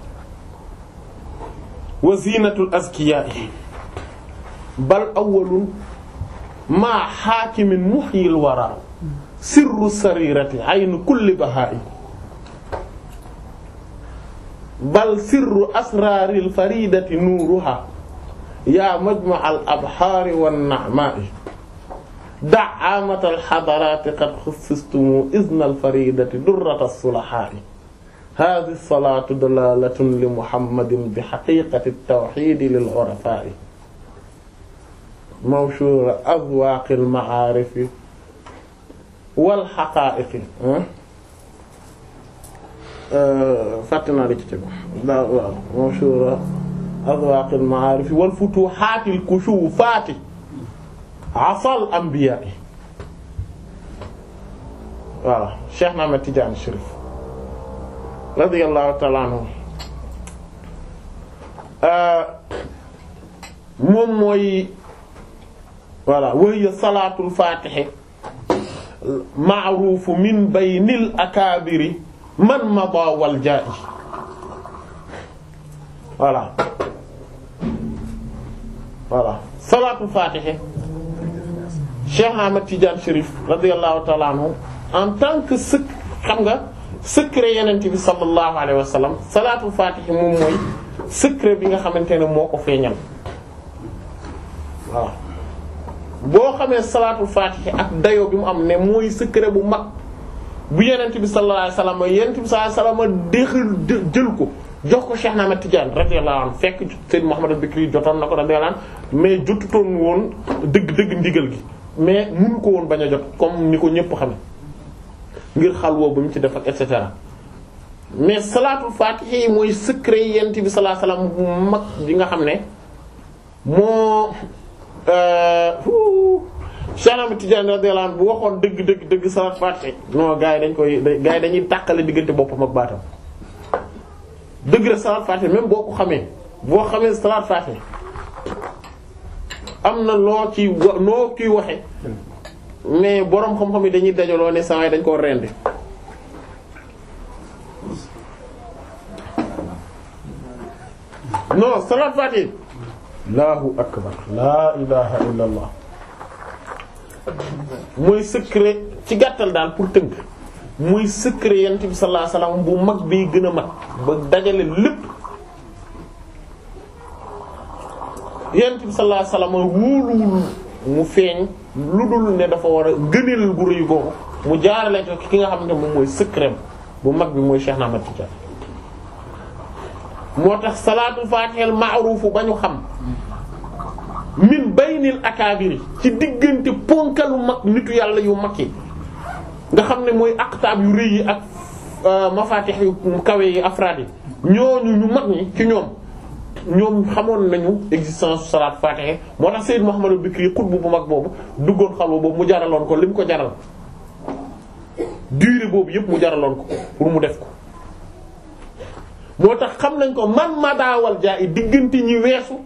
wa zinatul azkiyaa'i bal awwalun maa xaakimin muhyil wara sirru sarirati aynu kulli bahaa'i bal sirru asraaril faridati nuuruha yaa majma'al abhaari wan na'maa'i da amatal xadaraati qad xussistumu isnal faridati durrata sulahaani haadi salaatu dalaalatun li muhammadin bi xaqiiqati tawxiidi lil xurafaa'i mawshuura azwaaqil macaarifi wal xaqaa'iqi fàtte naa ci tegu waaw mawshuura azwaaqil macaarifi wal futuuxaatil kushuufaati afal anbiya yi voilà Cheikh na Ahmed Tidiane Chérif radiyallahu ta'ala anhu euh, moom mooy voilà wahiya salaatul faatihi ma'ruufu min baynil akaabiri man madaa wal jaa'i voilà voilà salaatul faatihi Cheikh Ahmad Tidiane Chérif radiyallahu ta'ala anhu en tant que sëkk xam nga secret yenent bi sallallahu alayhi wa sallam salaatul faatihi moom mooy secret bi nga xamante ne moo ko feeñal waaw boo xamee salaatul faatihi ak dayo bi mu am ne mooy secret bu mag bu yenent bi sallallahu alayhi wa sallam yenent bi sallallahu alayhi wa jël ko jox ko Cheikh Ahmad Tidiane radiyallahu anhu fekk Seydou Mouhamed al-Bikri jotoon na ko radiyallahu mais jotutoon woon dëgg-dëgg ndigal gi mais mënu ko woon bañ a jot comme ni ko ñëpp xame ngir xalwa bu mu ci def ak et mais salaatul faatiha yi mooy secret yent bi sallallahu alayhi wasallam bu mag bi nga xam ne moo euh, Cheikh Tidiane radiyallahu anhu bu waxoon dëgg dëgg dëgg salaatul faatiha non gars yi dañ koy gars dañuy tàqale diggante boppam ak baatam dëgg la salaatul faatiha même boo ko xamee boo xamee salaatul faatiha am na loo ci wa noo ciy waxe mais boroom xam-xam yi dañuy dajaloo ne saa yi dañ koo rendi non salaat faatih allahu akbar laa ilaha illa allah mooy ci gàttal daal pour tënk muy secret yent bi sallallahu alayhi bu mag bi gën a mag ba dajale lépp yonent bi sallallahu alayhi wasallam wóoluwul mu feeñ lu dul ne dafa war a gëneel bu rëy boobu mu jaarale ko ki nga xam ne moom mooy secret bu mag bi mooy Cheikh Ahmad Tidiane moo tax salaatul fatihel maaruufu ba ñu xam min baynil akaabiri ci diggante ponkalu mag nitu yàlla yu mag yi nga xam ne mooy aqtaab yu rëy yi ak euh, mafatih yu kawe yi afraad yi ñooñu ñu mag ñi ci ñoom ñoom xamoon nañu existence salaat fatiha moo tax Sayyid Muhammad al-Bikri xutbu bu mag boobu duggoon xalwa boobu mu jaraloon ko li mu ko jaral durée boobu yëpp mu jaraloon ko pour mu def ko moo tax xam nañ ko man ma daawal jaa diggante ñi weesu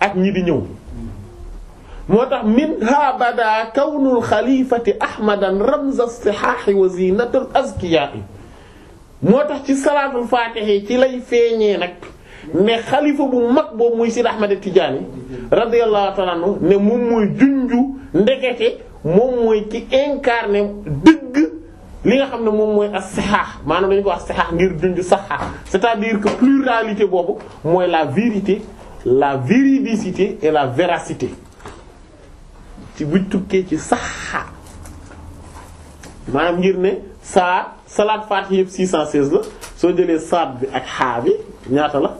ak ñi di ñëw moo tax min ha bada kawnul xalifati ahmadan ramza sihaahi wa zinatul azkiyaa moo tax ci salaatul faatihi ci lay feeñee nag mais xalifa bu mag boobu muy si Ahmed Tidiane radiyallahu ta'ala ne moom mooy junju ndekete moom mooy ki incarné dëgg li nga xam ne moom mooy as-sihah maanaam dañu ko wax sihah ngir junju sax c'est-à-dire que pluralité boobu mooy la vérité la véridicité et la véracité ci tukkee ci sax maanaam ngir ne saa salaat faatiha yëpp 616 la soo jëlee saat bi ak xaa ñaata la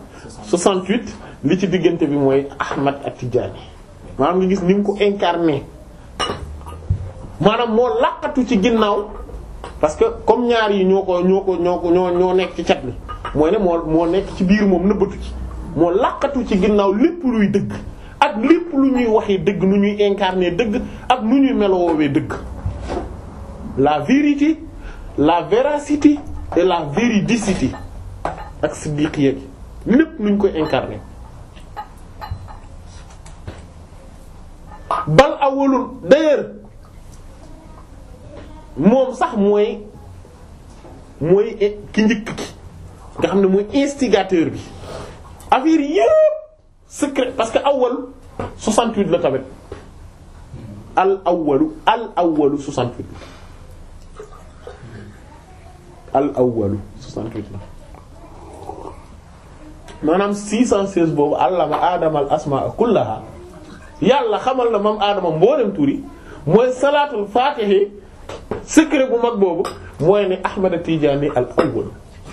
68 li ci diggante bi mooy Ahmad ak tijani maanaam nga gis nim ko incarné maanaam moo laqatu ci ginnaaw parce que comme ñaar yi ñoo ko ñoo ko ñoo ko ñoo nekk ci cat li mooy ne moo moo nekk ci biir moom nëbbatu ci moo laqatu ci ginnaaw lépp luy dëgg ak lépp lu ñuy waxee dëgg nu ñuy incarné dëgg ak nu ñuy melowoowee dëgg la vérité la véracité et la véridicité ak siddiqiyya gi lépp nuñ koy incarné bal awalul d'ailleurs moom sax mooy mooy ki njëkk ki nga xam ne mooy instigateur bi affaire yëpp secret parce que awal 68 la tamit al awalu al awalu 68 al awalu 68 la. maanaam 616 boobu allama aadama al asmaa kullaha yàlla xamal na moom aadama mboolem tur yi mooy salaatul faatihi secret bu mag boobu mooy ne Ahmada Tidiane al awwal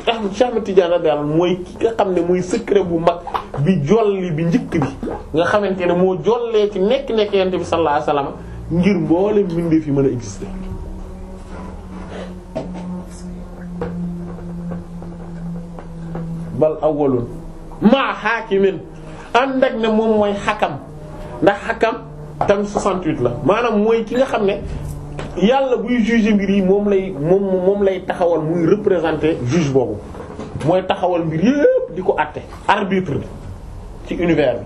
ahmad Cheikh Ahmad Tidiane radiyallahu anhu mooy ki nga xam ne mooy secret bu mag bi jolli bi njëkk bi nga xamante ne moo jollee ci nekk nekk yonent bi sallallahu alayhi ngir mboolem mbindeef fi mën a exister. bal awwalun maa xaakimin ànd ak ne moom mooy xakkam ndax xakam tam 68 la maanaam mooy ki nga xam ne yàlla buy juger mbir yi moom lay moom moom lay taxawal muy représenter juge boobu mooy taxawal mbir yépp di ko àtte arbitre ci univers bi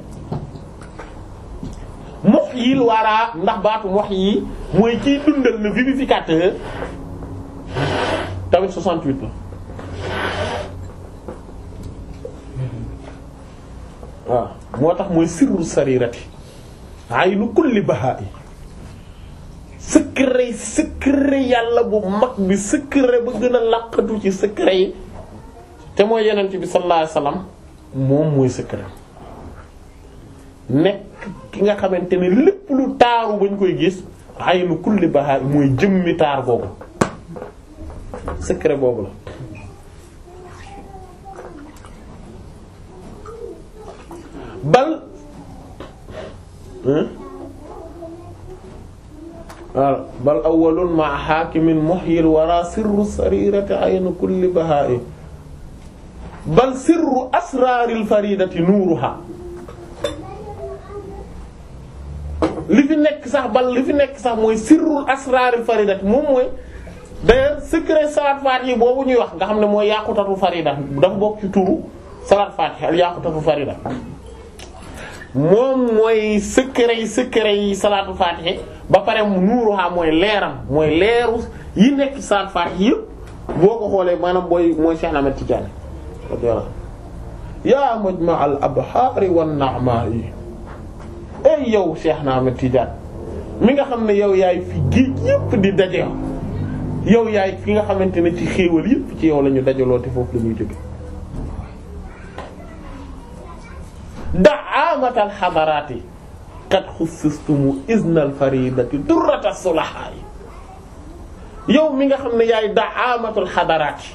muhyil waraa ndax baatu muhyi mooy kiy dundal le vivificateur tamit 68 la waaw moo tax mooy sirru sarirati lu kulli bahaa'i secret secret yàlla bu mag bi secret ba gën a làqatu ci secret yi te mooy yenent bi sallallahu alayhi wasallam moom mooy secret nekk ki nga xamante ne lépp lu taaru bañ koy gis aynu kulli bahaa'i mooy jëmmi taar boobu secret boobu la bal waaw hmm? ah, bal awwalun ma xaakimin muhyil wara sirru sarirati aynu kulli baha'i bal sirru asraril faridati nuuruha li fi nekk sax bal li fi nekk sax mooy sirrul asraril faridati moom mooy d'ailleurs secret salat fatihi boobu ñuy wax nga xam ne mooy yaqutatul farida dafa bokk turu salat fatihi al yaqutatul farida moom mooy secret yi secret yi salaatul faatiha ba pare nuuruha mooy leeram mooy leeru yi nekk ci salaatul faatiha boo ko xoolee maanaam booy mooy Cheikh Ahmed Tidiane radiyallahu yaa majma al abhaari wan yi ay yow Cheikh Ahmed Tidiane mi nga xam ne yow yaay fi géej yëpp di daje yow yaay ki nga xamante ne ci xéewal yëpp ci yow la ñu dajaloo te foofu la ñuy jóge daamatal xadaraati kat xussistumu isnal faridati durrata sulahaay yow mi nga xam ne yaay daamatul xadaraati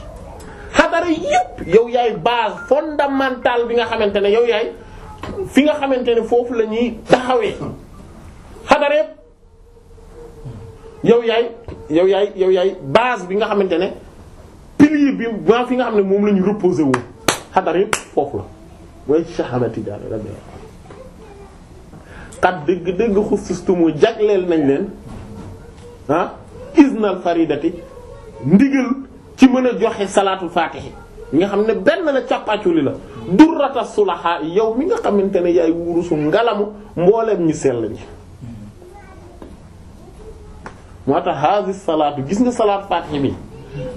xadara yépp yow yaay base fondamentale bi nga xamante ne yow yaay fi nga xamante ne foofu la ñuy taxawee xadara yépp yow yaay yow yaay yow yaay base bi nga xamante ne pilier bi maa fi nga xam ne moom la ñu reposé xadara yépp foofu la way Cheikh Ahmed Tidiane radiyallahu anhu xat dëgg dëgg xusustumu jagleel nañ leen ah isnal faridati ndigal ci mën a joxe salaatul faatihi nga xam ne benn la càppaaculi la durrata sulaha yow mi nga xamante ni yaay wurusu ngalamu mbooleem ñi sell ñi moo tax haasi salaatu gis nga salaat faatihi bi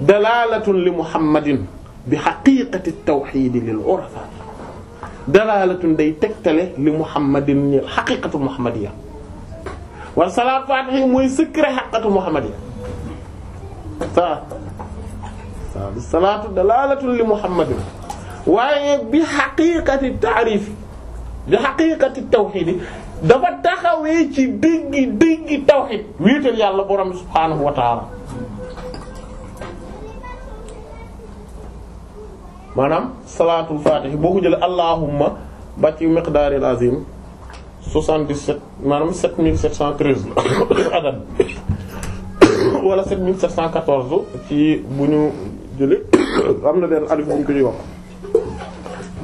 dalalatun li muhammadin bi haqiqati tawxiidi lil urafa dalaalatun day tegtale li muhammadin ñi xaqiqatu muhammadiya wala salaat faatihi mooy secret xaqiqatu muhammadiya sa sa salaatu dalaalatun li muhammadin waaye bi xaqiqati taarif bi xaqiqati tawxiid dafa taxawee ci dëggi dëggi tawxiid wéetal yàlla borom subhaanahu wa taala maanaam salaatul faatihi boo ko jëlee allahumma ba ci miqdaaril azim 77 maanaam 7713 la adab wala 7714 ci bu ñu jëlee am na benn alif bu ñu ko ñuy wax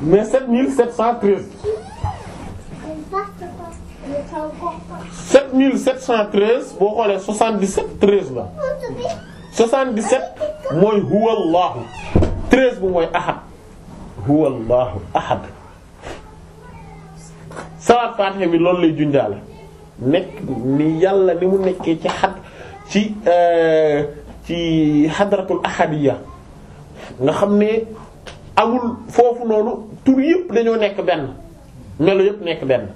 mais 7713 7713 boo xoolee 77 13 la 77 mooy huwallahu treize bu mooy ahad huwa allahu ahad salaat faatiha bi loolu lay junjaale nekk ni yàlla ni mu nekkee ci xad ci euh, ci xadratul ahadiya nga xam ne amul foofu noonu tur yëpp dañoo nekk benn melo yëpp nekk benn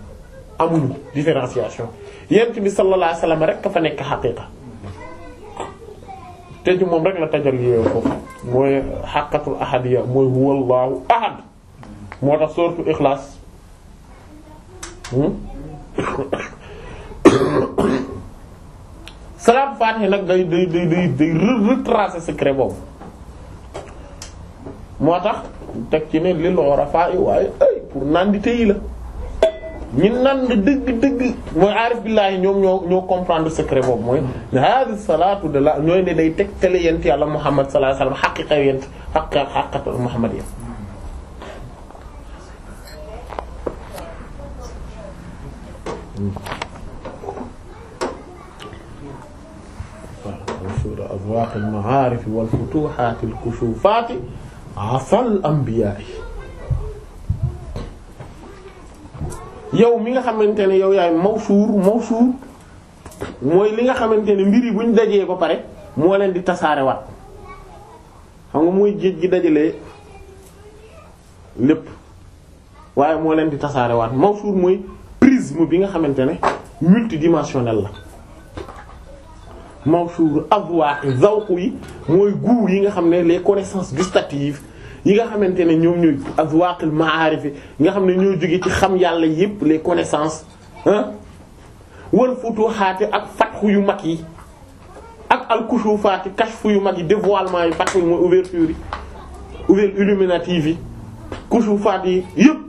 amuñu différenciation yent bi sallallahu alayhi wasallam fa nekk xaqiiqa tëju moom rek la tajal yeewu ko mooy xàqatul ahadiyya mooy huwallahu ahad moo tax sourate Ikhlas hmm? salaam faatih nag day day day day day retracer secret boobu moo tax teg ci ne lil ghurafaa'i waaye ay pour nandite yi la ñi nan dëgg dëgg mooy aarif billaahi ñoom ñoo ñoo comprendre secret boobu mooy hadi salaatu de la ñooy ne day tegtale yent yàlla muhammad sallallahu alayhi wasallam xaqiqa yent xaqiqa xaqiqatu muhammad ya sura abwaaqil ma'aarif wal futuuhaatil kusuufaati asal anbiyaa yow mi nga xamante ne yow yaay mawsuur mawsuur mooy li nga xamante ne mbir yi buñ dajee ba pare moo leen di tasaarewaat xam nga mooy géej gi dajalee lépp waaye moo leen di tasaarewaat mawsuur mooy prisme bi nga xamante ne multidimensionnel la mawsuur avoir zawq yi mooy goût yi nga xam ne les connaissances gustatives yi nga xamante ne ñoom ñooy azwaaqil ma'aarif nga xam ne ñoo jóge ci xam yàlla yépp les connaissances ah wal futuhaat ak fatxu yu mag yi ak al kushufaat kashfu yu mag yi dévoilement yi fatxu yi mooy ouverture yi ouvert illuminative yi kushufaat yi yépp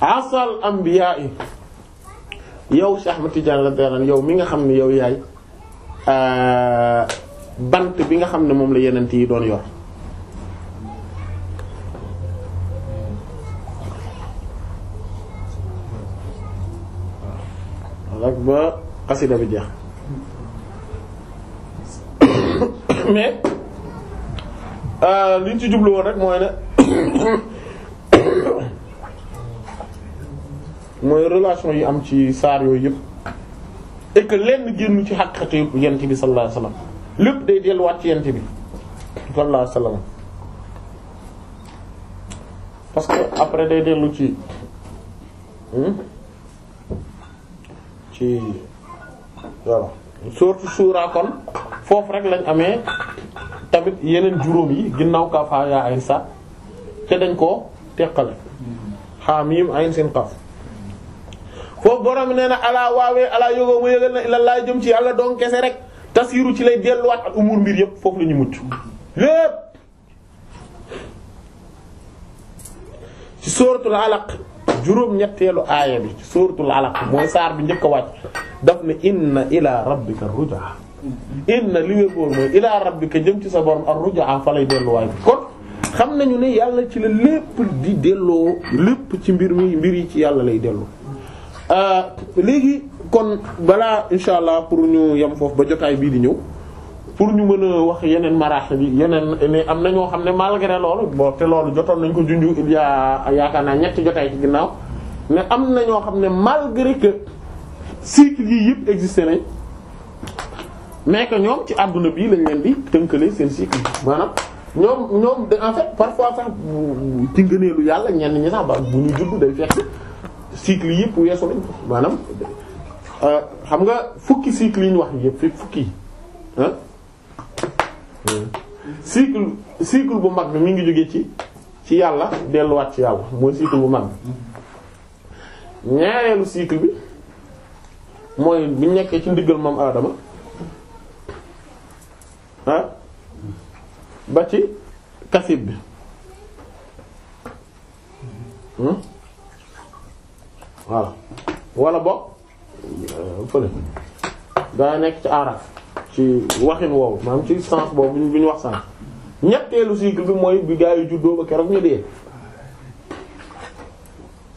asal anbiya yi yow Cheikh Ahmed Tidiane radiyallahu yow mi nga xam ne yow yaay euh, bant bi nga xam ne moom la yenent yi doon yor rek ba xasida bi jeex mais euh, li ñu ci jublu woon rek mooy ne mooy relation yi am ci saar yooyu yëpp et que lenn génn ci xàqatu yëpp yent bi sallallahu alayhi wasallam lépp day delluwaat ci yent bi sallallahu alayhi wasallam que après day dellu ci. Hmm? ci voilà foofu rek lañ amee tamit yeneen juróom yi ginnaaw kaafaa yaa ayn sa te dañ koo teqale xaamiim ayn seen kaaf foofu borom nee na alaa waawee alaa yogoo mu yëgal na ilallaa jëm ci yàlla doon kese rek tasiiru ci lay delluwaat ak umur mbir yépp foofu la ñu mucc lépp ci suratul alaq juróom-ñetteelu aaya bi ci suuratul mooy saar bi njëkk a wàcc daf ne inna ila rabbika rujaa inna li nga góor mooy ila rabbika jëm ci sa borom ar rujaa fa lay delluwaay bi kon xam nañu ne yàlla ci la lépp di delloo lépp ci mbir mi mbir yi ci yàlla lay dellu euh, léegi kon balaa insha allah pour ñu yem foofu ba jotaay bii di ñëw pour ñu mën a wax yeneen maraax bi yeneen mais am na ñoo xam ne malgré loolu bon te loolu jotoon nañ ko junju il y a yaakaar naa ñetti jotaay ci ginnaaw mais am na ñoo xam ne malgré que cycle yi yëpp existé nañ mais que ñoom ci àdduna bii lañ leen di tënkale seen cycle maanaam ñoom ñoom en fait parfois sax yàlla ñenn ñi sax ba bu ñu judd day fekk cycle yëpp weesu lañ ko maanaam euh, xam nga fukki cycle yi ñu wax yëpp fukki ah. cycle cycle bu mag bi mi ngi jóge ci ci yàlla delluwaat ci yàlla mooy cycle bu mag bi ñaareelu cycle bi mooy bu nekkee ci ndiggal moom aadama ah ba ci kasib bi hmm? voilà wala boog fële daa nekk ci aaraaf ci waxin woowu maanaam ci sens boobu bi ñu wax sànq ñetteelu cycle bi mooy bi gaa yi juddoo ba keroog ñu dee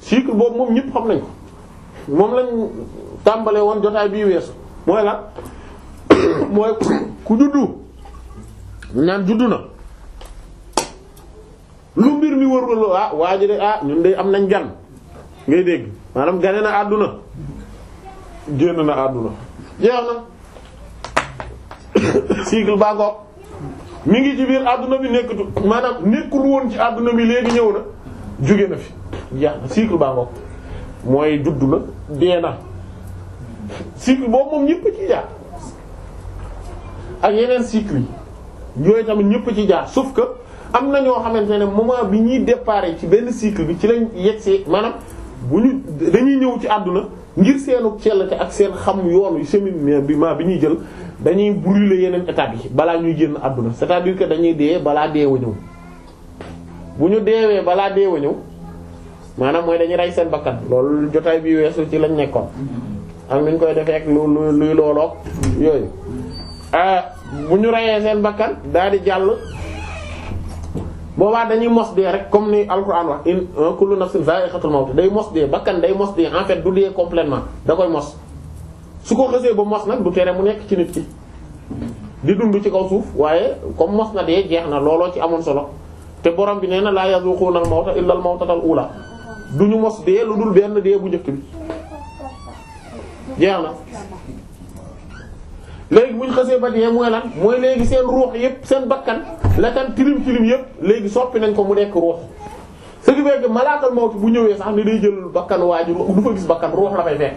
cycle boobu moom ñëpp xam nañ ko moom lañ tàmbalee woon jotaay bii weesu mooy la mooy ku juddu naan juddu na lu mbir mi wër la ah waa ji de ah ñun de am nañ gan ngay dégg maanaam gane na àdduna génn na àdduna jeex na cycle baa ngoog mi ngi ci biir adduna bi nekkatu maanaam nekkul woon ci àdduna bi léegi ñëw na jóge na fi jeex na cycle baa ngoog mooy juddu na dee na cycle boobu moom ñëpp ci jaar ak yeneen cycle yi yooyu tamit ñëpp ci jaar sauf que am na ñoo xamante ne moment bi ñuy départ ci benn cycle bi ci lañ yegsee maanaam bu ñu dañuy ñëw ci àdduna ngir seenu cellate ak seen xam yoonu cheminement bi ñuy jël dañuy brûler yeneen étapes yi balaa ñuy génn àdduna c'est-à-dire dañuy dee balaa deewa ñëw bu ñu deewee balaa deewa ñëw maanaam mooy dañuy rey seen bakkan loolu jotaay bi weesu ci lañ nekkoon ak nañ koy defee ak lu luy looloo yooyu ah, bu ñu reyee seen bakkan daal di jàll boobaa dañuy mos dee rek comme ni alquran wax in kullu nafsin za'iqatul mawt day mos dee bakkan day mos dee en fait du dee complètement da koy mos su ko xësee ba mos nag du tere mu nekk ci nit ki di dund ci kaw suuf waaye comme mos na dee jeex na looloo ci amoon solo te borom bi nee na laa yazuquna al mawta illa al mawtatal ula du ñu mos dee lu dul benn dee bu njëkk bi jeex na léegi bu ñu xasee ba dee mooy lan mooy léegi seen ruux yëpp seen bakkan la tan tilim tilim yëpp léegi soppi nañ ko mu nekk ruux ce qui veut que malaatal bu ñëwee sax ni day jël bakkan waajur du fa gis bakkan ruux la fay fekk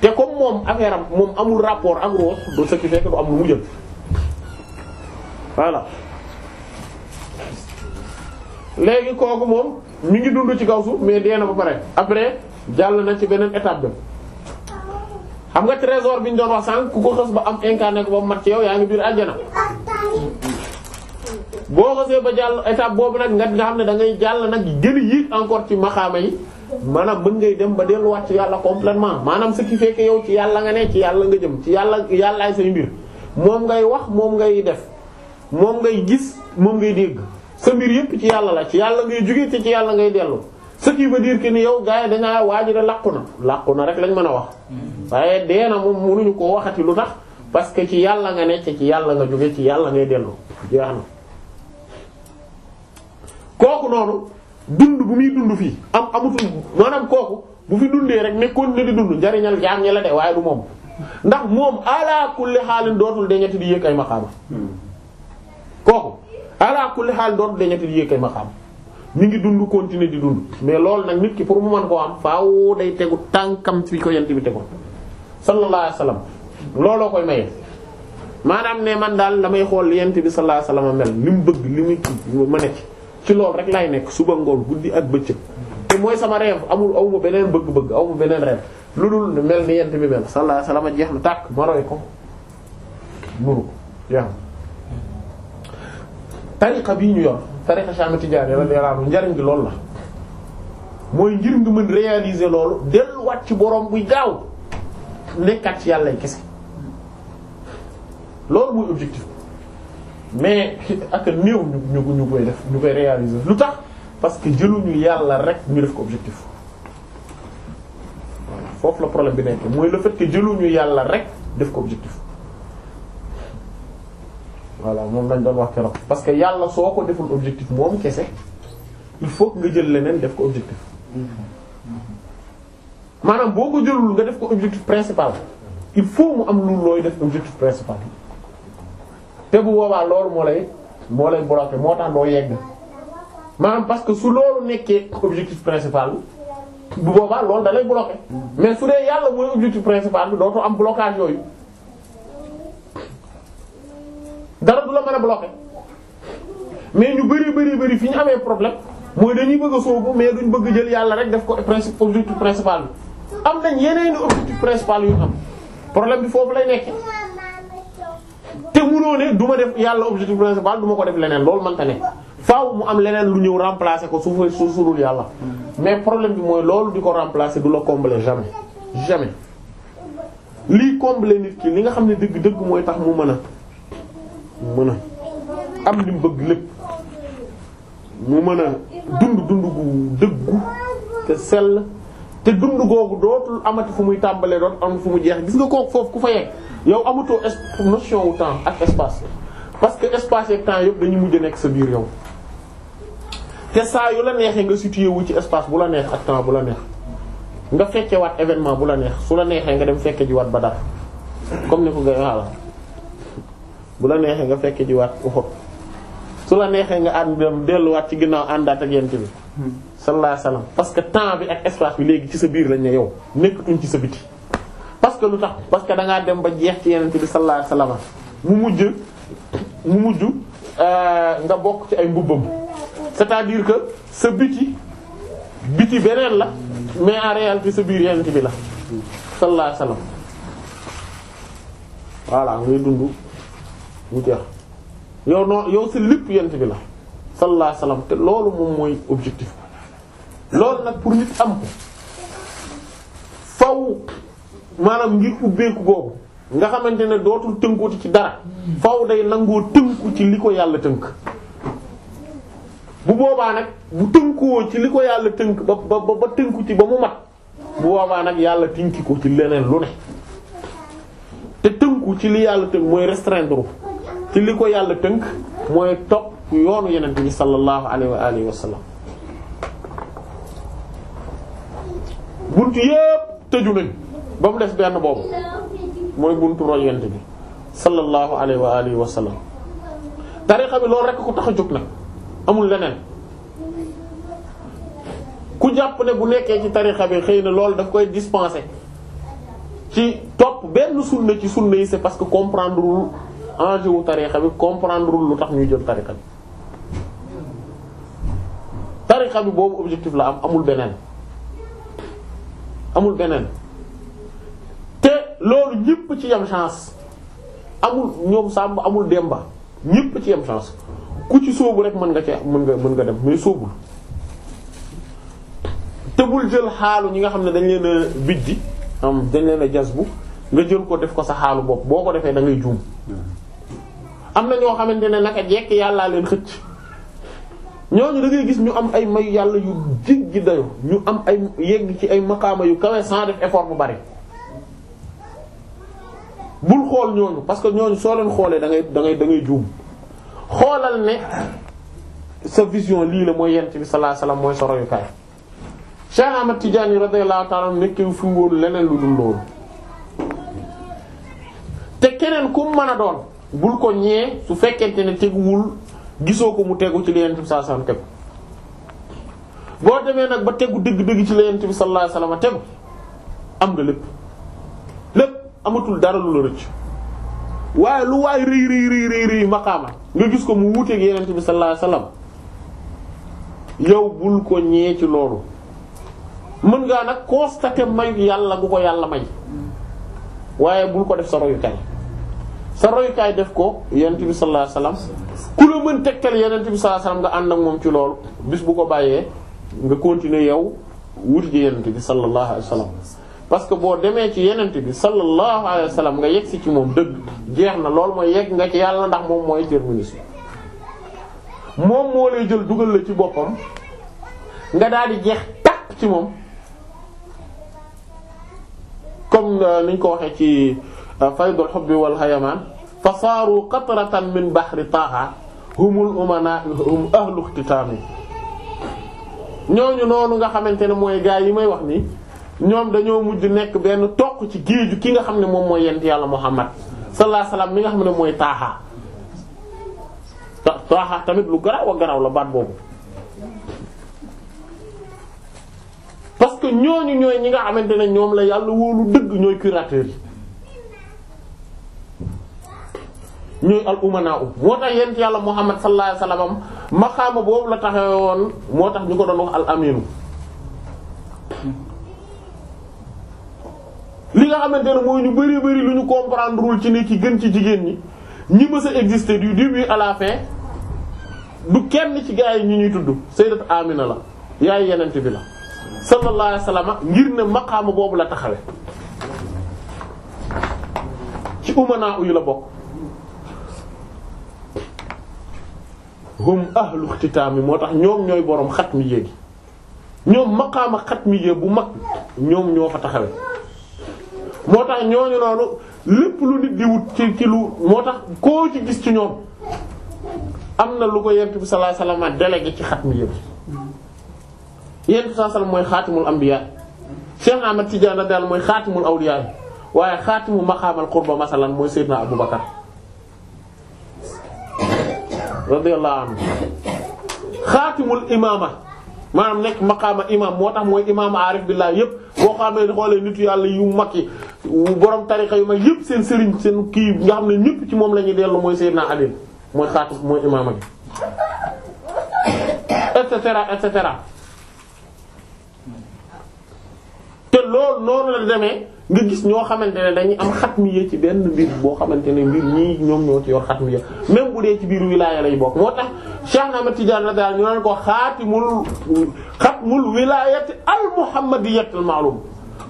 te comme moom affaire am moom amul rapport ak ruux du ce qui fait du am lu mu jël voilà léegi kooku moom mu ngi dund ci kaw mais dee na ba pare après jàll na ci beneen étape bi. am nga trésor bi ñu doon wax sànq ku ko xës ba am incarné ko ba mat ci yow yaa ngi biir àjjana boo xasee ba jàll étape boobu nag nga xam ne dangay jàll nag gën a yéeg encore ci maxaama yi maanaam mën ngay dem ba delluwaat ci yàlla complètement maanaam ce qui fait que yow ci yàlla nga ne ci yàlla nga jëm ci yàlla yàllaay say mbir moom ngay wax moom ngay def moom ngay gis moom ngay dégg sa mbir yépp ci yàlla la ci yàlla ngay jóge te ci yàlla ngay dellu. ce qui veut ni yow gaa yi dañaa waaj a làqu na làqu na rek lañ mën a wax waaye dee na moom mënuñu koo waxati lu tax parce que ci yàlla nga nekk ci yàlla nga jóge ci yàlla ngay dellu jeex na kooku noonu dund bu muy dund fii am amutul maanaam kooku bu fi dundee rek nekkoon ne di dund njariñal jaam ñi la de waaye du moom ndax moom ala kulli xaalin dootul deñati di yéeg ay maqaama hmm. kooku ala kulli xaalin dootul deñati di yéeg ay maqaama mu ngi dund continuer di dund mais loolu nag nit ki pour mu man koo am faaw day tegu tànkam fi ko yent bi tegoon sallallahu alayhi wasallam looloo koy maye maanaam ne man daal damay xool yent bi sallallahu alayhi wasallam mel li mu bëgg li muy ma nekk ci loolu rek laay nekk suba ngoon guddi ak bëccëg te mooy sama rêve amul awma beneen bëgg-bëgg awma beneen rêve lu dul mel ni yent bi mel sallallahu alayhi wasallam jeex na tàkk ma roy ko nuru ko tariqa bii ñu yoon yor tariqa Chame Tidiane radiyallahu njariñ bi loolu la mooy ngir nga mën réaliser loolu delluwaat ci boroom buy jaaw nekkaat ci yàlla kese loolu mooy objectif mais ak néew ñu ñu ñu koy def ñu koy réaliser lu tax parce que jëluñu yàlla rek ñu def ko objectif foofu la problème bi nekk mooy le fait que jëluñu yàlla rek def ko objectif. voilà moom lañ doon wax keroog parce que yàlla soo ko deful objectif moom kese il faut nga jël leneen def ko objectif maanaam boo ko jëlul nga def ko objectif principal il faut mu am lu looy def objectif principal te bu boobaa loolu moo lay moo lay bloqué moo tax doo yegg maanaam parce que su loolu nekkee objectif principal bu boobaa loolu da lay mais su dee yàlla mooy objectif principal bi dootoo am blocage yooyu. dara du la mën a bloquer mais ñu bari bëri bëri fi ñu amee problème mooy dañuy bëgg a sóobu mais du ñu bëgg jël yàlla rek def ko principe objectif principal bi am nañ yeneen objectif principal yu am problème bi foofu lay nekk te munoo ne du ma def yàlla objectif principal du ma ko def leneen loolu manta ne faaw mu am leneen lu ñëw remplacer ko su fa su yàlla mais problème bi mooy loolu di ko remplacer du la combler jamais jamais lii combler nit kii li nga xam ne dëgg-dëgg mooy tax mu mën mën a am li mu bëgg lépp mu mën a dund dund gu dëggu te sell te dund googu dootul amati fu muy tàmbalee dootul amati fu mu jeex gis nga kooku foofu ku fa yegg yow amatoo notion wu temps ak espace parce que espace ak temps yëpp dañu mujj nekk sa biir yow te saa yu la neexee nga situé wu ci espace bu la neex ak temps bu la neex nga fekke waat événement bu la neex su la neexee nga dem fekke ji waat ba dara comme ni ko gay xaala bu la neexee nga fekkee ji waat Uhud su la neexee nga ànd dem delluwaat ci ginnaaw àndaat ak yent bi hmm. sallallahu alayhi parce que temps bi ak espace bi léegi ci sa biir lañ ne yow nekkatuñ ci sa biti parce que lu tax parce que da dem ba jeex ci yent bi sallallahu mu mujj mu mujj euh, nga bokk ci ay mbubbam c'est-à-dire que sa biti biti beneen la mais en réalité sa biir yent bi la sallallahu alayhi ngay dund mu jeex yow non yow si lépp yent bi la sallallahu alayhi te loolu moom mooy objectif loolu nag pour nit am ko faw maanaam ngir ubbeeku boobu nga xamante ne dootul tënkuti ci dara faw day nangoo tënku ci li ko yàlla tënk bu boobaa nag bu tënkuwoo ci li ko yàlla tënk ba ba tënku ci ba mu mat bu boobaa nag yàlla tënki ko ci leneen lu ne te tënku ci li yàlla tënk mooy restreindre ci li ko yàlla tënk mooy topp yoonu yenent bi sallallahu alayhi wa alihi wa sallam bunt yépp tëju nañ ba mu des benn boobu mooy buntu roy bi sallallahu alayhi wa alihi wa sallam bi loolu rekk ko tax a jóg nag amul leneen ku jàpp ne bu nekkee ci tariqa bi xëy na loolu daf koy dispenser ci topp benn sunna ci sunna yi c'est parce que comprendre enjeu wu tarixa bi comprendre lu tax ñuy jël tarixa bi tarixa bi boobu objectif la am amul beneen amul beneen te loolu ñépp ci yam chance amul ñoom sàmb amul demba ñëpp ci yam chance ku ci soobu rek mën nga ci mën nga mën nga dem mais sóobul te bul jël xaalu ñi nga xam ne dañ leen a biddi am dañ leen a jas bu nga jël ko def ko sa xaalu bopp boo ko defee da ngay juum am na ñoo xamante ne naka jekk yàllaa leen xëcc ñooñu da gis ñu am ay may yàlla yu jéggi dayo ñu am ay yegg ci ay makaama yu kawe sans def effort bu bari bul xool ñooñu parce que ñooñu soo leen xoolee dangay dangay dangay ngay juum xoolal ne sa vision lii la mooy yent bi sallallahu alayhi wasallam mooy sa royukaay Cheikh Ahmad Tidiane radiyallahu ta'ala nekk fi woon leneen lu dul loolu te keneen ku mën a doon bul ko ñee su fekkente ne teguwul gisoo ko mu tegu ci li Yonent bi sallallahu tegu boo demee nag ba tegu dëgg-dëgg ci li Yonent bi sallallahu alayhi tegu am nga lépp lépp amatul dara lu la rëcc waaye lu waay rëy rëy rëy rëy nga gis ko mu wuuteeg Yonent bi sallallahu alayhi yow bul ko ñee ci loolu mën ngaa nag constater may yàlla gu ko yàlla may waaye bul ko def sa royukaay sa royukaay def ko yonent bi sallallahu alayhi wasallam ku la mën tegtal yonent bi sallallahu alayhi wasallam nga ànd ak moom ci loolu bis bu ko bàyyee nga continuer yow wuti ci yonent bi sallallahu alayhi wasallam parce que boo demee ci yonent bi sallallahu alayhi wasallam nga yegg si ci moom dëgg jeex na lool mooy yegg nga ci yàlla ndax moom mooy terminus moom moo lay jël dugal la ci boppam nga daal di jeex takk ci moom comme euh, niñ ko waxee ci. Ah, faydul hubbi wal hayamaan fa saaru qatratan min bahri taaha humul umana hum ahlu ihtitaami ñooñu noonu nga xamante ne mooy gaa yi may wax nii ñoom dañoo mujj nekk benn toq ci géeju ki nga xam ne moom mooy yent yàlla muhammad sallallahu alayhi wasallam mi nga xam ne mooy taaha taaha tamit lu garaaw a garaaw la baat boobu parce que ñooñu ñooy ñi nga xamante ne ñoom la yàlla wóolu dëgg ñooy curateurs yi ñooy al umanaa moo tax yent yàlla Muhammad sallallahu alayhi wasallam maqaama boobu la taxawe woon moo tax ñu ko doon wax al aminu li nga xamante ne mooy ñu bari bari lu ñu comprendrewul ci ne ki gën ci jigéen ñi ñi mës a exister du début à la du kenn ci gaa yi ñu ñuy tudd sayyidat Amina la yaay yenent bi la sallallahu alayhi ngir ne maqaama boobu la taxawe ci umanaa yu la bokk hum ahlu ixtitaam yi moo tax ñoom ñooy boroom xatmi yéegi ñoom maqaama xatmi yéeg bu mag ñoom ñoo fa taxawe moo tax ñooñu noonu lépp lu nit di wut ci ci lu moo tax koo ci gis ci ñoom am na lu ko yent bi sallallahu alayhi ci xat yéeg yent bi sallallahu alayhi wasallam mooy xaatimul anbiya Cheikh Ahmad Tidiane daal mooy xaatimul awliya waaye xaatimu maqaamal qurba masalan mooy Seydina Abubakar radiyallahu anhu xaatimul imaama maanaam nekk maqaama imaam moo tax mooy imaama aarif billah yëpp boo xamee xoolee nitu yàlla yu mag yi borom tariqa yu mag yëpp seen sëriñ seen kii nga xam ne ñëpp ci moom la ñuy dellu mooy Seydina Ali mooy xaatim mooy imaama bi et cetera et cetera te loolu noonu la demee. nga gis ñoo xamante ne dañuy am xatmiya ci benn mbir boo xamante ne mbir ñii ñoom ñoo ci yor xatmiya même bu dee ci biir wilaya lay bokk moo tax Cheikh Ahmad Tidiane daal ñu naan ko xaatimul xatmul wilayati al muhammadiyatul ma'lum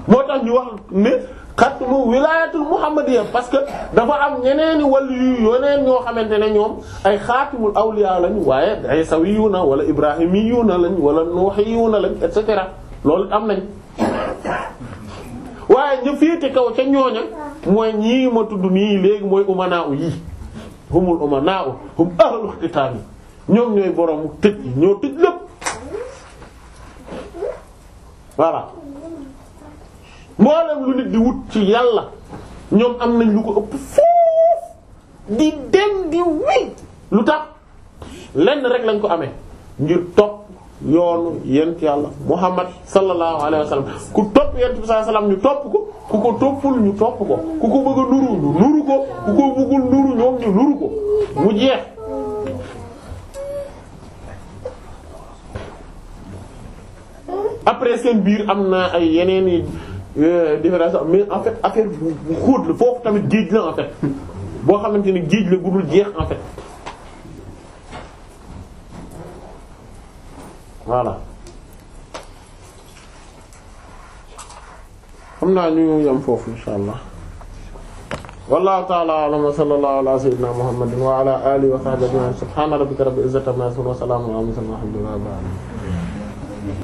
moo tax ñu wax ne xatmu wilayatul muhammadiya parce que dafa am ñeneeni wàllu yu yoneen ñoo xamante ne ñoom ay xaatimul awliya lañ waaye ay isawiyuna wala ibrahimiyuna lañ wala na lañ et cetera loolu am nañ. waaye ñu féete kaw ca ñooña mooy ñii ma tudd nii léegi mooy naaw yi humul umanaaw hum ahlul xitaab yi ñoom ñooy borom tëj yi ñoo tëj lépp voilà mboolem lu nit di wut ci yàlla ñoom am nañ lu ko ëpp foof di dem di wéy lu tax lenn rek lañ ko amee ngir topp yoonu yent yàlla muhammad sallallahu alayhi wa sallam ku topp yent bi sallallahu alayhi ñu topp ko ku ko toppul ñu topp ko ku ko bëgg nuru nuru ko ku ko bëggul nuru ñoom ñu nuru ko mu jeex après seen biir am na ay yeneeni i euh, différence mais en fait affaire bu xóot la foofu tamit géej la en fait boo xamante ni géej la gudul jeex en voilà xam naa ñu yam foofu insha allah wallahu ta'ala a'lam wa sallallahu ala sayyidina muhammadin wa ala alihi wa sahbihi subhana rabbika rabbil izzati amma yasifun wa salamun ala al mursalin